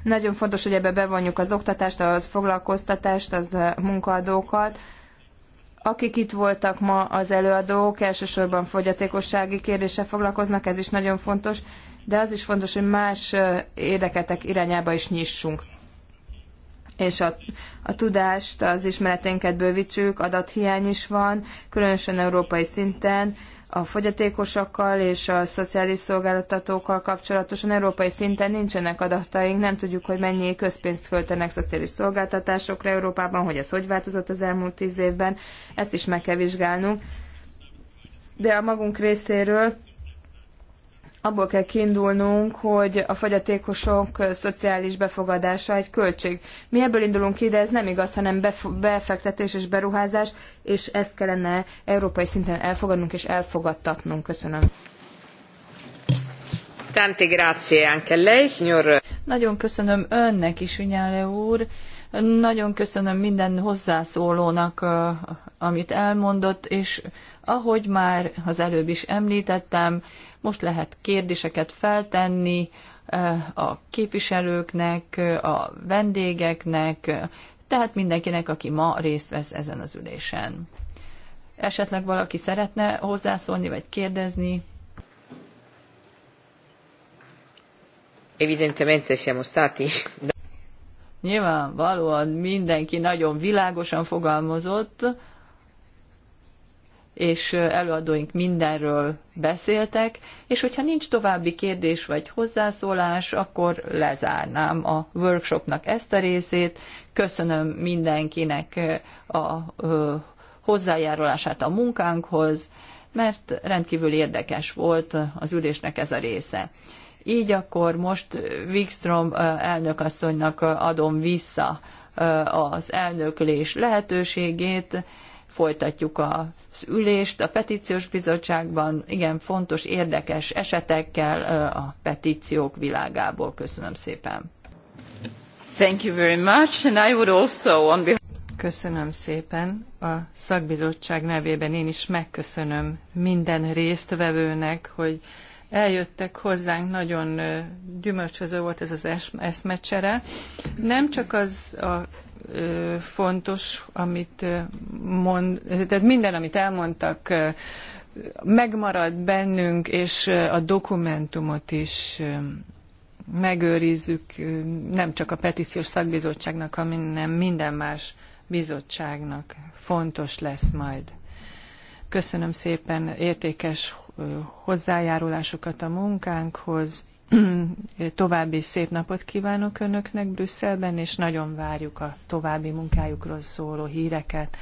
Nagyon fontos, hogy ebbe bevonjuk az oktatást, az foglalkoztatást, az eh, munkaadókat, akik itt voltak ma az előadók, elsősorban fogyatékossági kérdéssel foglalkoznak, ez is nagyon fontos, de az is fontos, hogy más érdeketek irányába is nyissunk. És a, a tudást, az ismereténket bővítsük, adathiány is van, különösen európai szinten, a fogyatékosokkal és a szociális szolgáltatókkal kapcsolatosan európai szinten nincsenek adataink, nem tudjuk, hogy mennyi közpénzt költenek szociális szolgáltatásokra Európában, hogy ez hogy változott az elmúlt tíz évben, ezt is meg kell vizsgálnunk. De a magunk részéről abból kell kiindulnunk, hogy a fogyatékosok szociális befogadása egy költség. Mi ebből indulunk ki, de ez nem igaz, hanem befektetés és beruházás, és ezt kellene európai szinten elfogadnunk és elfogadtatnunk. Köszönöm. Tante grazie anche lei, signor. Nagyon köszönöm önnek is, Vinyále úr. Nagyon köszönöm minden hozzászólónak, amit elmondott, és ahogy már az előbb is említettem, most lehet kérdéseket feltenni a képviselőknek, a vendégeknek, tehát mindenkinek, aki ma részt vesz ezen az ülésen. Esetleg valaki szeretne hozzászólni vagy kérdezni? Evidentemente siamo stati. Nyilvánvalóan mindenki nagyon világosan fogalmazott, és előadóink mindenről beszéltek, és hogyha nincs további kérdés vagy hozzászólás, akkor lezárnám a workshopnak ezt a részét. Köszönöm mindenkinek a hozzájárulását a munkánkhoz, mert rendkívül érdekes volt az ülésnek ez a része. Így akkor most Wikström elnökasszonynak adom vissza az elnöklés lehetőségét, folytatjuk az ülést a petíciós bizottságban, igen fontos, érdekes esetekkel a petíciók világából. Köszönöm szépen. Thank you very much, and I would also on behalf Köszönöm szépen. A szakbizottság nevében én is megköszönöm minden résztvevőnek, hogy eljöttek hozzánk, nagyon gyümölcsöző volt ez az eszmecsere. Nem csak az a fontos, amit mond, tehát minden, amit elmondtak, megmarad bennünk, és a dokumentumot is megőrizzük, nem csak a petíciós szakbizottságnak, hanem minden más bizottságnak fontos lesz majd. Köszönöm szépen értékes hozzájárulásokat a munkánkhoz További szép napot kívánok Önöknek Brüsszelben, és nagyon várjuk a további munkájukról szóló híreket.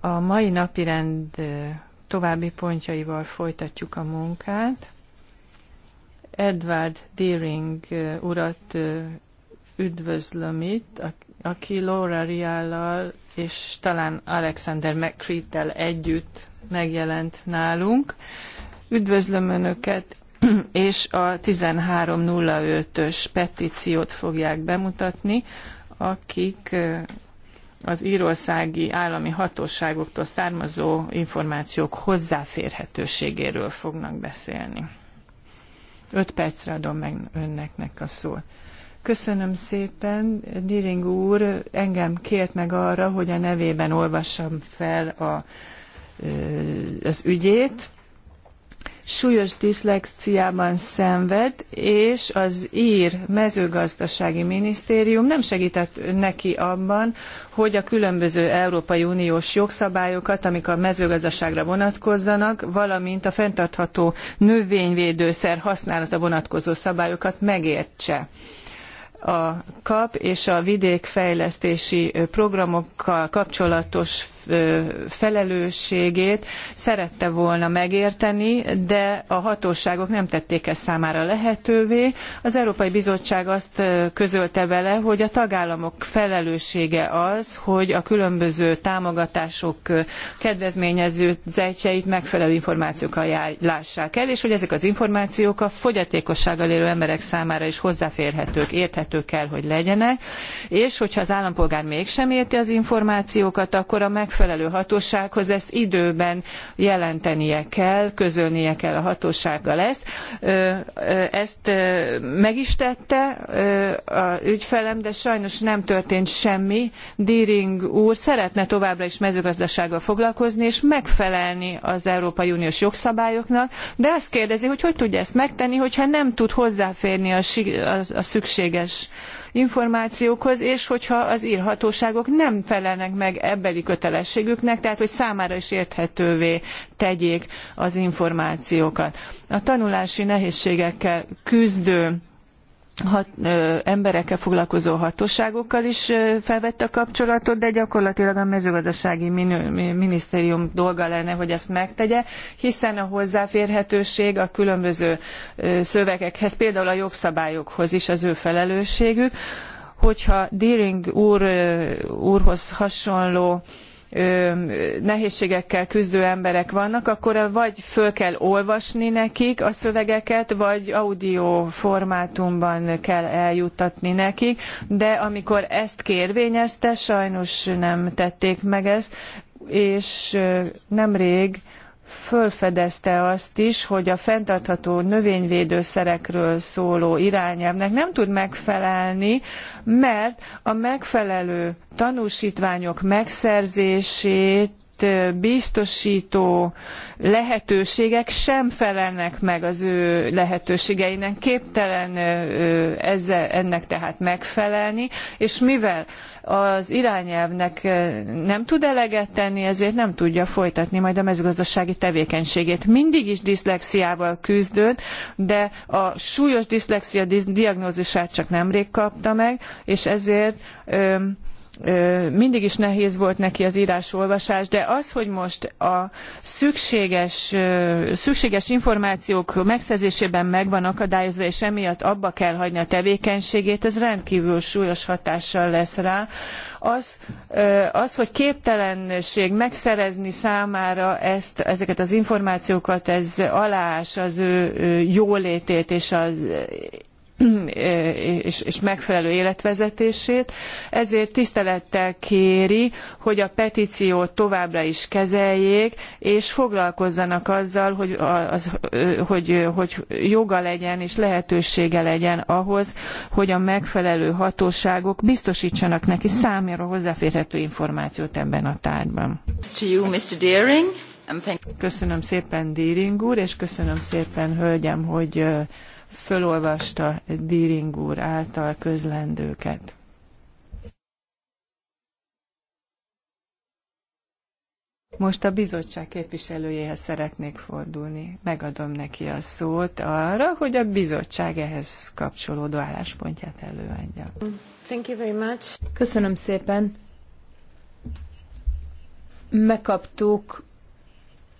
A mai napirend további pontjaival folytatjuk a munkát. Edward Deering urat üdvözlöm itt, aki Laura Riallal és talán Alexander McCreed-tel együtt megjelent nálunk. Üdvözlöm Önöket, és a 1305-ös petíciót fogják bemutatni, akik az írországi állami hatóságoktól származó információk hozzáférhetőségéről fognak beszélni. Öt percre adom meg önneknek a szót. Köszönöm szépen. Diring úr engem kért meg arra, hogy a nevében olvassam fel a, az ügyét súlyos diszlexiában szenved, és az ír mezőgazdasági minisztérium nem segített neki abban, hogy a különböző Európai Uniós jogszabályokat, amik a mezőgazdaságra vonatkozzanak, valamint a fenntartható növényvédőszer használata vonatkozó szabályokat megértse a kap és a vidékfejlesztési programokkal kapcsolatos felelősségét szerette volna megérteni, de a hatóságok nem tették ezt számára lehetővé. Az Európai Bizottság azt közölte vele, hogy a tagállamok felelőssége az, hogy a különböző támogatások kedvezményezettjeit megfelelő információkkal lássák el, és hogy ezek az információk a fogyatékossággal élő emberek számára is hozzáférhetők, érthetők hozzáférhető kell, hogy legyenek, és hogyha az állampolgár mégsem érti az információkat, akkor a megfelelő hatósághoz ezt időben jelentenie kell, közölnie kell a hatósággal ezt. Ezt meg is tette a ügyfelem, de sajnos nem történt semmi. Díring úr szeretne továbbra is mezőgazdasággal foglalkozni, és megfelelni az Európai Uniós jogszabályoknak, de azt kérdezi, hogy hogy tudja ezt megtenni, hogyha nem tud hozzáférni a, a szükséges információkhoz, és hogyha az írhatóságok nem felelnek meg ebbeli kötelességüknek, tehát hogy számára is érthetővé tegyék az információkat. A tanulási nehézségekkel küzdő hat, ö, emberekkel foglalkozó hatóságokkal is ö, felvette a kapcsolatot, de gyakorlatilag a mezőgazdasági minő, minisztérium dolga lenne, hogy ezt megtegye, hiszen a hozzáférhetőség a különböző ö, szövegekhez, például a jogszabályokhoz is az ő felelősségük. Hogyha Deering úr, úrhoz hasonló nehézségekkel küzdő emberek vannak, akkor vagy föl kell olvasni nekik a szövegeket, vagy audio formátumban kell eljuttatni nekik, de amikor ezt kérvényezte, sajnos nem tették meg ezt, és nemrég fölfedezte azt is, hogy a fenntartható növényvédőszerekről szóló irányelvnek nem tud megfelelni, mert a megfelelő tanúsítványok megszerzését biztosító lehetőségek sem felelnek meg az ő lehetőségeinek, képtelen ezzel, ennek tehát megfelelni, és mivel az irányelvnek nem tud eleget tenni, ezért nem tudja folytatni majd a mezőgazdasági tevékenységét. Mindig is diszlexiával küzdött, de a súlyos diszlexia diagnózisát csak nemrég kapta meg, és ezért öm, mindig is nehéz volt neki az írás-olvasás, de az, hogy most a szükséges, szükséges információk megszerzésében meg van akadályozva, és emiatt abba kell hagyni a tevékenységét, ez rendkívül súlyos hatással lesz rá. Az, az hogy képtelenség megszerezni számára ezt, ezeket az információkat, ez aláás az ő jólétét és az és, és megfelelő életvezetését, ezért tisztelettel kéri, hogy a petíciót továbbra is kezeljék, és foglalkozzanak azzal, hogy, az, hogy, hogy joga legyen és lehetősége legyen ahhoz, hogy a megfelelő hatóságok biztosítsanak neki számára hozzáférhető információt ebben a tárgyban. Köszönöm szépen, Deering úr, és köszönöm szépen, hölgyem, hogy fölolvasta Díring úr által közlendőket. Most a bizottság képviselőjéhez szeretnék fordulni. Megadom neki a szót arra, hogy a bizottság ehhez kapcsolódó álláspontját előadja. Thank you very much. Köszönöm szépen. Megkaptuk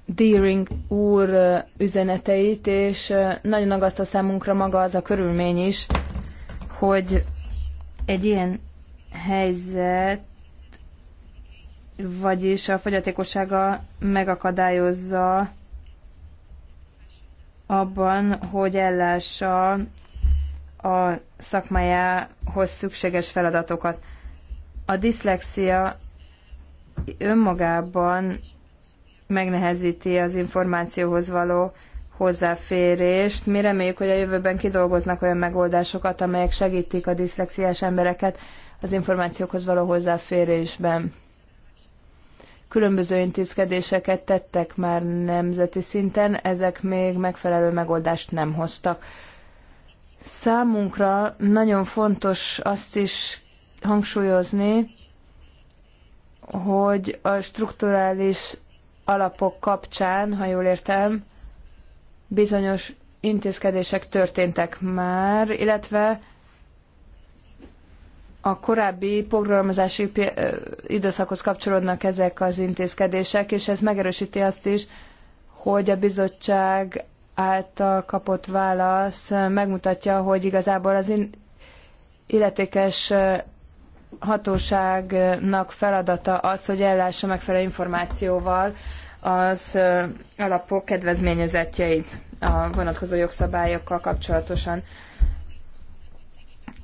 Deering úr üzeneteit, és nagyon a számunkra maga az a körülmény is, hogy egy ilyen helyzet, vagyis a fogyatékossága megakadályozza abban, hogy ellássa a szakmájához szükséges feladatokat. A diszlexia önmagában megnehezíti az információhoz való hozzáférést. Mi reméljük, hogy a jövőben kidolgoznak olyan megoldásokat, amelyek segítik a diszlexiás embereket az információkhoz való hozzáférésben. Különböző intézkedéseket tettek már nemzeti szinten, ezek még megfelelő megoldást nem hoztak. Számunkra nagyon fontos azt is hangsúlyozni, hogy a strukturális alapok kapcsán, ha jól értem, bizonyos intézkedések történtek már, illetve a korábbi programozási időszakhoz kapcsolódnak ezek az intézkedések, és ez megerősíti azt is, hogy a bizottság által kapott válasz megmutatja, hogy igazából az illetékes hatóságnak feladata az, hogy ellássa megfelelő információval az alapok kedvezményezetjeit a vonatkozó jogszabályokkal kapcsolatosan.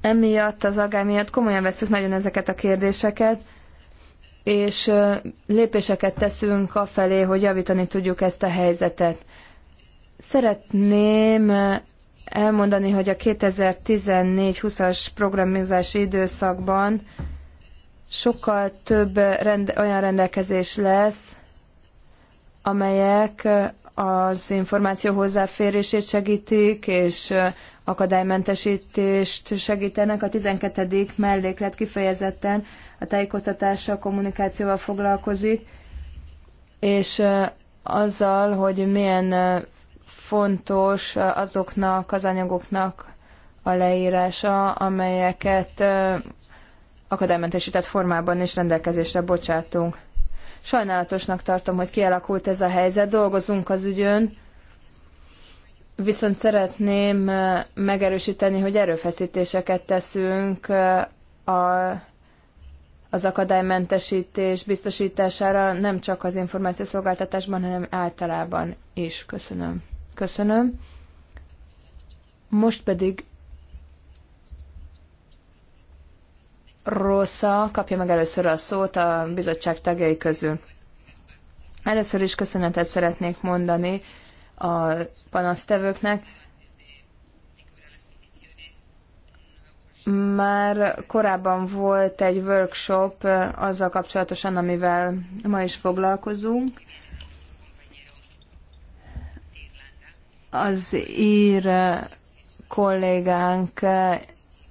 Emiatt az agály miatt komolyan veszük nagyon ezeket a kérdéseket, és lépéseket teszünk afelé, hogy javítani tudjuk ezt a helyzetet. Szeretném elmondani, hogy a 2014-20-as programozási időszakban sokkal több rende, olyan rendelkezés lesz, amelyek az információ hozzáférését segítik, és akadálymentesítést segítenek. A 12. melléklet kifejezetten a tájékoztatással, kommunikációval foglalkozik, és azzal, hogy milyen fontos azoknak az anyagoknak a leírása, amelyeket akadálymentesített formában is rendelkezésre bocsátunk. Sajnálatosnak tartom, hogy kialakult ez a helyzet, dolgozunk az ügyön, viszont szeretném megerősíteni, hogy erőfeszítéseket teszünk a, az akadálymentesítés biztosítására nem csak az információszolgáltatásban, hanem általában is. Köszönöm. Köszönöm. Most pedig Rosa kapja meg először a szót a bizottság tagjai közül. Először is köszönetet szeretnék mondani a panasztevőknek. Már korábban volt egy workshop azzal kapcsolatosan, amivel ma is foglalkozunk, az ír eh, kollégánk eh,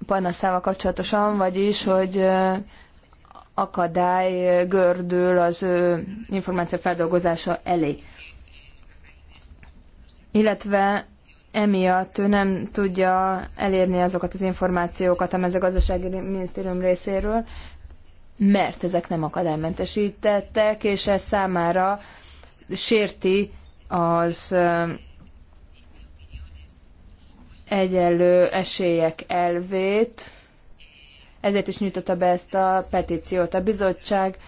panaszával kapcsolatosan, vagyis, hogy eh, akadály gördül az ő információ feldolgozása elé. Illetve emiatt ő nem tudja elérni azokat az információkat a mezőgazdasági minisztérium részéről, mert ezek nem akadálymentesítettek, és ez számára sérti az egyenlő esélyek elvét, ezért is nyújtotta be ezt a petíciót. A bizottság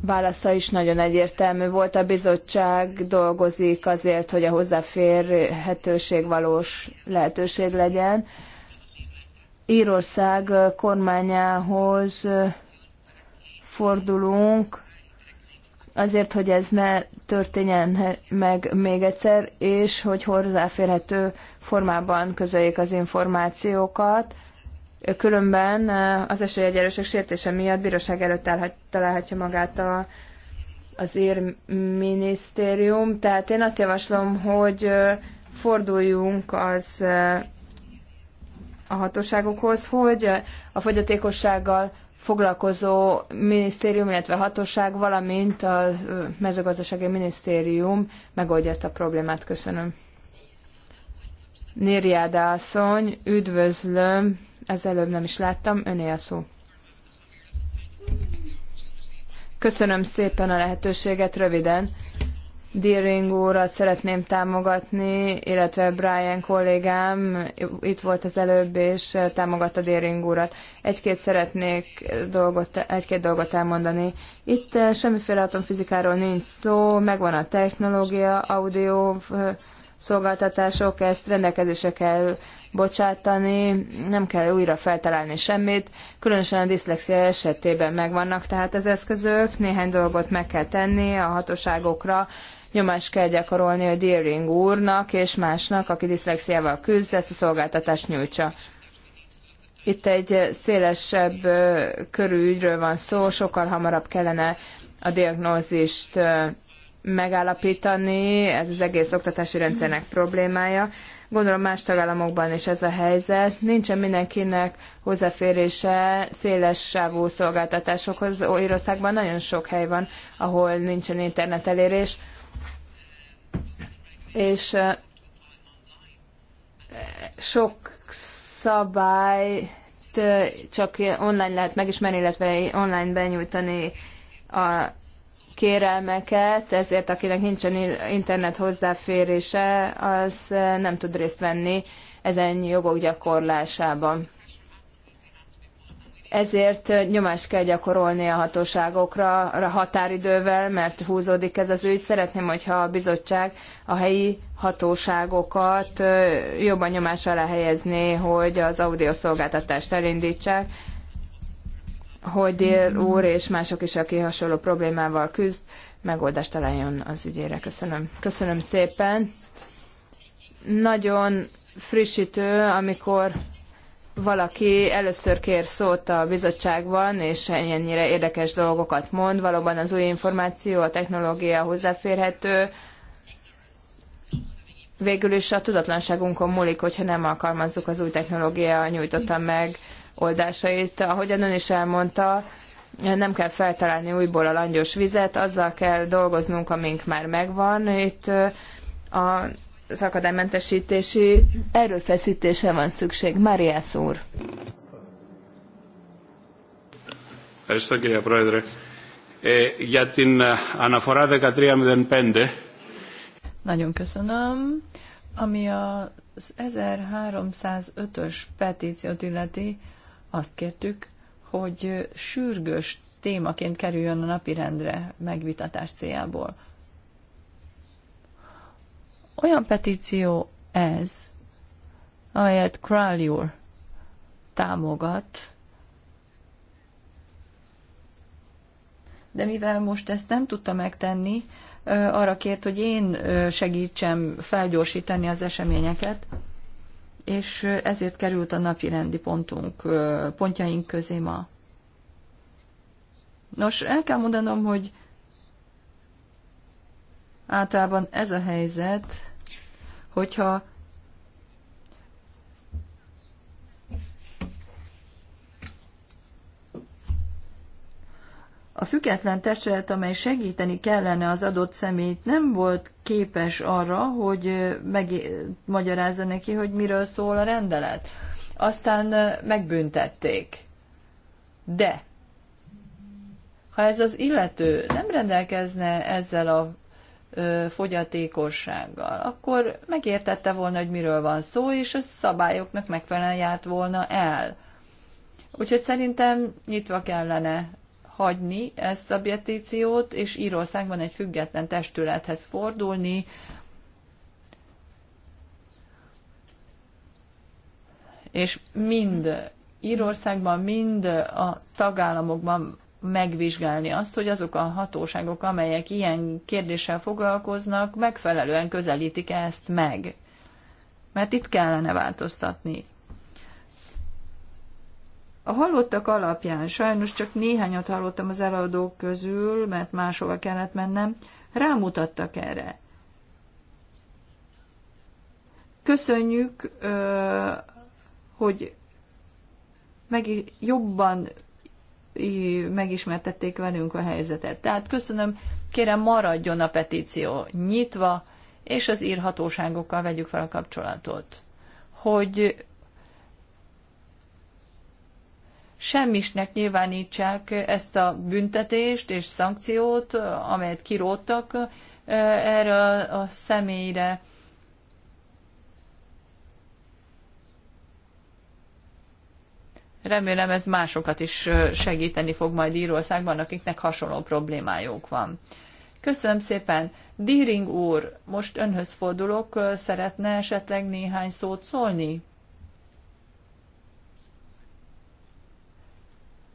válasza is nagyon egyértelmű volt. A bizottság dolgozik azért, hogy a hozzáférhetőség valós lehetőség legyen. Írország kormányához fordulunk, azért, hogy ez ne történjen meg még egyszer, és hogy hozzáférhető formában közöljék az információkat. Különben eh, az esélyegyenlőség sértése miatt bíróság előtt találhatja magát a, az érminisztérium. Tehát én azt javaslom, hogy eh, forduljunk az eh, a hatóságokhoz, hogy a fogyatékossággal foglalkozó minisztérium, illetve hatóság, valamint a mezőgazdasági minisztérium megoldja ezt a problémát. Köszönöm. Nirjáda asszony, üdvözlöm, ez előbb nem is láttam, öné a szó. Köszönöm szépen a lehetőséget, röviden. Deering úrat szeretném támogatni, illetve Brian kollégám itt volt az előbb, és támogatta Deering úrat. Egy-két szeretnék dolgot, egy-két dolgot elmondani. Itt semmiféle atomfizikáról nincs szó, megvan a technológia, audio szolgáltatások, ezt rendelkezésre kell bocsátani, nem kell újra feltalálni semmit, különösen a diszlexia esetében megvannak tehát az eszközök, néhány dolgot meg kell tenni a hatóságokra, nyomást kell gyakorolni a Deering úrnak és másnak, aki diszlexiával küzd, ezt a szolgáltatást nyújtsa. Itt egy szélesebb körű ügyről van szó, sokkal hamarabb kellene a diagnózist megállapítani, ez az egész oktatási rendszernek problémája. Gondolom más tagállamokban is ez a helyzet. Nincsen mindenkinek hozzáférése széles sávú szolgáltatásokhoz. Írországban nagyon sok hely van, ahol nincsen internet elérés. És sok szabályt csak online lehet megismerni, illetve online benyújtani a kérelmeket, ezért akinek nincsen internet hozzáférése, az eh, nem tud részt venni ezen jogok gyakorlásában. Ezért eh, nyomást kell gyakorolni a hatóságokra a határidővel, mert húzódik ez az ügy. Szeretném, hogyha a bizottság a helyi hatóságokat eh, jobban nyomás alá helyezné, hogy az audiószolgáltatást elindítsák, hogy Dél úr és mások is, aki hasonló problémával küzd, megoldást találjon az ügyére. Köszönöm. Köszönöm szépen. Nagyon frissítő, amikor valaki először kér szót a bizottságban, és ennyire érdekes dolgokat mond, valóban az új információ, a technológia hozzáférhető. Végül is a tudatlanságunkon múlik, hogyha nem alkalmazzuk az új technológia nyújtotta meg oldásait. Ahogyan ön is elmondta, nem kell feltalálni újból a langyos vizet, azzal kell dolgoznunk, amink már megvan. Itt a szakadálymentesítési erőfeszítése van szükség. Mariász úr. Ευχαριστώ κύριε Πρόεδρε. Ε, για την αναφορά 1305. Nagyon köszönöm. Ami az 1305-ös petíciót illeti, azt kértük, hogy sürgős témaként kerüljön a napirendre megvitatás céljából. Olyan petíció ez, amelyet Crowley úr támogat, de mivel most ezt nem tudta megtenni, arra kért, hogy én segítsem felgyorsítani az eseményeket, és ezért került a napi rendi pontunk, pontjaink közé ma. Nos, el kell mondanom, hogy általában ez a helyzet, hogyha A független testület, amely segíteni kellene az adott személyt, nem volt képes arra, hogy megmagyarázza neki, hogy miről szól a rendelet. Aztán megbüntették. De ha ez az illető nem rendelkezne ezzel a ö, fogyatékossággal, akkor megértette volna, hogy miről van szó, és a szabályoknak megfelelően járt volna el. Úgyhogy szerintem nyitva kellene hagyni ezt a petíciót, és Írországban egy független testülethez fordulni, és mind Írországban, mind a tagállamokban megvizsgálni azt, hogy azok a hatóságok, amelyek ilyen kérdéssel foglalkoznak, megfelelően közelítik -e ezt meg. Mert itt kellene változtatni. A hallottak alapján, sajnos csak néhányat hallottam az eladók közül, mert máshova kellett mennem, rámutattak erre. Köszönjük, hogy meg jobban megismertették velünk a helyzetet. Tehát köszönöm, kérem maradjon a petíció nyitva, és az írhatóságokkal vegyük fel a kapcsolatot, hogy semmisnek nyilvánítsák ezt a büntetést és szankciót, amelyet kiróttak erre a személyre. Remélem ez másokat is segíteni fog majd Írországban, akiknek hasonló problémájuk van. Köszönöm szépen. Díring úr, most önhöz fordulok, szeretne esetleg néhány szót szólni?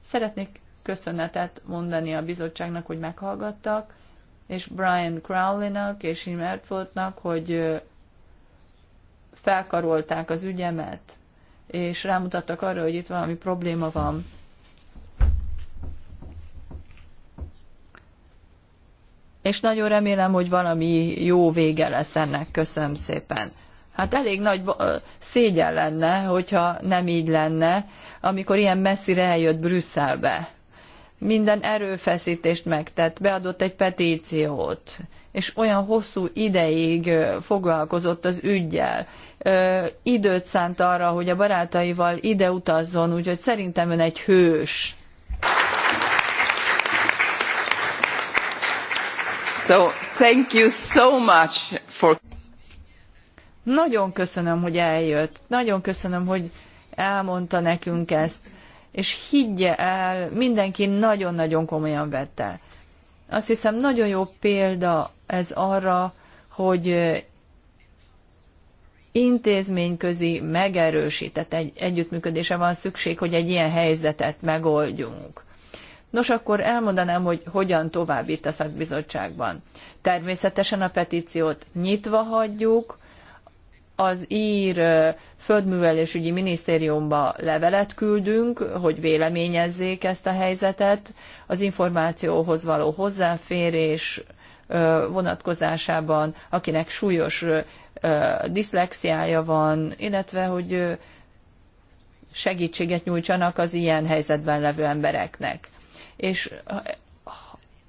Szeretnék köszönetet mondani a bizottságnak, hogy meghallgattak, és Brian Crowley-nak és Imertfoltnak, hogy felkarolták az ügyemet, és rámutattak arra, hogy itt valami probléma van. És nagyon remélem, hogy valami jó vége lesz ennek. Köszönöm szépen. Hát elég nagy szégyen lenne, hogyha nem így lenne, amikor ilyen messzire eljött Brüsszelbe. Minden erőfeszítést megtett, beadott egy petíciót, és olyan hosszú ideig foglalkozott az ügyjel. Ö, időt szánt arra, hogy a barátaival ide utazzon, úgyhogy szerintem ön egy hős. So, thank you so much for... Nagyon köszönöm, hogy eljött. Nagyon köszönöm, hogy elmondta nekünk ezt, és higgye el, mindenki nagyon-nagyon komolyan vette. Azt hiszem, nagyon jó példa ez arra, hogy intézményközi megerősített egy, együttműködése van szükség, hogy egy ilyen helyzetet megoldjunk. Nos, akkor elmondanám, hogy hogyan tovább itt a szakbizottságban. Természetesen a petíciót nyitva hagyjuk, az ír földművelésügyi minisztériumba levelet küldünk, hogy véleményezzék ezt a helyzetet. Az információhoz való hozzáférés vonatkozásában, akinek súlyos diszlexiája van, illetve hogy segítséget nyújtsanak az ilyen helyzetben levő embereknek. És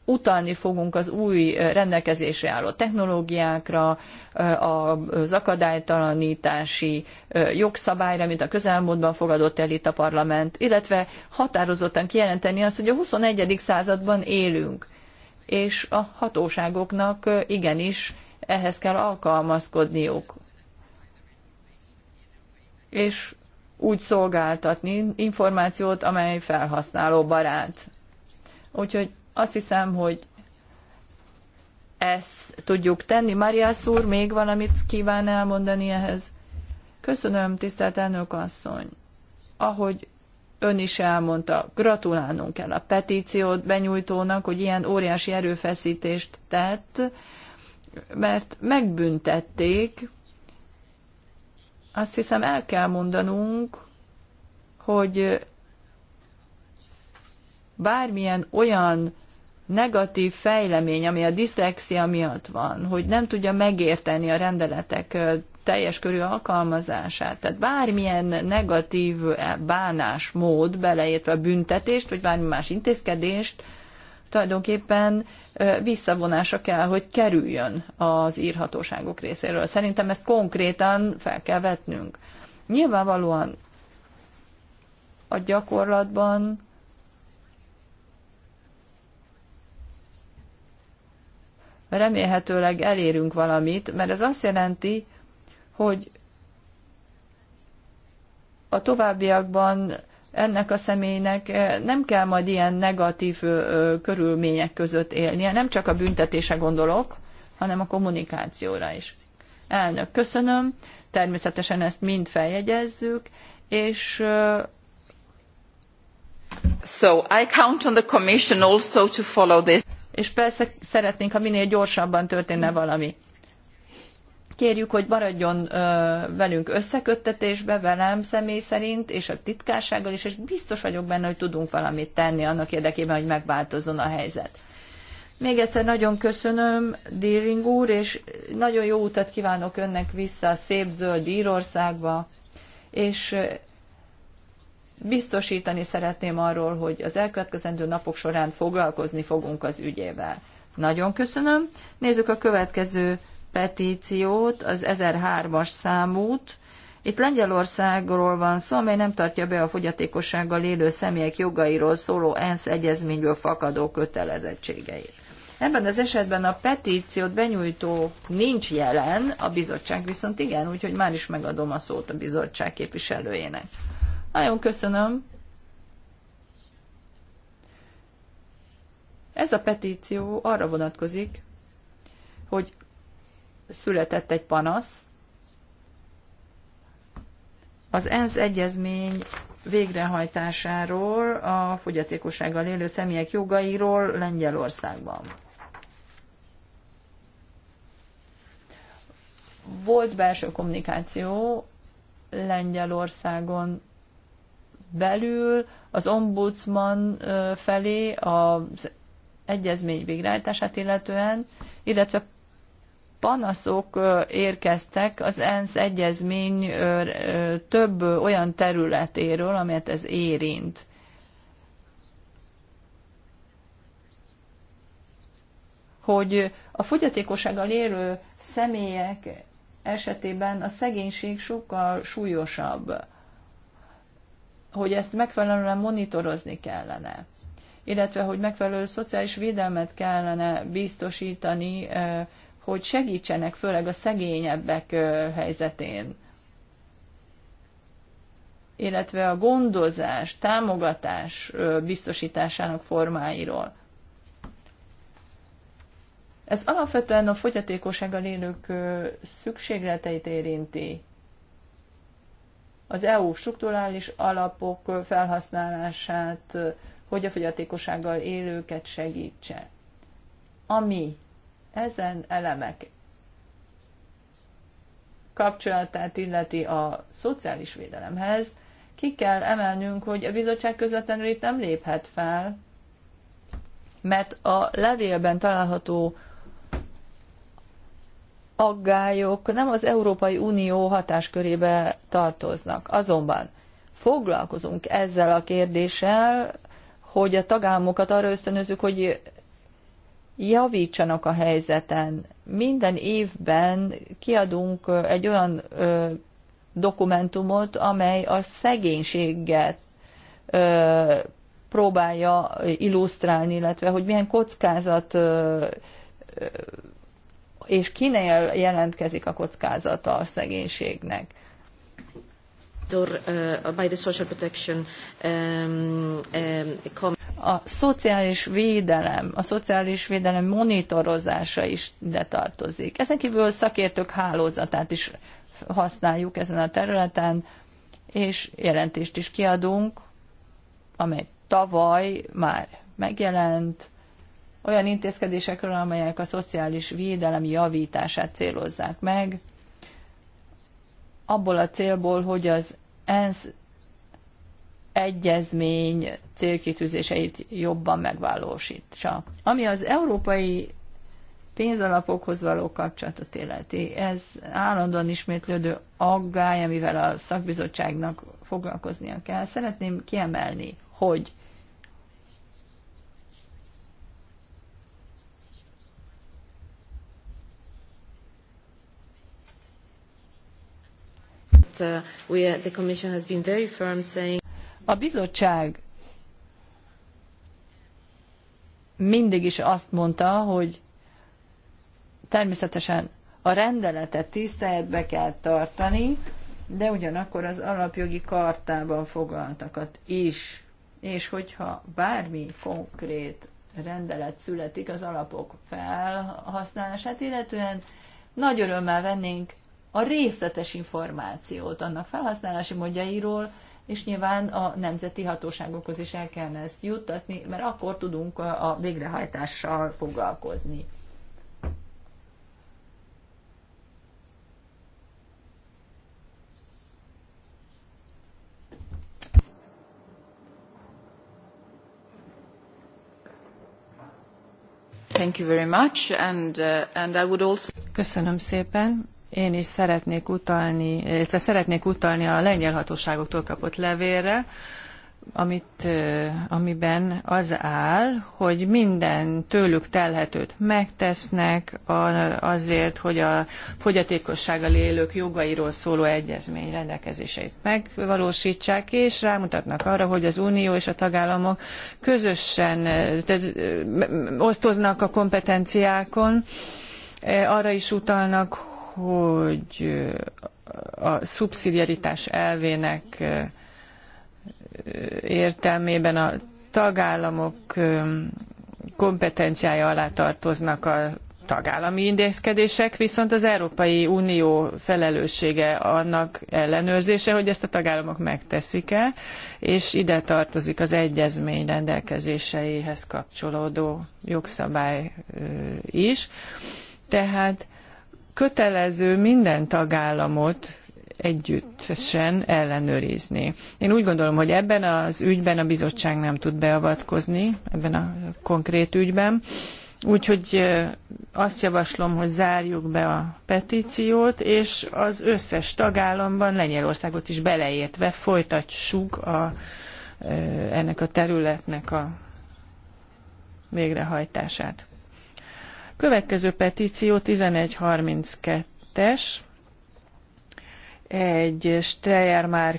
utalni fogunk az új rendelkezésre álló technológiákra, az akadálytalanítási jogszabályra, mint a közelmúltban fogadott el itt a parlament, illetve határozottan kijelenteni azt, hogy a 21. században élünk, és a hatóságoknak igenis ehhez kell alkalmazkodniuk. És úgy szolgáltatni információt, amely felhasználó barát. Úgyhogy azt hiszem, hogy ezt tudjuk tenni. Mariász úr, még valamit kíván elmondani ehhez? Köszönöm, tisztelt elnök asszony. Ahogy ön is elmondta, gratulálnunk kell a petíciót benyújtónak, hogy ilyen óriási erőfeszítést tett, mert megbüntették. Azt hiszem el kell mondanunk, hogy bármilyen olyan negatív fejlemény, ami a diszlexia miatt van, hogy nem tudja megérteni a rendeletek teljes körű alkalmazását. Tehát bármilyen negatív bánásmód, beleértve a büntetést, vagy bármi más intézkedést, tulajdonképpen visszavonása kell, hogy kerüljön az írhatóságok részéről. Szerintem ezt konkrétan fel kell vetnünk. Nyilvánvalóan a gyakorlatban remélhetőleg elérünk valamit, mert ez azt jelenti, hogy a továbbiakban ennek a személynek eh, nem kell majd ilyen negatív körülmények között élnie. Nem csak a büntetése gondolok, hanem a kommunikációra is. Elnök, köszönöm. Természetesen ezt mind feljegyezzük, és So I count on the Commission also to follow this és persze szeretnénk, ha minél gyorsabban történne valami. Kérjük, hogy maradjon ö, velünk összeköttetésbe, velem személy szerint, és a titkársággal is, és biztos vagyok benne, hogy tudunk valamit tenni annak érdekében, hogy megváltozzon a helyzet. Még egyszer nagyon köszönöm, Díring úr, és nagyon jó utat kívánok önnek vissza a szép zöld Írországba, és biztosítani szeretném arról, hogy az elkövetkezendő napok során foglalkozni fogunk az ügyével. Nagyon köszönöm. Nézzük a következő petíciót, az 1003-as számút. Itt Lengyelországról van szó, amely nem tartja be a fogyatékossággal élő személyek jogairól szóló ENSZ egyezményből fakadó kötelezettségeit. Ebben az esetben a petíciót benyújtó nincs jelen, a bizottság viszont igen, úgyhogy már is megadom a szót a bizottság képviselőjének. Nagyon köszönöm. Ez a petíció arra vonatkozik, hogy született egy panasz. Az ENSZ egyezmény végrehajtásáról, a fogyatékossággal élő személyek jogairól Lengyelországban. Volt belső kommunikáció Lengyelországon belül az ombudsman felé az egyezmény végrehajtását illetően, illetve panaszok érkeztek az ENSZ egyezmény több olyan területéről, amelyet ez érint. Hogy a fogyatékossággal élő személyek esetében a szegénység sokkal súlyosabb hogy ezt megfelelően monitorozni kellene, illetve hogy megfelelő szociális védelmet kellene biztosítani, hogy segítsenek főleg a szegényebbek helyzetén, illetve a gondozás, támogatás biztosításának formáiról. Ez alapvetően a fogyatékossággal élők szükségleteit érinti, az EU strukturális alapok felhasználását, hogy a fogyatékossággal élőket segítse. Ami ezen elemek kapcsolatát illeti a szociális védelemhez, ki kell emelnünk, hogy a bizottság közvetlenül itt nem léphet fel, mert a levélben található aggályok nem az Európai Unió hatáskörébe tartoznak. Azonban foglalkozunk ezzel a kérdéssel, hogy a tagállamokat arra ösztönözzük, hogy javítsanak a helyzeten. Minden évben kiadunk egy olyan ö, dokumentumot, amely a szegénységet ö, próbálja illusztrálni, illetve hogy milyen kockázat ö, ö, és kinél jelentkezik a kockázata a szegénységnek. Uh, um, um, a szociális védelem, a szociális védelem monitorozása is ide tartozik. Ezen kívül szakértők hálózatát is használjuk ezen a területen, és jelentést is kiadunk, amely tavaly már megjelent, olyan intézkedésekről, amelyek a szociális védelem javítását célozzák meg, abból a célból, hogy az ENSZ egyezmény célkitűzéseit jobban megvalósítsa. Ami az európai pénzalapokhoz való kapcsolatot illeti. Ez állandóan ismétlődő aggály, amivel a szakbizottságnak foglalkoznia kell. Szeretném kiemelni, hogy A bizottság mindig is azt mondta, hogy természetesen a rendeletet tiszteletbe kell tartani, de ugyanakkor az alapjogi kartában foglaltakat is. És hogyha bármi konkrét rendelet születik az alapok felhasználását, illetően nagy örömmel vennénk a részletes információt annak felhasználási módjairól, és nyilván a nemzeti hatóságokhoz is el kellene ezt juttatni, mert akkor tudunk a végrehajtással foglalkozni. Thank you very much, and, uh, and I would also... Köszönöm szépen. Én is szeretnék utalni, illetve szeretnék utalni a lengyel hatóságoktól kapott levélre, amit, amiben az áll, hogy minden tőlük telhetőt megtesznek azért, hogy a fogyatékossággal élők jogairól szóló egyezmény rendelkezéseit megvalósítsák, és rámutatnak arra, hogy az Unió és a tagállamok közösen tehát, osztoznak a kompetenciákon, arra is utalnak, hogy a szubszidiaritás elvének értelmében a tagállamok kompetenciája alá tartoznak a tagállami intézkedések, viszont az Európai Unió felelőssége annak ellenőrzése, hogy ezt a tagállamok megteszik-e, és ide tartozik az egyezmény rendelkezéseihez kapcsolódó jogszabály is. Tehát kötelező minden tagállamot együttesen ellenőrizni. Én úgy gondolom, hogy ebben az ügyben a bizottság nem tud beavatkozni, ebben a konkrét ügyben. Úgyhogy azt javaslom, hogy zárjuk be a petíciót, és az összes tagállamban, Lengyelországot is beleértve folytassuk a, ennek a területnek a végrehajtását. Következő petíció 1132-es, egy Streyer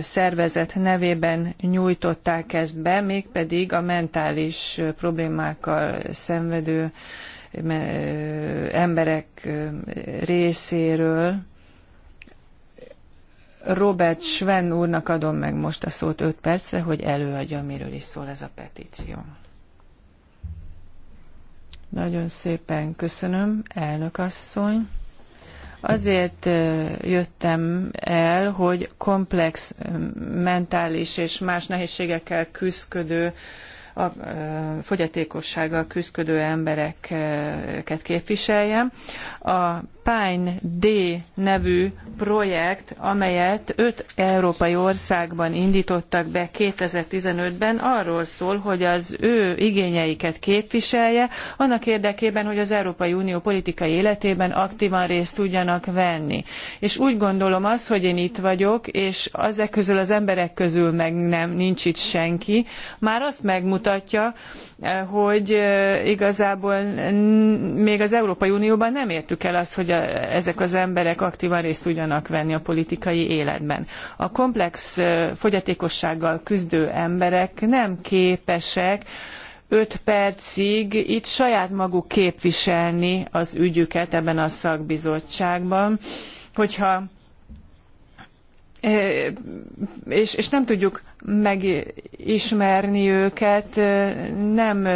szervezet nevében nyújtották ezt be, mégpedig a mentális problémákkal szenvedő emberek részéről. Robert Sven úrnak adom meg most a szót 5 percre, hogy előadja, miről is szól ez a petíció. Nagyon szépen köszönöm, elnök asszony. Azért jöttem el, hogy komplex mentális és más nehézségekkel küzdködő a fogyatékossággal küzdködő embereket képviseljem. A Pine D nevű projekt, amelyet öt európai országban indítottak be 2015-ben, arról szól, hogy az ő igényeiket képviselje, annak érdekében, hogy az Európai Unió politikai életében aktívan részt tudjanak venni. És úgy gondolom az, hogy én itt vagyok, és ezek közül az emberek közül meg nem nincs itt senki, már azt megmutatja, eh, hogy eh, igazából még az Európai Unióban nem értük el azt, hogy ezek az emberek aktívan részt tudjanak venni a politikai életben. A komplex fogyatékossággal küzdő emberek nem képesek öt percig itt saját maguk képviselni az ügyüket ebben a szakbizottságban, hogyha és, és nem tudjuk megismerni őket, nem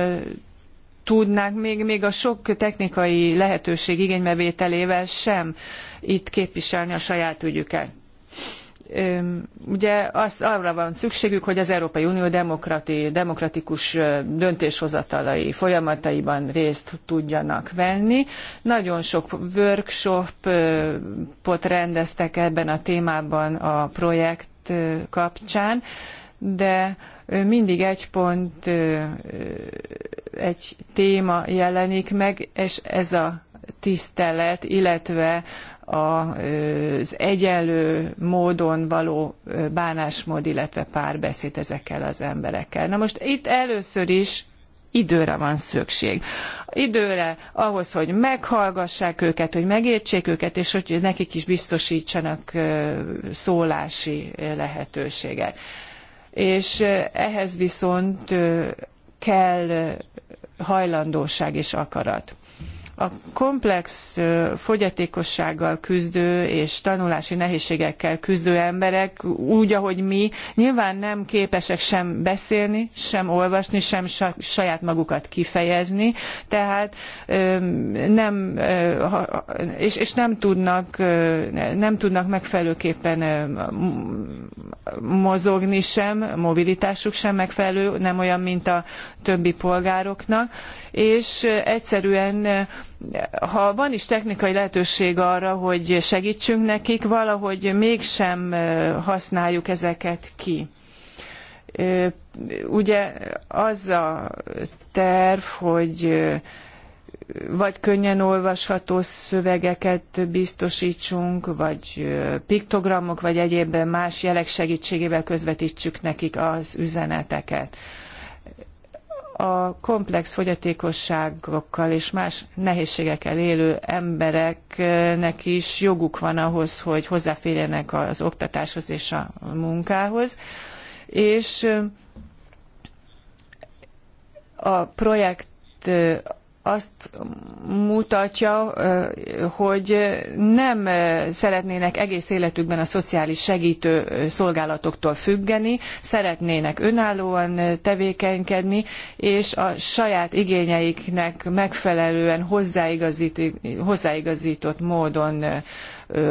tudnánk, még, még a sok technikai lehetőség igénybevételével sem itt képviselni a saját ügyüket. Ugye azt, arra van szükségük, hogy az Európai Unió demokrati, demokratikus döntéshozatalai folyamataiban részt tudjanak venni. Nagyon sok workshopot rendeztek ebben a témában a projekt kapcsán, de mindig egy pont, egy téma jelenik meg, és ez a tisztelet, illetve az egyenlő módon való bánásmód, illetve párbeszéd ezekkel az emberekkel. Na most itt először is időre van szükség. Időre ahhoz, hogy meghallgassák őket, hogy megértsék őket, és hogy nekik is biztosítsanak szólási lehetőséget és ehhez viszont kell hajlandóság és akarat. A komplex fogyatékossággal küzdő és tanulási nehézségekkel küzdő emberek úgy, ahogy mi, nyilván nem képesek sem beszélni, sem olvasni, sem saját magukat kifejezni, tehát nem, és, és nem tudnak, nem tudnak megfelelőképpen mozogni sem, mobilitásuk sem megfelelő, nem olyan, mint a többi polgároknak, és egyszerűen ha van is technikai lehetőség arra, hogy segítsünk nekik, valahogy mégsem használjuk ezeket ki. Ugye az a terv, hogy vagy könnyen olvasható szövegeket biztosítsunk, vagy piktogramok, vagy egyéb más jelek segítségével közvetítsük nekik az üzeneteket a komplex fogyatékosságokkal és más nehézségekkel élő embereknek is joguk van ahhoz, hogy hozzáférjenek az oktatáshoz és a munkához. És a projekt azt mutatja, hogy nem szeretnének egész életükben a szociális segítő szolgálatoktól függeni, szeretnének önállóan tevékenykedni, és a saját igényeiknek megfelelően hozzáigazított módon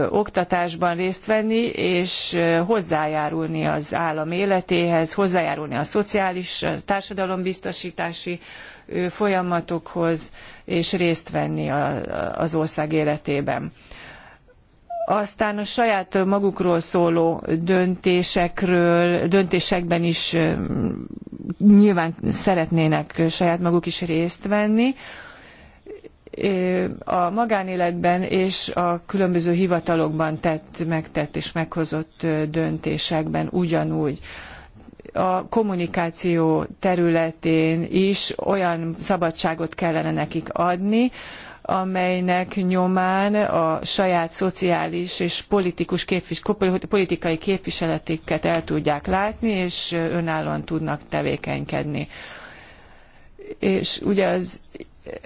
oktatásban részt venni, és hozzájárulni az állam életéhez, hozzájárulni a szociális, társadalombiztosítási folyamatokhoz, és részt venni a, az ország életében aztán a saját magukról szóló döntésekről, döntésekben is nyilván szeretnének saját maguk is részt venni a magánéletben és a különböző hivatalokban tett, megtett és meghozott döntésekben ugyanúgy a kommunikáció területén is olyan szabadságot kellene nekik adni, amelynek nyomán a saját szociális és politikus képvis, politikai képviseletüket el tudják látni, és önállóan tudnak tevékenykedni. És ugye az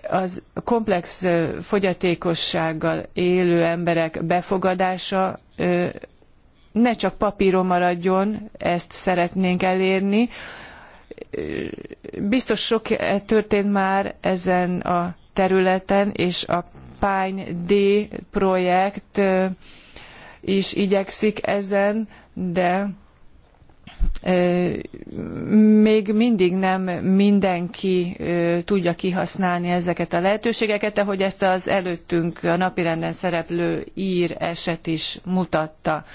az komplex fogyatékossággal élő emberek befogadása ne csak papíron maradjon, ezt szeretnénk elérni. Biztos sok e történt már ezen a területen, és a Pine D projekt is igyekszik ezen, de még mindig nem mindenki tudja kihasználni ezeket a lehetőségeket, ahogy ezt az előttünk a napirenden szereplő ír eset is mutatta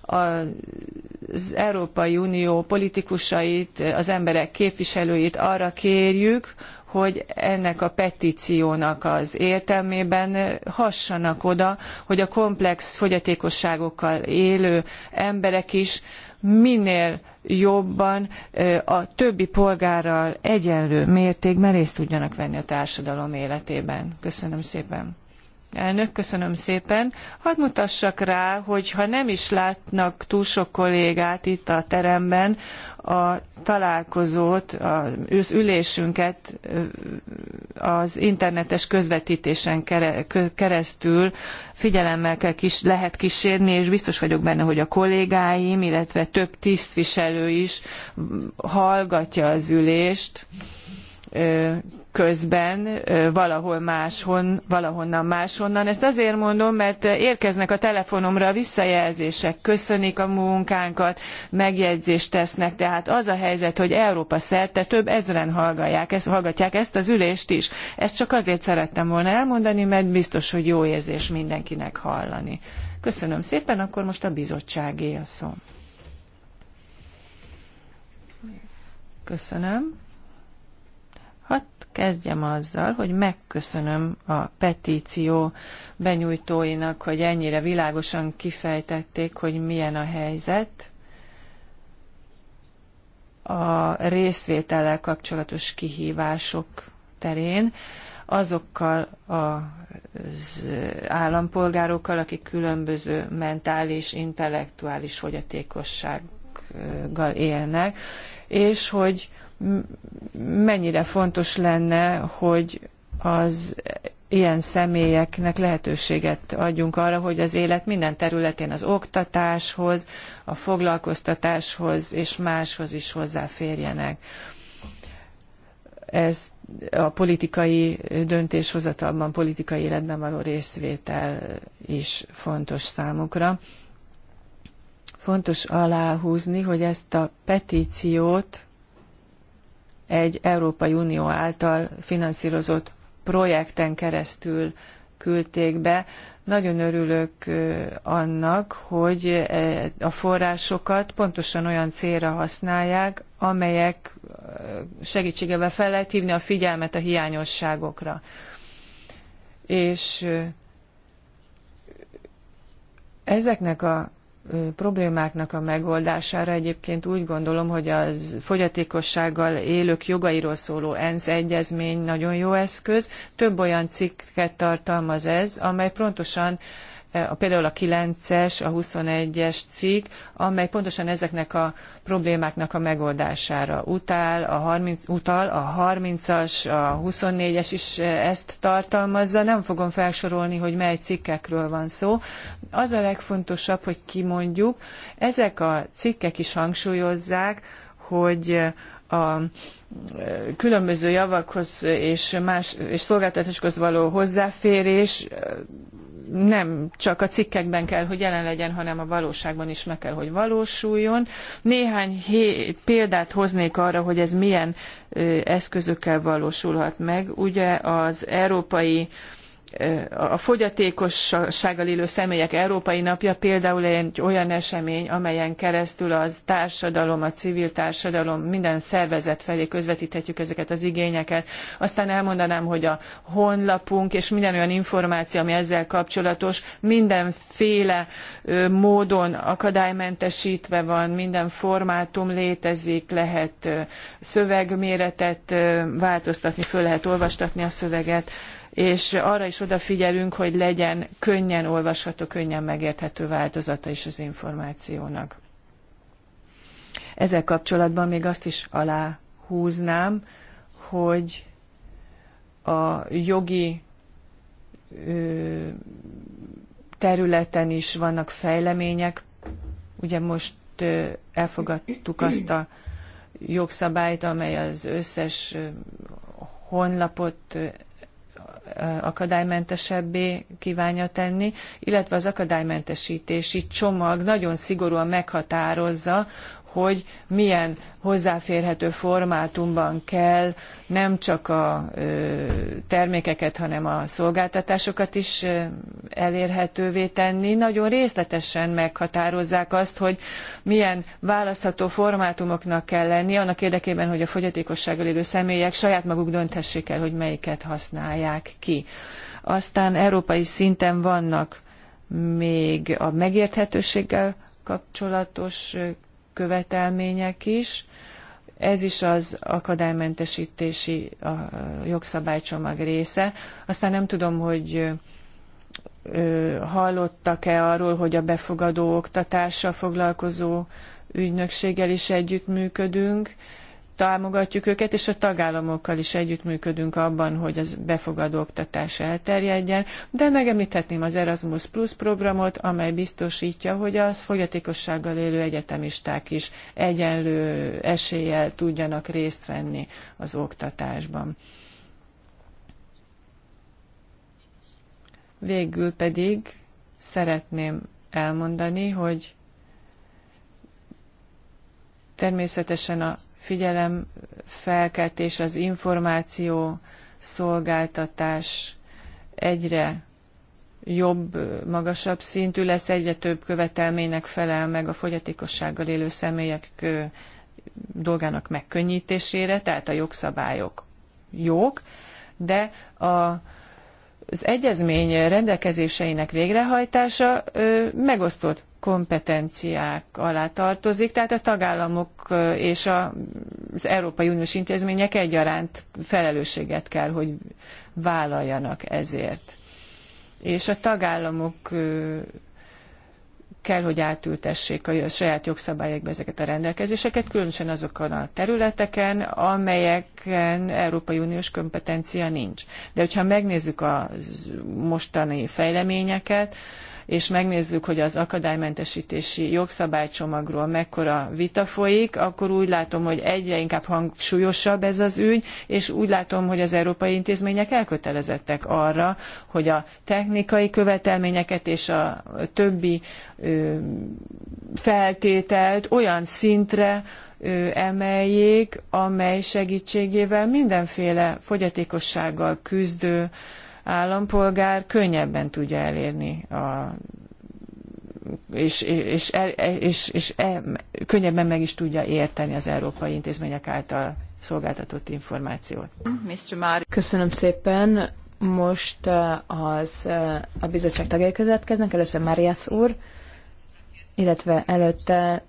az Európai Unió politikusait, az emberek képviselőit arra kérjük, hogy ennek a petíciónak az értelmében hassanak oda, hogy a komplex fogyatékosságokkal élő emberek is minél jobban a többi polgárral egyenlő mértékben részt tudjanak venni a társadalom életében. Köszönöm szépen! Elnök, köszönöm szépen. Hadd mutassak rá, hogy ha nem is látnak túl sok kollégát itt a teremben, a találkozót, az ülésünket az internetes közvetítésen keresztül figyelemmel kell kis, lehet kísérni, és biztos vagyok benne, hogy a kollégáim, illetve több tisztviselő is hallgatja az ülést közben valahol máshon, valahonnan máshonnan. Ezt azért mondom, mert érkeznek a telefonomra a visszajelzések, köszönik a munkánkat, megjegyzést tesznek, tehát az a helyzet, hogy Európa szerte több ezren hallgatják ezt, hallgatják ezt az ülést is. Ezt csak azért szerettem volna elmondani, mert biztos, hogy jó érzés mindenkinek hallani. Köszönöm szépen, akkor most a bizottságé a szó. Köszönöm kezdjem azzal, hogy megköszönöm a petíció benyújtóinak, hogy ennyire világosan kifejtették, hogy milyen a helyzet a részvétellel kapcsolatos kihívások terén azokkal az állampolgárokkal, akik különböző mentális, intellektuális fogyatékossággal élnek, és hogy mennyire fontos lenne, hogy az ilyen személyeknek lehetőséget adjunk arra, hogy az élet minden területén az oktatáshoz, a foglalkoztatáshoz és máshoz is hozzáférjenek. Ez a politikai döntéshozatalban, politikai életben való részvétel is fontos számukra. Fontos aláhúzni, hogy ezt a petíciót egy Európai Unió által finanszírozott projekten keresztül küldték be. Nagyon örülök annak, hogy a forrásokat pontosan olyan célra használják, amelyek segítségevel fel lehet hívni a figyelmet a hiányosságokra. És ezeknek a problémáknak a megoldására egyébként úgy gondolom, hogy a fogyatékossággal élők jogairól szóló ENSZ egyezmény nagyon jó eszköz. Több olyan cikket tartalmaz ez, amely pontosan például a 9-es, a 21-es cikk, amely pontosan ezeknek a problémáknak a megoldására utál, a 30, utal, a 30-as, a 24-es is ezt tartalmazza. Nem fogom felsorolni, hogy mely cikkekről van szó. Az a legfontosabb, hogy kimondjuk, ezek a cikkek is hangsúlyozzák, hogy a e, különböző javakhoz és más és szolgáltatáshoz való hozzáférés e, nem csak a cikkekben kell, hogy jelen legyen, hanem a valóságban is meg kell, hogy valósuljon. Néhány példát hoznék arra, hogy ez milyen eszközökkel valósulhat meg. Ugye az európai a fogyatékossággal élő személyek Európai Napja például egy olyan esemény, amelyen keresztül a társadalom, a civil társadalom, minden szervezet felé közvetíthetjük ezeket az igényeket. Aztán elmondanám, hogy a honlapunk és minden olyan információ, ami ezzel kapcsolatos, mindenféle módon akadálymentesítve van, minden formátum létezik, lehet szövegméretet változtatni, föl lehet olvastatni a szöveget és arra is odafigyelünk, hogy legyen könnyen olvasható, könnyen megérthető változata is az információnak. Ezzel kapcsolatban még azt is aláhúznám, hogy a jogi területen is vannak fejlemények. Ugye most elfogadtuk azt a jogszabályt, amely az összes honlapot akadálymentesebbé kívánja tenni, illetve az akadálymentesítési csomag nagyon szigorúan meghatározza, hogy milyen hozzáférhető formátumban kell nem csak a termékeket, hanem a szolgáltatásokat is elérhetővé tenni. Nagyon részletesen meghatározzák azt, hogy milyen választható formátumoknak kell lenni, annak érdekében, hogy a fogyatékossággal élő személyek saját maguk dönthessék el, hogy melyiket használják ki. Aztán európai szinten vannak még a megérthetőséggel kapcsolatos követelmények is. Ez is az akadálymentesítési a jogszabálycsomag része. Aztán nem tudom, hogy hallottak-e arról, hogy a befogadó oktatással foglalkozó ügynökséggel is együttműködünk. működünk támogatjuk őket, és a tagállamokkal is együttműködünk abban, hogy az befogadó oktatás elterjedjen, de megemlíthetném az Erasmus Plus programot, amely biztosítja, hogy a fogyatékossággal élő egyetemisták is egyenlő eséllyel tudjanak részt venni az oktatásban. Végül pedig szeretném elmondani, hogy természetesen a figyelemfelkeltés, az információ szolgáltatás egyre jobb, magasabb szintű lesz, egyre több követelménynek felel meg a fogyatékossággal élő személyek dolgának megkönnyítésére, tehát a jogszabályok jók, de a az egyezmény rendelkezéseinek végrehajtása megosztott kompetenciák alá tartozik, tehát a tagállamok és az Európai Uniós intézmények egyaránt felelősséget kell, hogy vállaljanak ezért. És a tagállamok kell, hogy átültessék a saját jogszabályokba ezeket a rendelkezéseket, különösen azokon a területeken, amelyeken Európai Uniós kompetencia nincs. De hogyha megnézzük a mostani fejleményeket, és megnézzük, hogy az akadálymentesítési jogszabálycsomagról mekkora vita folyik, akkor úgy látom, hogy egyre inkább hangsúlyosabb ez az ügy, és úgy látom, hogy az európai intézmények elkötelezettek arra, hogy a technikai követelményeket és a többi feltételt olyan szintre emeljék, amely segítségével mindenféle fogyatékossággal küzdő állampolgár könnyebben tudja elérni a és, és, és, és e, könnyebben meg is tudja érteni az európai intézmények által szolgáltatott információt. Köszönöm szépen. Most uh, az, uh, a bizottság tagjai következnek, először Marias úr, illetve előtte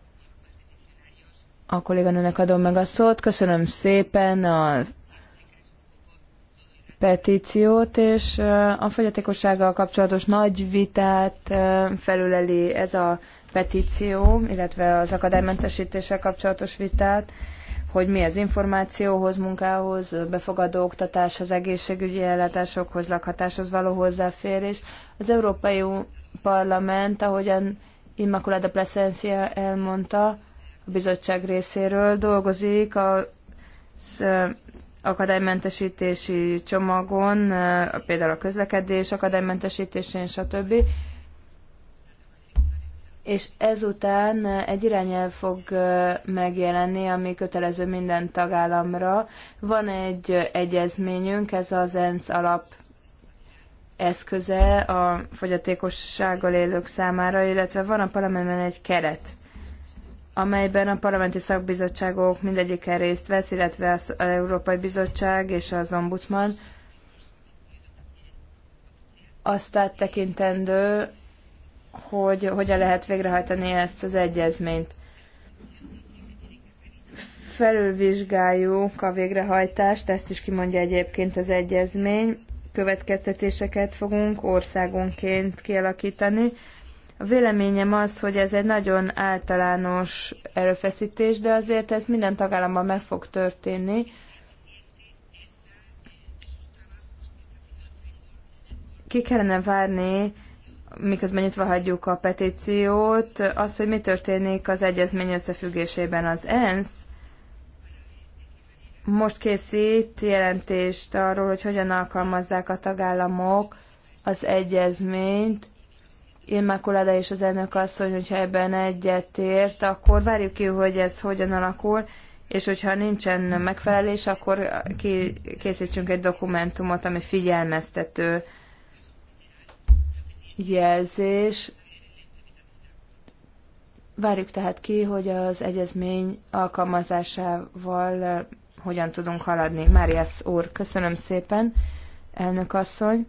a kolléganőnek adom meg a szót. Köszönöm szépen a petíciót, és a fogyatékossággal kapcsolatos nagy vitát felüleli ez a petíció, illetve az akadálymentesítéssel kapcsolatos vitát, hogy mi az információhoz, munkához, befogadó oktatáshoz, egészségügyi ellátásokhoz, lakhatáshoz való hozzáférés. Az Európai Parlament, ahogyan Immaculada Plasencia elmondta, a bizottság részéről dolgozik a akadálymentesítési csomagon, például a közlekedés akadálymentesítésén, stb. És ezután egy irányelv fog megjelenni, ami kötelező minden tagállamra. Van egy egyezményünk, ez az ENSZ alap eszköze a fogyatékossággal élők számára, illetve van a parlamentben egy keret amelyben a parlamenti szakbizottságok mindegyike részt vesz, illetve az Európai Bizottság és az Ombudsman. Azt áttekintendő, hogy hogyan lehet végrehajtani ezt az egyezményt. Felülvizsgáljuk a végrehajtást, ezt is kimondja egyébként az egyezmény. Következtetéseket fogunk országonként kialakítani a véleményem az, hogy ez egy nagyon általános erőfeszítés, de azért ez minden tagállamban meg fog történni. Ki kellene várni, miközben nyitva hagyjuk a petíciót, az, hogy mi történik az egyezmény összefüggésében az ENSZ, most készít jelentést arról, hogy hogyan alkalmazzák a tagállamok az egyezményt, Immaculada és az elnök asszony, hogyha ebben egyet ért, akkor várjuk ki, hogy ez hogyan alakul, és hogyha nincsen megfelelés, akkor ki, készítsünk egy dokumentumot, ami figyelmeztető jelzés. Várjuk tehát ki, hogy az egyezmény alkalmazásával eh, hogyan tudunk haladni. Máriasz úr, köszönöm szépen, elnök asszony.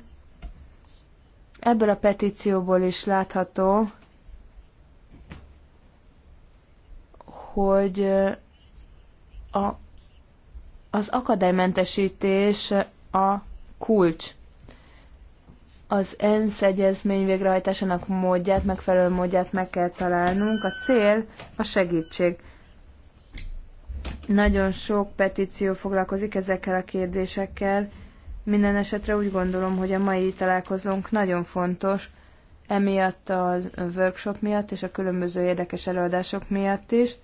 Ebből a petícióból is látható, hogy a, az akadálymentesítés a kulcs. Az ENSZ egyezmény végrehajtásának módját, megfelelő módját meg kell találnunk. A cél a segítség. Nagyon sok petíció foglalkozik ezekkel a kérdésekkel minden esetre úgy gondolom, hogy a mai találkozónk nagyon fontos, emiatt a workshop miatt és a különböző érdekes előadások miatt is.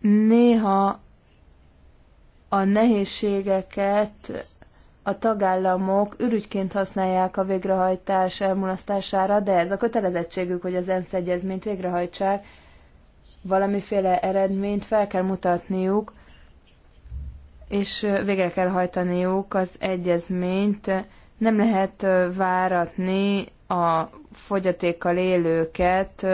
Néha a nehézségeket a tagállamok ürügyként használják a végrehajtás elmulasztására, de ez a kötelezettségük, hogy az ENSZ egyezményt végrehajtsák, valamiféle eredményt fel kell mutatniuk, és végre kell hajtaniuk az egyezményt. Nem lehet váratni a fogyatékkal élőket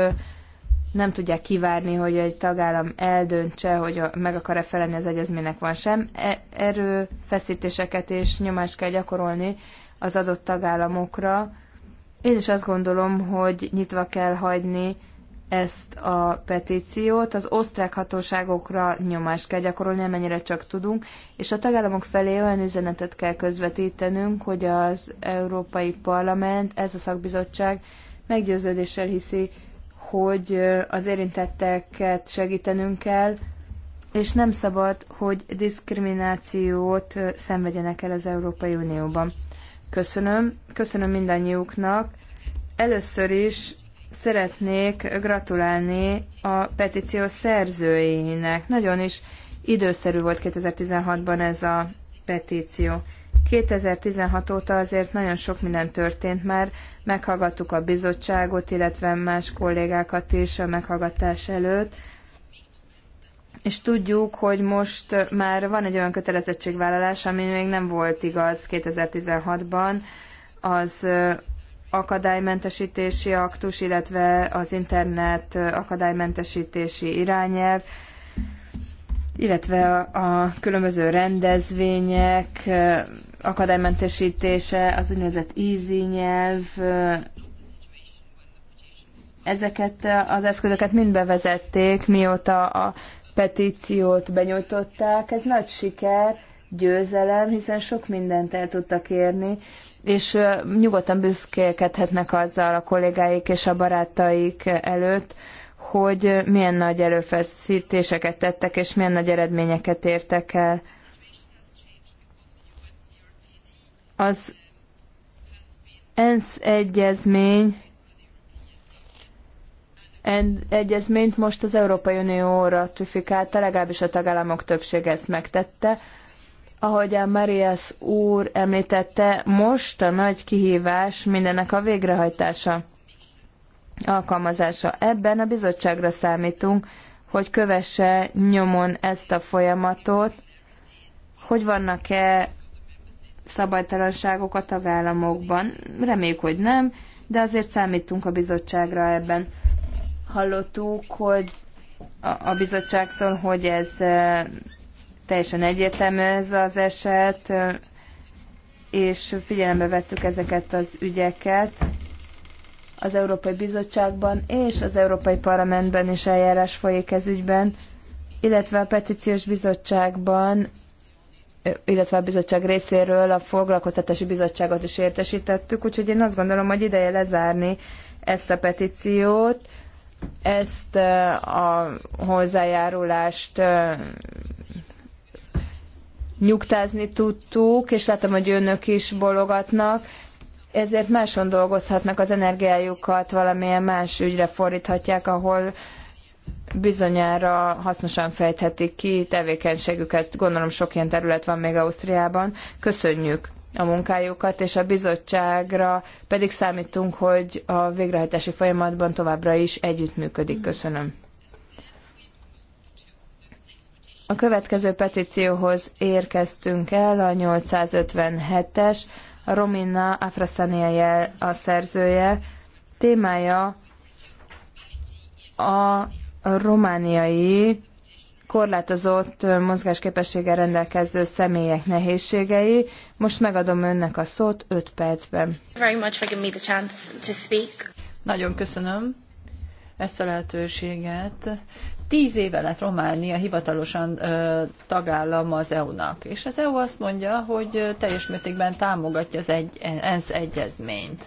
nem tudják kivárni, hogy egy tagállam eldöntse, hogy meg akar-e felelni az egyezménynek van sem. E- erőfeszítéseket és nyomást kell gyakorolni az adott tagállamokra. Én is azt gondolom, hogy nyitva kell hagyni ezt a petíciót, az osztrák hatóságokra nyomást kell gyakorolni, amennyire csak tudunk, és a tagállamok felé olyan üzenetet kell közvetítenünk, hogy az Európai Parlament, ez a szakbizottság meggyőződéssel hiszi, hogy az érintetteket segítenünk kell, és nem szabad, hogy diszkriminációt szenvedjenek el az Európai Unióban. Köszönöm, köszönöm mindannyiuknak. Először is szeretnék gratulálni a petíció szerzőjének. Nagyon is időszerű volt 2016-ban ez a petíció. 2016 óta azért nagyon sok minden történt már, meghallgattuk a bizottságot, illetve más kollégákat is a meghallgatás előtt, és tudjuk, hogy most már van egy olyan kötelezettségvállalás, ami még nem volt igaz 2016-ban, az akadálymentesítési aktus, illetve az internet akadálymentesítési irányelv, illetve a különböző rendezvények akadálymentesítése, az úgynevezett easy nyelv, ezeket az eszközöket mind bevezették, mióta a petíciót benyújtották. Ez nagy siker, győzelem, hiszen sok mindent el tudtak érni, és nyugodtan büszkélkedhetnek azzal a kollégáik és a barátaik előtt, hogy milyen nagy előfeszítéseket tettek, és milyen nagy eredményeket értek el. Az ENSZ egyezmény egyezményt most az Európai Unió ratifikálta, legalábbis a tagállamok többsége ezt megtette. a Marias úr említette, most a nagy kihívás mindennek a végrehajtása alkalmazása. Ebben a bizottságra számítunk, hogy kövesse nyomon ezt a folyamatot, hogy vannak-e szabálytalanságok a tagállamokban. Reméljük, hogy nem, de azért számítunk a bizottságra ebben. Hallottuk, hogy a bizottságtól, hogy ez teljesen egyértelmű ez az eset, és figyelembe vettük ezeket az ügyeket az Európai Bizottságban és az Európai Parlamentben is eljárás folyik ez ügyben, illetve a Petíciós Bizottságban, illetve a bizottság részéről a Foglalkoztatási Bizottságot is értesítettük, úgyhogy én azt gondolom, hogy ideje lezárni ezt a petíciót, ezt a hozzájárulást nyugtázni tudtuk, és látom, hogy önök is bologatnak ezért máson dolgozhatnak az energiájukat, valamilyen más ügyre fordíthatják, ahol bizonyára hasznosan fejthetik ki tevékenységüket. Gondolom sok ilyen terület van még Ausztriában. Köszönjük a munkájukat, és a bizottságra pedig számítunk, hogy a végrehajtási folyamatban továbbra is együttműködik. Köszönöm. A következő petícióhoz érkeztünk el, a 857-es. Romina Afrasaniaje a szerzője. Témája a romániai korlátozott mozgásképességgel rendelkező személyek nehézségei. Most megadom önnek a szót 5 percben. Nagyon köszönöm ezt a lehetőséget. Tíz éve lett Románia hivatalosan ö, tagállam az EU-nak, és az EU azt mondja, hogy teljes mértékben támogatja az egy, ENSZ egyezményt.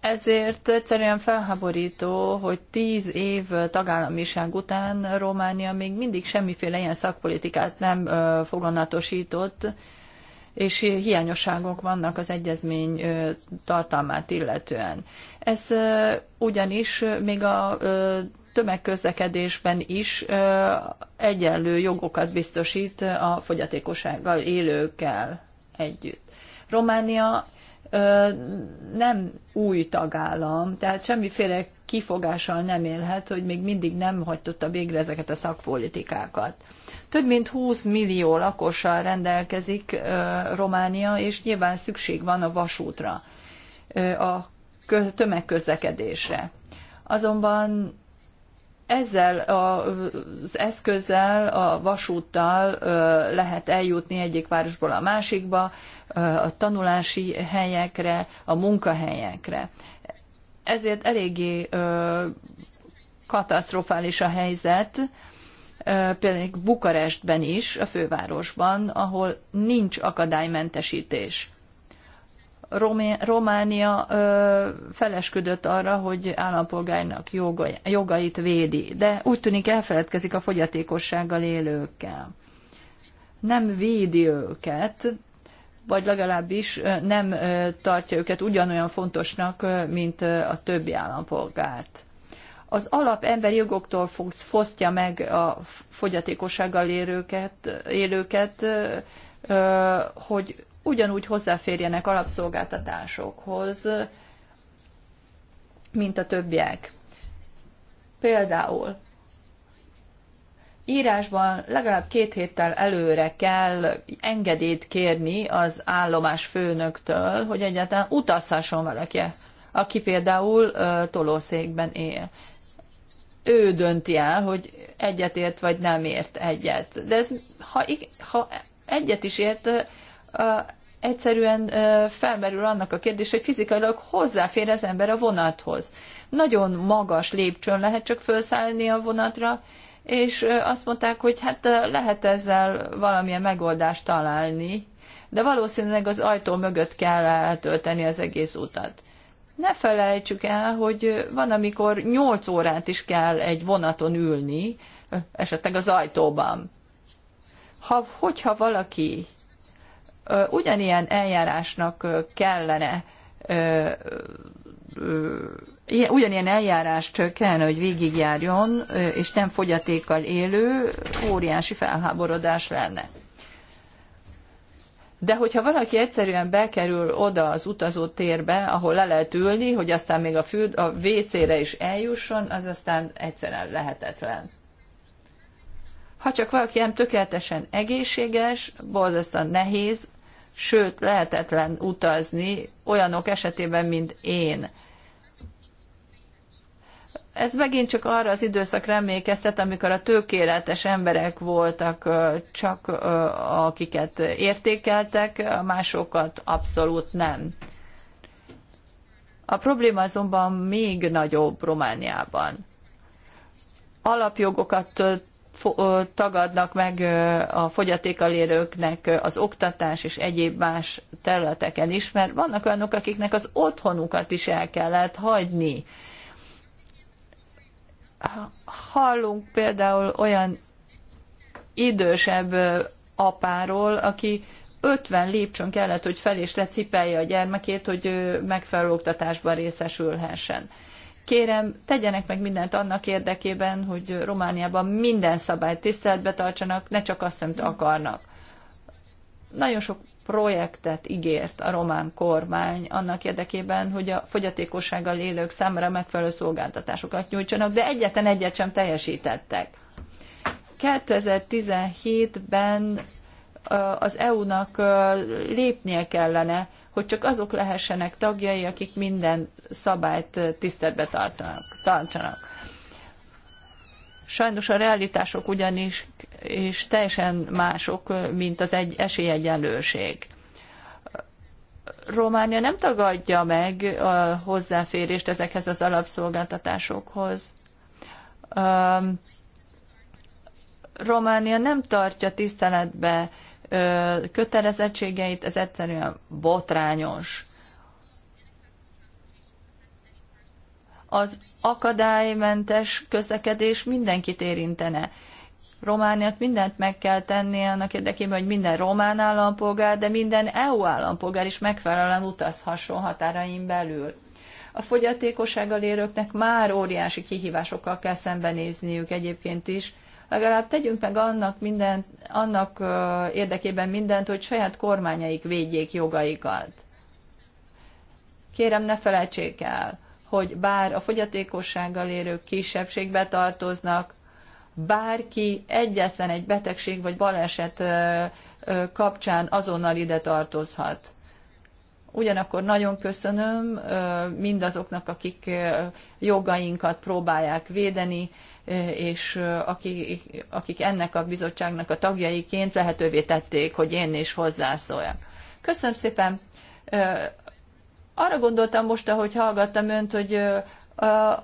Ezért egyszerűen felháborító, hogy tíz év tagállamiság után Románia még mindig semmiféle ilyen szakpolitikát nem foganatosított, és hiányosságok vannak az egyezmény tartalmát illetően. Ez ugyanis még a tömegközlekedésben is egyenlő jogokat biztosít a fogyatékossággal élőkkel együtt. Románia nem új tagállam, tehát semmiféle kifogással nem élhet, hogy még mindig nem hagytotta végre ezeket a szakpolitikákat. Több mint 20 millió lakossal rendelkezik Románia, és nyilván szükség van a vasútra, a tömegközlekedésre. Azonban ezzel az eszközzel, a vasúttal lehet eljutni egyik városból a másikba, a tanulási helyekre, a munkahelyekre. Ezért eléggé katasztrofális a helyzet, például Bukarestben is, a fővárosban, ahol nincs akadálymentesítés. Romé Románia ö, felesküdött arra, hogy állampolgárnak jogait védi, de úgy tűnik elfeledkezik a fogyatékossággal élőkkel. Nem védi őket, vagy legalábbis nem tartja őket ugyanolyan fontosnak, mint a többi állampolgárt. Az alap emberi jogoktól fosztja meg a fogyatékossággal élőket, élőket hogy ugyanúgy hozzáférjenek alapszolgáltatásokhoz, mint a többiek. Például írásban legalább két héttel előre kell engedélyt kérni az állomás főnöktől, hogy egyáltalán utazhasson valaki, aki például tolószékben él. Ő dönti el, hogy egyetért vagy nem ért egyet. De ez, ha, ha egyet is ért, egyszerűen felmerül annak a kérdés, hogy fizikailag hozzáfér az ember a vonathoz. Nagyon magas lépcsőn lehet csak felszállni a vonatra, és azt mondták, hogy hát lehet ezzel valamilyen megoldást találni, de valószínűleg az ajtó mögött kell eltölteni az egész utat. Ne felejtsük el, hogy van, amikor 8 órát is kell egy vonaton ülni, esetleg az ajtóban. Ha, hogyha valaki ugyanilyen eljárásnak kellene ugyanilyen eljárást kellene, hogy végigjárjon, és nem fogyatékkal élő, óriási felháborodás lenne. De hogyha valaki egyszerűen bekerül oda az utazó térbe, ahol le lehet ülni, hogy aztán még a, fürd, a WC-re is eljusson, az aztán egyszerűen lehetetlen. Ha csak valaki nem tökéletesen egészséges, borzasztóan nehéz sőt lehetetlen utazni olyanok esetében, mint én. Ez megint csak arra az időszakra emlékeztet, amikor a tökéletes emberek voltak, csak akiket értékeltek, másokat abszolút nem. A probléma azonban még nagyobb Romániában. Alapjogokat tagadnak meg a fogyatékkal élőknek az oktatás és egyéb más területeken is, mert vannak olyanok, akiknek az otthonukat is el kellett hagyni. Hallunk például olyan idősebb apáról, aki 50 lépcsőn kellett, hogy fel és lecipelje a gyermekét, hogy megfelelő oktatásban részesülhessen. Kérem, tegyenek meg mindent annak érdekében, hogy Romániában minden szabályt tiszteletbe tartsanak, ne csak azt, amit akarnak. Nagyon sok projektet ígért a román kormány annak érdekében, hogy a fogyatékossággal élők számára megfelelő szolgáltatásokat nyújtsanak, de egyetlen egyet sem teljesítettek. 2017-ben az EU-nak lépnie kellene hogy csak azok lehessenek tagjai, akik minden szabályt tiszteletbe tartanak, Sajnos a realitások ugyanis és teljesen mások, mint az egy esélyegyenlőség. Románia nem tagadja meg a hozzáférést ezekhez az alapszolgáltatásokhoz. Románia nem tartja tiszteletbe kötelezettségeit, ez egyszerűen botrányos. Az akadálymentes közlekedés mindenkit érintene. Romániát mindent meg kell tennie annak érdekében, hogy minden román állampolgár, de minden EU állampolgár is megfelelően utazhasson határain belül. A fogyatékossággal élőknek már óriási kihívásokkal kell szembenézniük egyébként is, legalább tegyünk meg annak, minden, annak érdekében mindent, hogy saját kormányaik védjék jogaikat. Kérem, ne felejtsék el, hogy bár a fogyatékossággal érők kisebbségbe tartoznak, bárki egyetlen egy betegség vagy baleset kapcsán azonnal ide tartozhat. Ugyanakkor nagyon köszönöm mindazoknak, akik jogainkat próbálják védeni, E, és akik, akik ennek a bizottságnak a tagjaiként lehetővé tették, hogy én is hozzászóljak. Köszönöm szépen. E, arra gondoltam most, ahogy hallgattam önt, hogy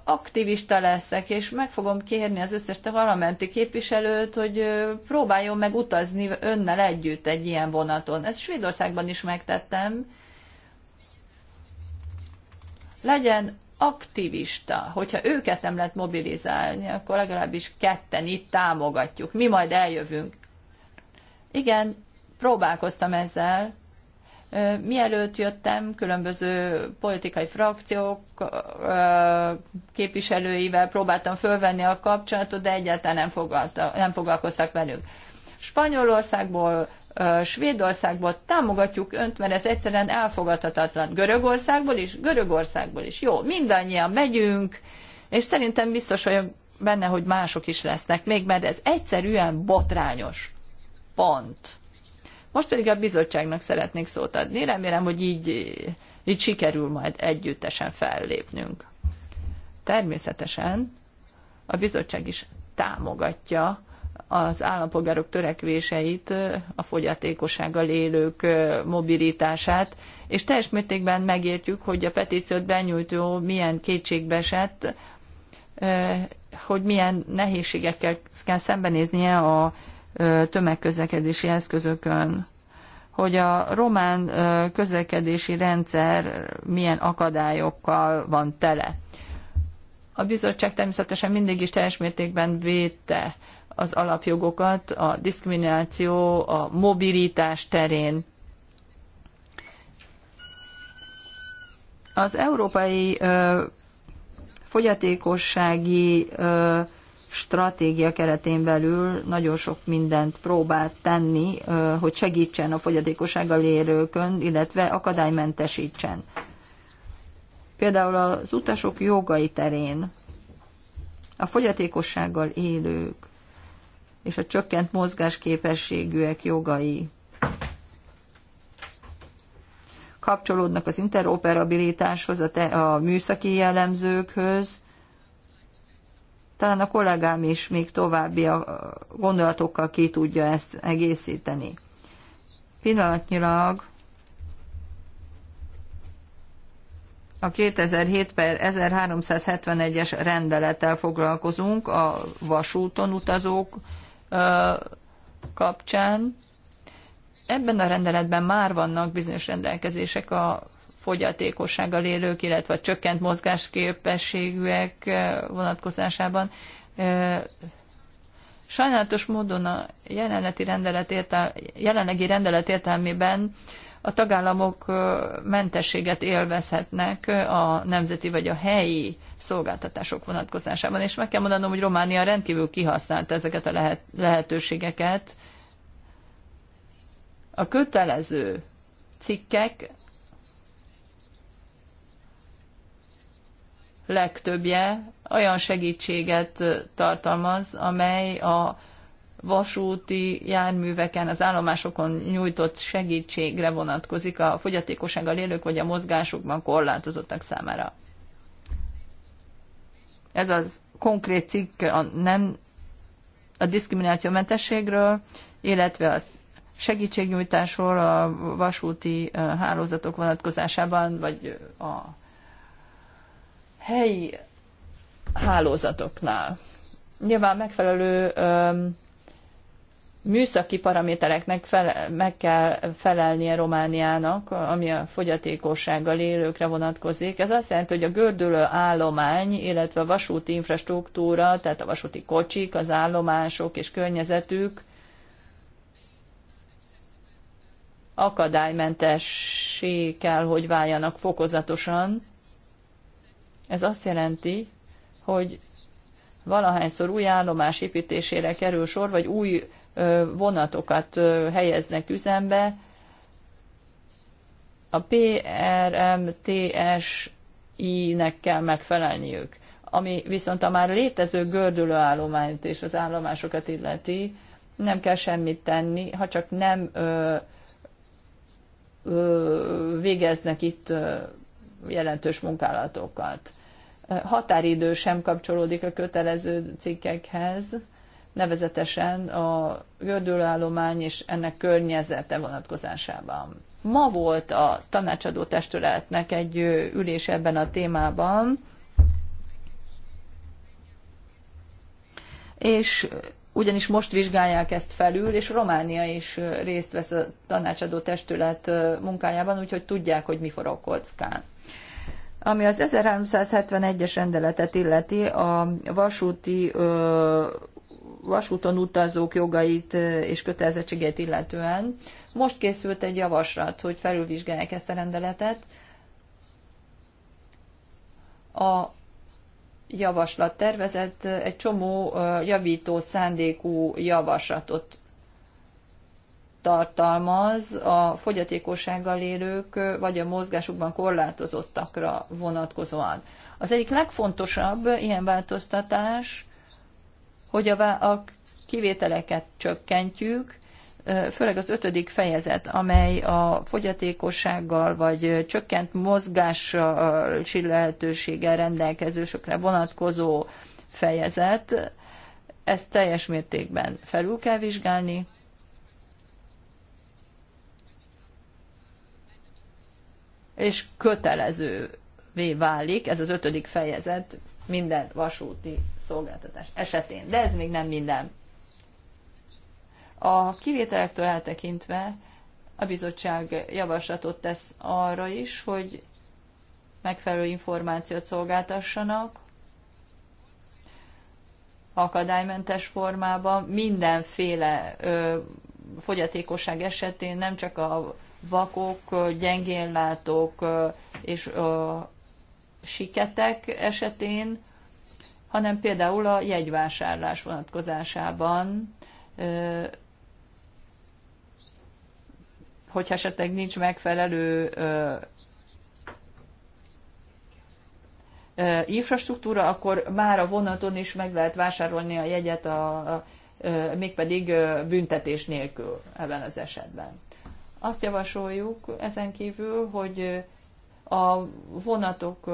aktivista leszek, és meg fogom kérni az összes parlamenti képviselőt, hogy próbáljon meg utazni önnel együtt egy ilyen vonaton. Ezt Svédországban is megtettem. Legyen aktivista. Hogyha őket nem lehet mobilizálni, akkor legalábbis ketten itt támogatjuk. Mi majd eljövünk. Igen, próbálkoztam ezzel. Mielőtt jöttem, különböző politikai frakciók képviselőivel próbáltam fölvenni a kapcsolatot, de egyáltalán nem, fogalta, nem foglalkoztak velük. Spanyolországból Svédországból támogatjuk önt, mert ez egyszerűen elfogadhatatlan. Görögországból is? Görögországból is. Jó, mindannyian megyünk, és szerintem biztos vagyok benne, hogy mások is lesznek még, mert ez egyszerűen botrányos. Pont. Most pedig a bizottságnak szeretnék szót adni. Remélem, hogy így, így sikerül majd együttesen fellépnünk. Természetesen a bizottság is támogatja az állampolgárok törekvéseit, a fogyatékossággal élők mobilitását, és teljes mértékben megértjük, hogy a petíciót benyújtó milyen esett, hogy milyen nehézségekkel kell szembenéznie a tömegközlekedési eszközökön, hogy a román közlekedési rendszer milyen akadályokkal van tele. A bizottság természetesen mindig is teljes mértékben védte az alapjogokat a diszkrimináció, a mobilitás terén. Az európai ö, fogyatékossági ö, stratégia keretén belül nagyon sok mindent próbált tenni, ö, hogy segítsen a fogyatékossággal érőkön, illetve akadálymentesítsen. Például az utasok jogai terén a fogyatékossággal élők és a csökkent mozgásképességűek jogai kapcsolódnak az interoperabilitáshoz, a, te, a műszaki jellemzőkhöz. Talán a kollégám is még további a gondolatokkal ki tudja ezt egészíteni. Pillanatnyilag a 2007 per 1371-es rendelettel foglalkozunk a vasúton utazók kapcsán. Ebben a rendeletben már vannak bizonyos rendelkezések a fogyatékossággal élők, illetve a csökkent mozgásképességűek vonatkozásában. Sajnálatos módon a jelenlegi rendelet, értel, jelenlegi rendelet értelmében a tagállamok mentességet élvezhetnek a nemzeti vagy a helyi szolgáltatások vonatkozásában. És meg kell mondanom, hogy Románia rendkívül kihasználta ezeket a lehet, lehetőségeket. A kötelező cikkek legtöbbje olyan segítséget tartalmaz, amely a vasúti járműveken, az állomásokon nyújtott segítségre vonatkozik a fogyatékossággal élők vagy a mozgásukban korlátozottak számára. Ez az konkrét cikk a, nem, a mentességről, illetve a segítségnyújtásról a vasúti hálózatok vonatkozásában, vagy a helyi hálózatoknál. Nyilván megfelelő műszaki paramétereknek fele, meg kell felelnie Romániának, ami a fogyatékossággal élőkre vonatkozik. Ez azt jelenti, hogy a gördülő állomány, illetve a vasúti infrastruktúra, tehát a vasúti kocsik, az állomások és környezetük akadálymentessé kell, hogy váljanak fokozatosan. Ez azt jelenti, hogy valahányszor új állomás építésére kerül sor, vagy új vonatokat helyeznek üzembe. A PRMTSI-nek kell megfelelniük, ami viszont a már létező gördülőállományt és az állomásokat illeti, nem kell semmit tenni, ha csak nem ö, ö, végeznek itt ö, jelentős munkálatokat. Határidő sem kapcsolódik a kötelező cikkekhez, nevezetesen a gördülőállomány és ennek környezete vonatkozásában. Ma volt a tanácsadó testületnek egy ülés ebben a témában, és ugyanis most vizsgálják ezt felül, és Románia is részt vesz a tanácsadó testület munkájában, úgyhogy tudják, hogy mi forog kockán. Ami az 1371-es rendeletet illeti, a vasúti ö, vasúton utazók jogait és kötelezettségeit illetően. Most készült egy javaslat, hogy felülvizsgálják ezt a rendeletet. A javaslat tervezett egy csomó javító szándékú javaslatot tartalmaz a fogyatékossággal élők vagy a mozgásukban korlátozottakra vonatkozóan. Az egyik legfontosabb ilyen változtatás hogy a, a kivételeket csökkentjük, főleg az ötödik fejezet, amely a fogyatékossággal vagy csökkent mozgással lehetőséggel rendelkezősökre vonatkozó fejezet, ezt teljes mértékben felül kell vizsgálni, és kötelezővé válik, ez az ötödik fejezet minden vasúti szolgáltatás esetén. De ez még nem minden. A kivételektől eltekintve a bizottság javaslatot tesz arra is, hogy megfelelő információt szolgáltassanak akadálymentes formában mindenféle ö, fogyatékosság esetén, nem csak a vakok, gyengénlátók és ö, siketek esetén, hanem például a jegyvásárlás vonatkozásában, hogyha esetleg nincs megfelelő infrastruktúra, akkor már a vonaton is meg lehet vásárolni a jegyet, a, a, a, mégpedig büntetés nélkül ebben az esetben. Azt javasoljuk ezen kívül, hogy a vonatok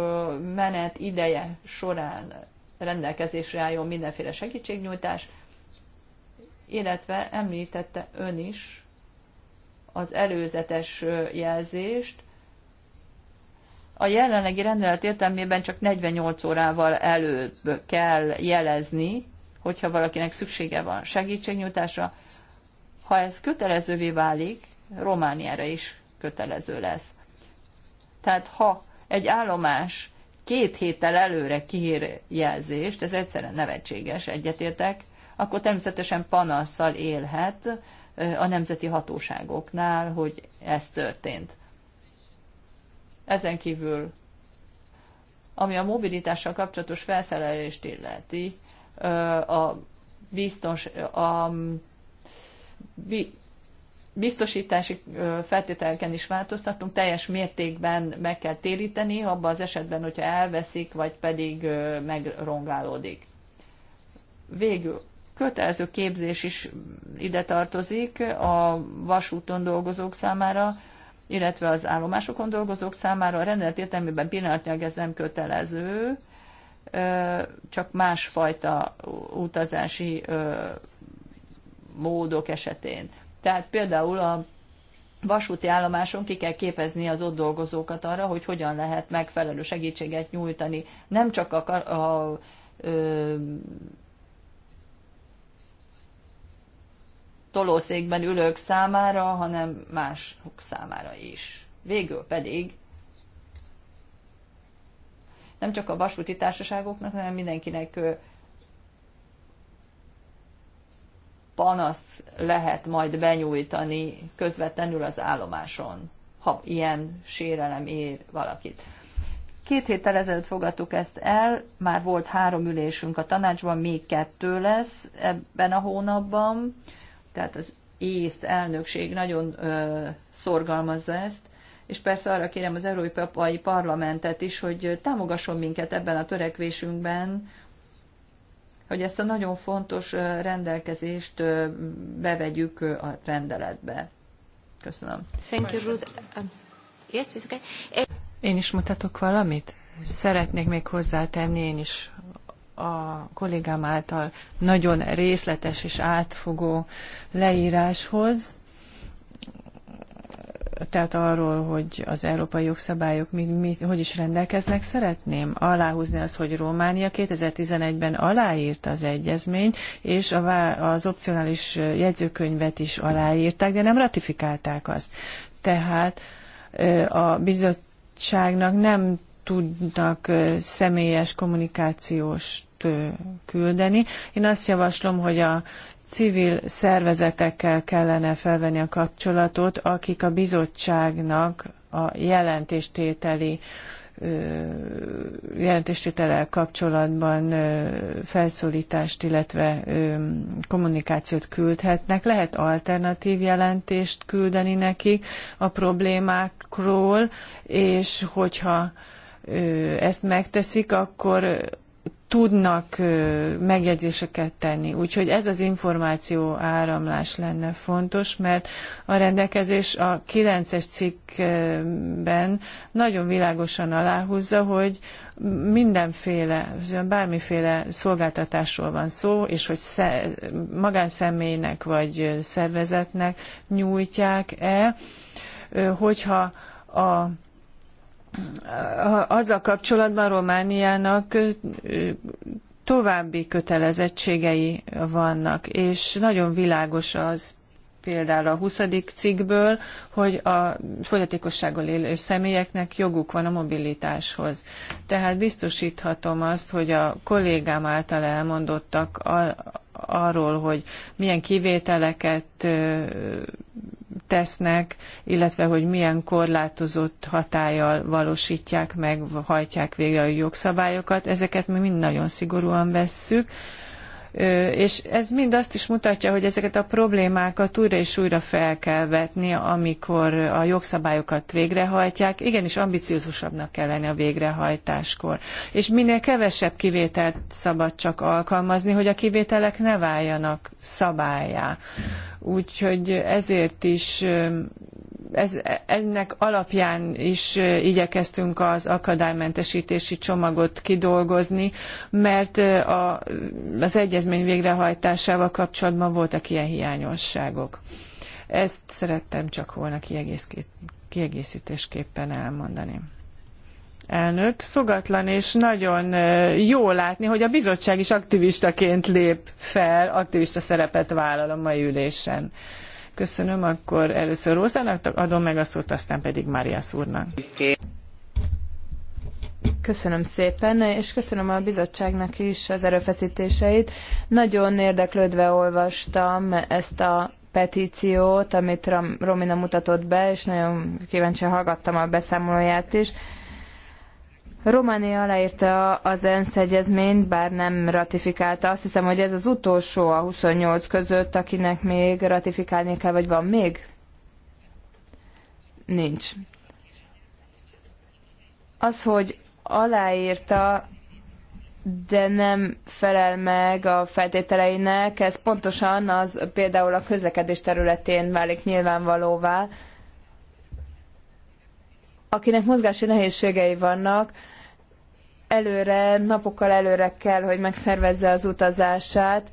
menet ideje során rendelkezésre álljon mindenféle segítségnyújtás, illetve említette ön is az előzetes jelzést. A jelenlegi rendelet értelmében csak 48 órával előbb kell jelezni, hogyha valakinek szüksége van segítségnyújtásra. Ha ez kötelezővé válik, Romániára is kötelező lesz. Tehát ha egy állomás két héttel előre kiír jelzést, ez egyszerűen nevetséges, egyetértek, akkor természetesen panasszal élhet a nemzeti hatóságoknál, hogy ez történt. Ezen kívül, ami a mobilitással kapcsolatos felszerelést illeti, a biztos, a biztosítási feltételeken is változtatunk, teljes mértékben meg kell téríteni, abban az esetben, hogyha elveszik, vagy pedig megrongálódik. Végül kötelező képzés is ide tartozik a vasúton dolgozók számára, illetve az állomásokon dolgozók számára. A rendelet értelmében pillanatnyilag ez nem kötelező, csak másfajta utazási módok esetén. Tehát például a vasúti állomáson ki kell képezni az ott dolgozókat arra, hogy hogyan lehet megfelelő segítséget nyújtani. Nem csak a, a, a ö, tolószékben ülők számára, hanem mások számára is. Végül pedig nem csak a vasúti társaságoknak, hanem mindenkinek panasz lehet majd benyújtani közvetlenül az állomáson, ha ilyen sérelem ér valakit. Két héttel ezelőtt fogadtuk ezt el, már volt három ülésünk a tanácsban, még kettő lesz ebben a hónapban, tehát az észt elnökség nagyon ö, szorgalmazza ezt, és persze arra kérem az Európai Parlamentet is, hogy támogasson minket ebben a törekvésünkben, hogy ezt a nagyon fontos rendelkezést bevegyük a rendeletbe. Köszönöm. Thank you, Ruth. Um, yes, it's okay. Eh, én is mutatok valamit? Szeretnék még hozzátenni én is a kollégám által nagyon részletes és átfogó leíráshoz tehát arról, hogy az európai jogszabályok mi, mi, hogy is rendelkeznek, szeretném aláhúzni az, hogy Románia 2011-ben aláírta az egyezményt, és a, az opcionális jegyzőkönyvet is aláírták, de nem ratifikálták azt. Tehát a bizottságnak nem tudnak személyes kommunikációs küldeni. Én azt javaslom, hogy a civil szervezetekkel kellene felvenni a kapcsolatot, akik a bizottságnak a jelentéstételi jelentéstétellel kapcsolatban felszólítást, illetve kommunikációt küldhetnek. Lehet alternatív jelentést küldeni nekik a problémákról, és hogyha ezt megteszik, akkor tudnak megjegyzéseket tenni. Úgyhogy ez az információ áramlás lenne fontos, mert a rendelkezés a 9-es cikkben nagyon világosan aláhúzza, hogy mindenféle, bármiféle szolgáltatásról van szó, és hogy magánszemélynek vagy szervezetnek nyújtják-e, hogyha a azzal kapcsolatban Romániának további kötelezettségei vannak, és nagyon világos az például a 20. cikkből, hogy a fogyatékossággal élő személyeknek joguk van a mobilitáshoz. Tehát biztosíthatom azt, hogy a kollégám által elmondottak arról, hogy milyen kivételeket tesznek, illetve hogy milyen korlátozott hatállyal valósítják meg, hajtják végre a jogszabályokat. Ezeket mi mind nagyon szigorúan vesszük. És ez mind azt is mutatja, hogy ezeket a problémákat újra és újra fel kell vetni, amikor a jogszabályokat végrehajtják. Igenis ambiciózusabbnak kell lenni a végrehajtáskor. És minél kevesebb kivételt szabad csak alkalmazni, hogy a kivételek ne váljanak szabályá. Úgyhogy ezért is ez, ennek alapján is igyekeztünk az akadálymentesítési csomagot kidolgozni, mert a, az egyezmény végrehajtásával kapcsolatban voltak ilyen hiányosságok. Ezt szerettem csak volna kiegészítésképpen elmondani elnök. Szogatlan és nagyon jó látni, hogy a bizottság is aktivistaként lép fel, aktivista szerepet vállal a mai ülésen. Köszönöm, akkor először Rózának adom meg a szót, aztán pedig Máriász úrnak. Köszönöm szépen, és köszönöm a bizottságnak is az erőfeszítéseit. Nagyon érdeklődve olvastam ezt a petíciót, amit Romina mutatott be, és nagyon kíváncsian hallgattam a beszámolóját is. Románia aláírta az ENSZ egyezményt, bár nem ratifikálta. Azt hiszem, hogy ez az utolsó a 28 között, akinek még ratifikálni kell, vagy van még? Nincs. Az, hogy aláírta, de nem felel meg a feltételeinek, ez pontosan az például a közlekedés területén válik nyilvánvalóvá. Akinek mozgási nehézségei vannak, előre, napokkal előre kell, hogy megszervezze az utazását,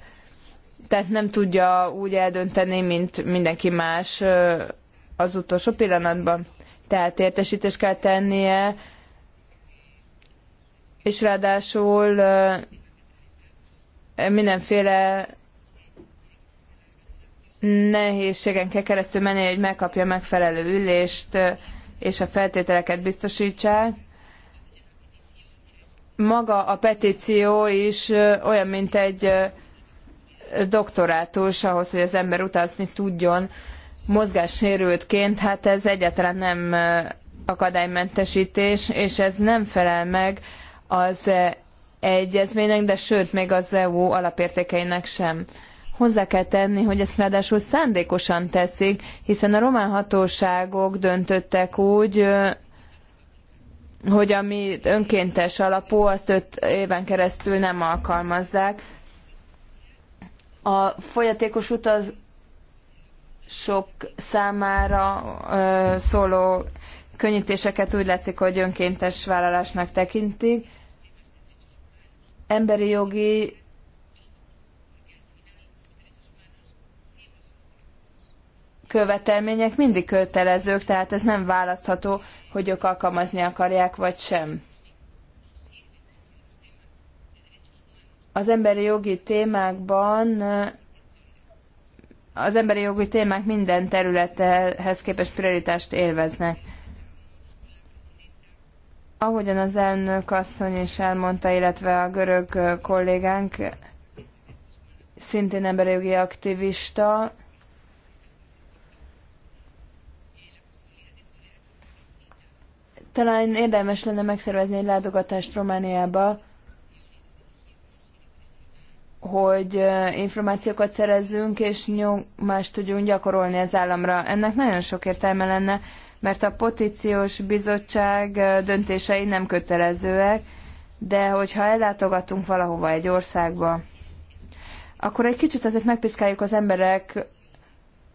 tehát nem tudja úgy eldönteni, mint mindenki más az utolsó pillanatban. Tehát értesítést kell tennie, és ráadásul mindenféle nehézségen kell keresztül menni, hogy megkapja megfelelő ülést, és a feltételeket biztosítsák maga a petíció is olyan, mint egy doktorátus ahhoz, hogy az ember utazni tudjon mozgássérültként, hát ez egyáltalán nem akadálymentesítés, és ez nem felel meg az egyezménynek, de sőt, még az EU alapértékeinek sem. Hozzá kell tenni, hogy ezt ráadásul szándékosan teszik, hiszen a román hatóságok döntöttek úgy, hogy ami önkéntes alapú, azt öt éven keresztül nem alkalmazzák. A folyatékos utaz sok számára ö, szóló könnyítéseket úgy látszik, hogy önkéntes vállalásnak tekintik. Emberi jogi követelmények mindig kötelezők, tehát ez nem választható hogy ők alkalmazni akarják, vagy sem. Az emberi jogi témákban az emberi jogi témák minden területehez képest prioritást élveznek. Ahogyan az elnök asszony is elmondta, illetve a görög kollégánk, szintén emberi jogi aktivista, Talán érdemes lenne megszervezni egy látogatást Romániába, hogy információkat szerezzünk, és nyomást tudjunk gyakorolni az államra. Ennek nagyon sok értelme lenne, mert a potíciós bizottság döntései nem kötelezőek, de hogyha ellátogatunk valahova egy országba, akkor egy kicsit azért megpiszkáljuk az emberek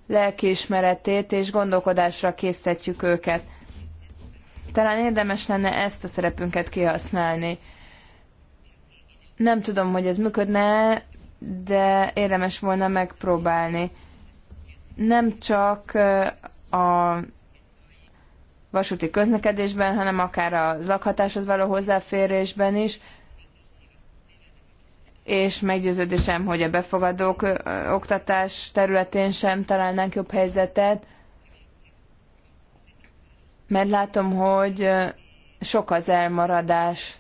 lelkiismeretét, és gondolkodásra késztetjük őket. Talán érdemes lenne ezt a szerepünket kihasználni. Nem tudom, hogy ez működne, de érdemes volna megpróbálni. Nem csak a vasúti közlekedésben, hanem akár a lakhatáshoz való hozzáférésben is, és meggyőződésem, hogy a befogadók oktatás területén sem találnánk jobb helyzetet, mert látom, hogy sok az elmaradás,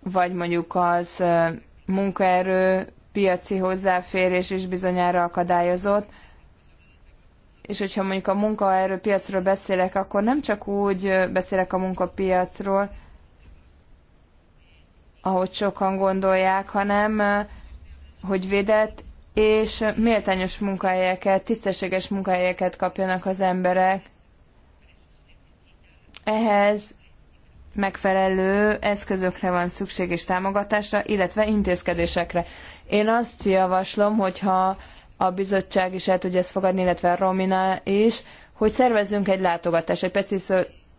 vagy mondjuk az munkaerő piaci hozzáférés is bizonyára akadályozott, és hogyha mondjuk a munkaerőpiacról beszélek, akkor nem csak úgy beszélek a munkapiacról, ahogy sokan gondolják, hanem hogy védett és méltányos munkahelyeket, tisztességes munkahelyeket kapjanak az emberek. Ehhez megfelelő eszközökre van szükség és támogatásra, illetve intézkedésekre. Én azt javaslom, hogyha a bizottság is el tudja ezt fogadni, illetve a Romina is, hogy szervezzünk egy látogatást, egy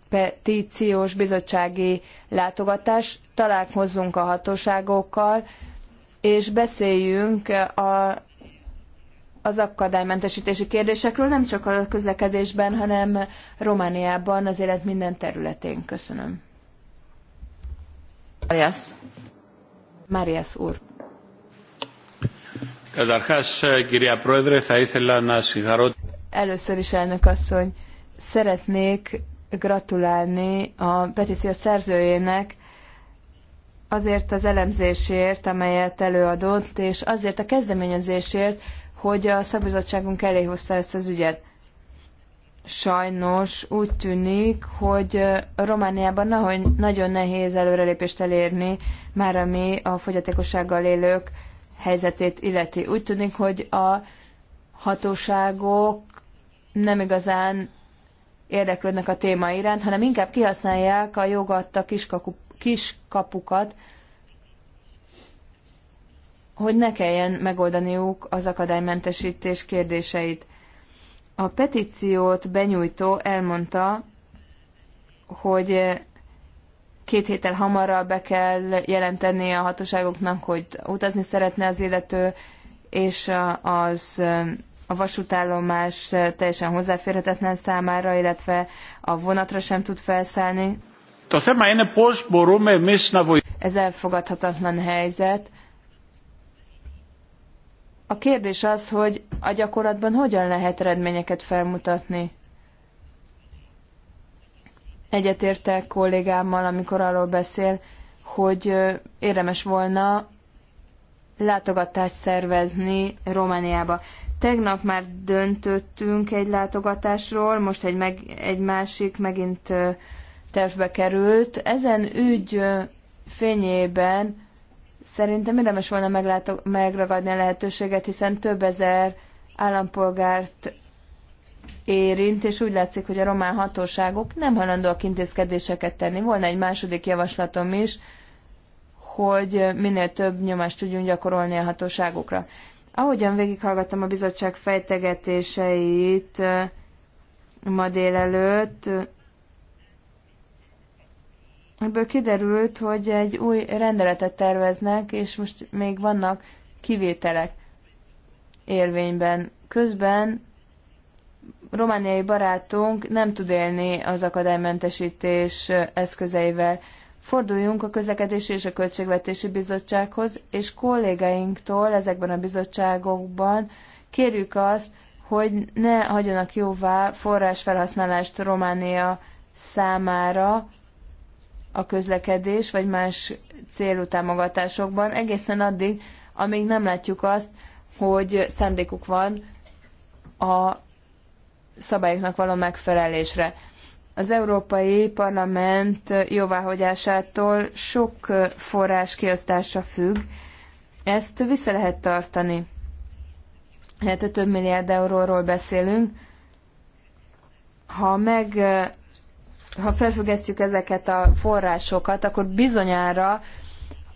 petíciós bizottsági látogatást, találkozzunk a hatóságokkal, és beszéljünk a, az akadálymentesítési kérdésekről nem csak a közlekedésben, hanem Romániában az élet minden területén. Köszönöm. Marias. Marias úr. Καταρχάς, κυρία Πρόεδρε, θα ήθελα να συγχαρώ... Először is, elnök asszony, szeretnék gratulálni a petíció szerzőjének, azért az elemzésért, amelyet előadott, és azért a kezdeményezésért, hogy a szakbizottságunk elé hozta ezt az ügyet. Sajnos úgy tűnik, hogy Romániában nagyon nehéz előrelépést elérni, már ami a fogyatékossággal élők helyzetét illeti. Úgy tűnik, hogy a hatóságok nem igazán érdeklődnek a téma iránt, hanem inkább kihasználják a jogadta kiskapu kis kapukat, hogy ne kelljen megoldaniuk az akadálymentesítés kérdéseit. A petíciót benyújtó elmondta, hogy két héttel hamarabb be kell jelenteni a hatóságoknak, hogy utazni szeretne az illető, és az a vasútállomás teljesen hozzáférhetetlen számára, illetve a vonatra sem tud felszállni. Ez elfogadhatatlan helyzet. A kérdés az, hogy a gyakorlatban hogyan lehet eredményeket felmutatni. Egyetértek kollégámmal, amikor arról beszél, hogy érdemes volna látogatást szervezni Romániába. Tegnap már döntöttünk egy látogatásról, most egy, meg, egy másik megint tervbe került. Ezen ügy fényében szerintem érdemes volna meglátok, megragadni a lehetőséget, hiszen több ezer állampolgárt érint, és úgy látszik, hogy a román hatóságok nem hajlandóak intézkedéseket tenni. Volna egy második javaslatom is, hogy minél több nyomást tudjunk gyakorolni a hatóságokra. Ahogyan végighallgattam a bizottság fejtegetéseit ma délelőtt, Ebből kiderült, hogy egy új rendeletet terveznek, és most még vannak kivételek érvényben. Közben romániai barátunk nem tud élni az akadálymentesítés eszközeivel. Forduljunk a Közlekedési és a Költségvetési Bizottsághoz, és kollégáinktól ezekben a bizottságokban kérjük azt, hogy ne hagyjanak jóvá forrásfelhasználást Románia számára, a közlekedés vagy más célú támogatásokban, egészen addig, amíg nem látjuk azt, hogy szándékuk van a szabályoknak való megfelelésre. Az Európai Parlament jóváhagyásától sok forrás kiosztása függ, ezt vissza lehet tartani. Hát a több milliárd euróról beszélünk. Ha meg ha felfüggesztjük ezeket a forrásokat, akkor bizonyára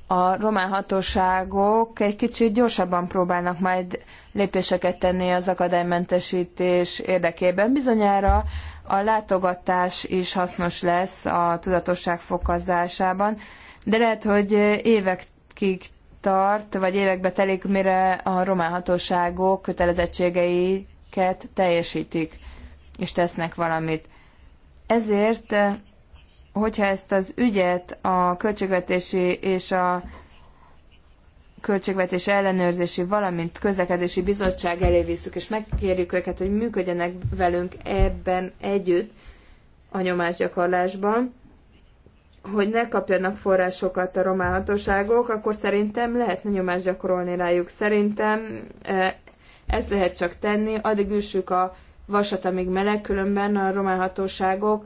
a román hatóságok egy kicsit gyorsabban próbálnak majd lépéseket tenni az akadálymentesítés érdekében. Bizonyára a látogatás is hasznos lesz a tudatosság fokozásában, de lehet, hogy évekig tart, vagy évekbe telik, mire a román hatóságok kötelezettségeiket teljesítik és tesznek valamit. Ezért, eh, hogyha ezt az ügyet a költségvetési és a költségvetési ellenőrzési, valamint közlekedési bizottság elé visszük, és megkérjük őket, hogy működjenek velünk ebben együtt a nyomásgyakorlásban, hogy ne kapjanak forrásokat a román hatóságok, akkor szerintem lehetne nyomást gyakorolni rájuk. Szerintem eh, ezt lehet csak tenni, addig üssük a vasat, amíg meleg, különben a román hatóságok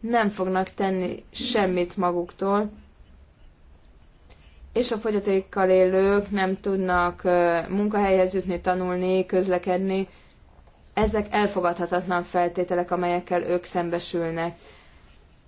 nem fognak tenni semmit maguktól, és a fogyatékkal élők nem tudnak munkahelyhez jutni, tanulni, közlekedni. Ezek elfogadhatatlan feltételek, amelyekkel ők szembesülnek.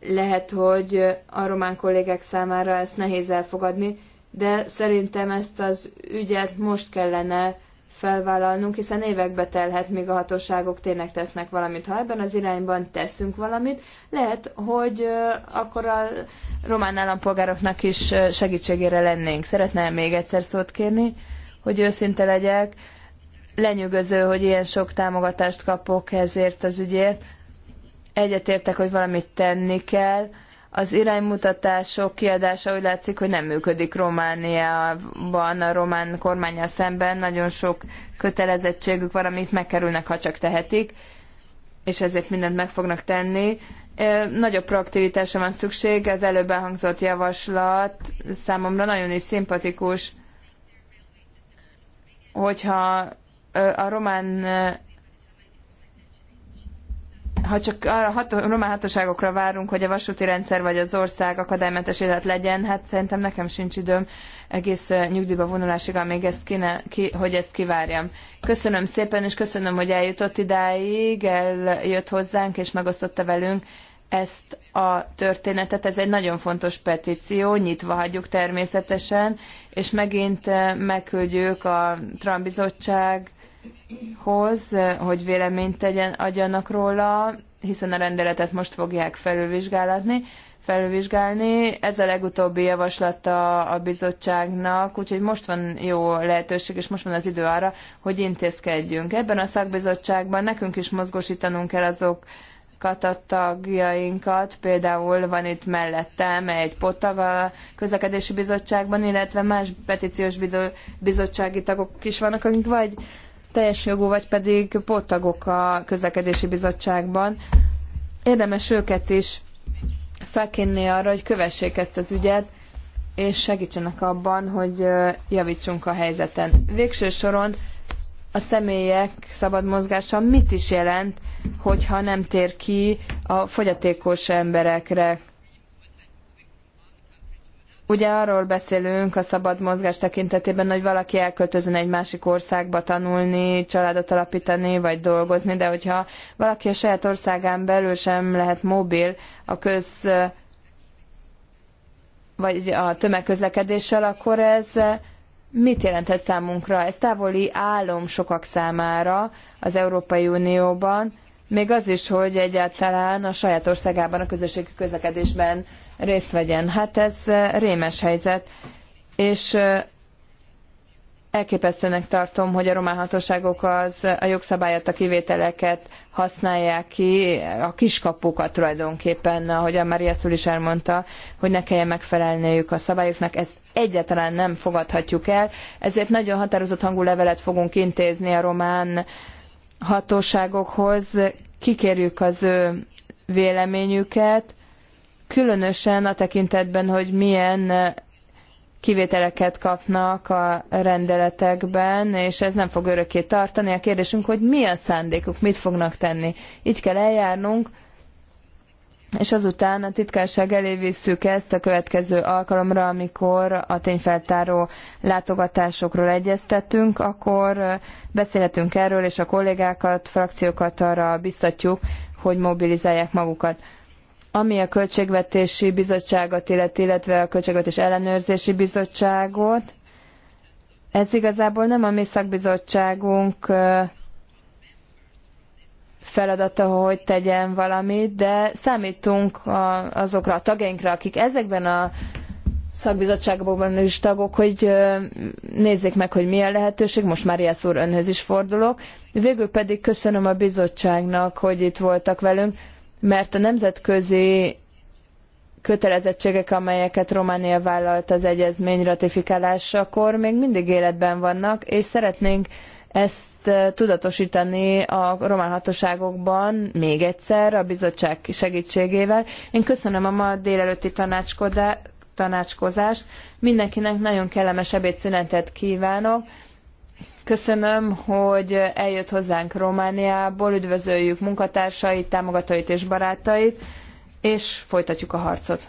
Lehet, hogy a román kollégek számára ezt nehéz elfogadni, de szerintem ezt az ügyet most kellene felvállalnunk, hiszen évekbe telhet, míg a hatóságok tényleg tesznek valamit. Ha ebben az irányban teszünk valamit, lehet, hogy akkor a román állampolgároknak is segítségére lennénk. Szeretném még egyszer szót kérni, hogy őszinte legyek. Lenyűgöző, hogy ilyen sok támogatást kapok ezért az ügyért. Egyetértek, hogy valamit tenni kell az iránymutatások kiadása úgy látszik, hogy nem működik Romániában, a román kormánya szemben. Nagyon sok kötelezettségük van, amit megkerülnek, ha csak tehetik, és ezért mindent meg fognak tenni. Nagyobb proaktivitásra van szükség, az előbb elhangzott javaslat számomra nagyon is szimpatikus, hogyha a román ha csak arra hat, román hatóságokra várunk, hogy a vasúti rendszer vagy az ország akadálymentes élet legyen, hát szerintem nekem sincs időm egész eh, nyugdíjba vonulásig, amíg ezt kéne, ki, hogy ezt kivárjam. Köszönöm szépen, és köszönöm, hogy eljutott idáig, eljött hozzánk, és megosztotta velünk ezt a történetet. Ez egy nagyon fontos petíció, nyitva hagyjuk természetesen, és megint eh, megküldjük a Trump bizottság hoz, hogy véleményt tegyen, adjanak róla, hiszen a rendeletet most fogják felülvizsgálatni, felülvizsgálni. Ez a legutóbbi javaslata a bizottságnak, úgyhogy most van jó lehetőség, és most van az idő arra, hogy intézkedjünk. Ebben a szakbizottságban nekünk is mozgósítanunk kell azok, a tagjainkat, például van itt mellettem egy pottag a közlekedési bizottságban, illetve más petíciós bizottsági tagok is vannak, akik vagy teljes jogú, vagy pedig pótagok a közlekedési bizottságban. Érdemes őket is felkérni arra, hogy kövessék ezt az ügyet, és segítsenek abban, hogy javítsunk a helyzeten. Végső soron a személyek szabad mozgása mit is jelent, hogyha nem tér ki a fogyatékos emberekre Ugye arról beszélünk a szabad mozgás tekintetében, hogy valaki elköltözön egy másik országba tanulni, családot alapítani, vagy dolgozni, de hogyha valaki a saját országán belül sem lehet mobil a köz vagy a tömegközlekedéssel, akkor ez mit jelenthet számunkra? Ez távoli álom sokak számára az Európai Unióban, még az is, hogy egyáltalán a saját országában a közösségi közlekedésben részt vegyen. Hát ez rémes helyzet, és elképesztőnek tartom, hogy a román hatóságok az a jogszabályát, a kivételeket használják ki, a kiskapukat tulajdonképpen, ahogy a Maria Szul is elmondta, hogy ne kelljen megfelelniük a szabályoknak, ezt egyáltalán nem fogadhatjuk el, ezért nagyon határozott hangú levelet fogunk intézni a román hatóságokhoz, kikérjük az ő véleményüket, különösen a tekintetben, hogy milyen eh, kivételeket kapnak a rendeletekben, és ez nem fog örökké tartani. A kérdésünk, hogy mi a szándékuk, mit fognak tenni. Így kell eljárnunk, és azután a titkárság elé visszük ezt a következő alkalomra, amikor a tényfeltáró látogatásokról egyeztetünk, akkor eh, beszélhetünk erről, és a kollégákat, frakciókat arra biztatjuk, hogy mobilizálják magukat. Ami a Költségvetési Bizottságot illeti, illetve a Költségvetés Ellenőrzési Bizottságot, ez igazából nem a mi szakbizottságunk feladata, hogy tegyen valamit, de számítunk azokra a tagjainkra, akik ezekben a szakbizottságokban is tagok, hogy nézzék meg, hogy milyen lehetőség. Most már Jász úr önhöz is fordulok. Végül pedig köszönöm a bizottságnak, hogy itt voltak velünk mert a nemzetközi kötelezettségek, amelyeket Románia vállalt az egyezmény ratifikálásakor, még mindig életben vannak, és szeretnénk ezt eh, tudatosítani a román hatóságokban még egyszer a bizottság segítségével. Én köszönöm a ma délelőtti tanácskozást, mindenkinek nagyon kellemes ebédszünetet kívánok Köszönöm, hogy eljött hozzánk Romániából, üdvözöljük munkatársait, támogatóit és barátait, és folytatjuk a harcot.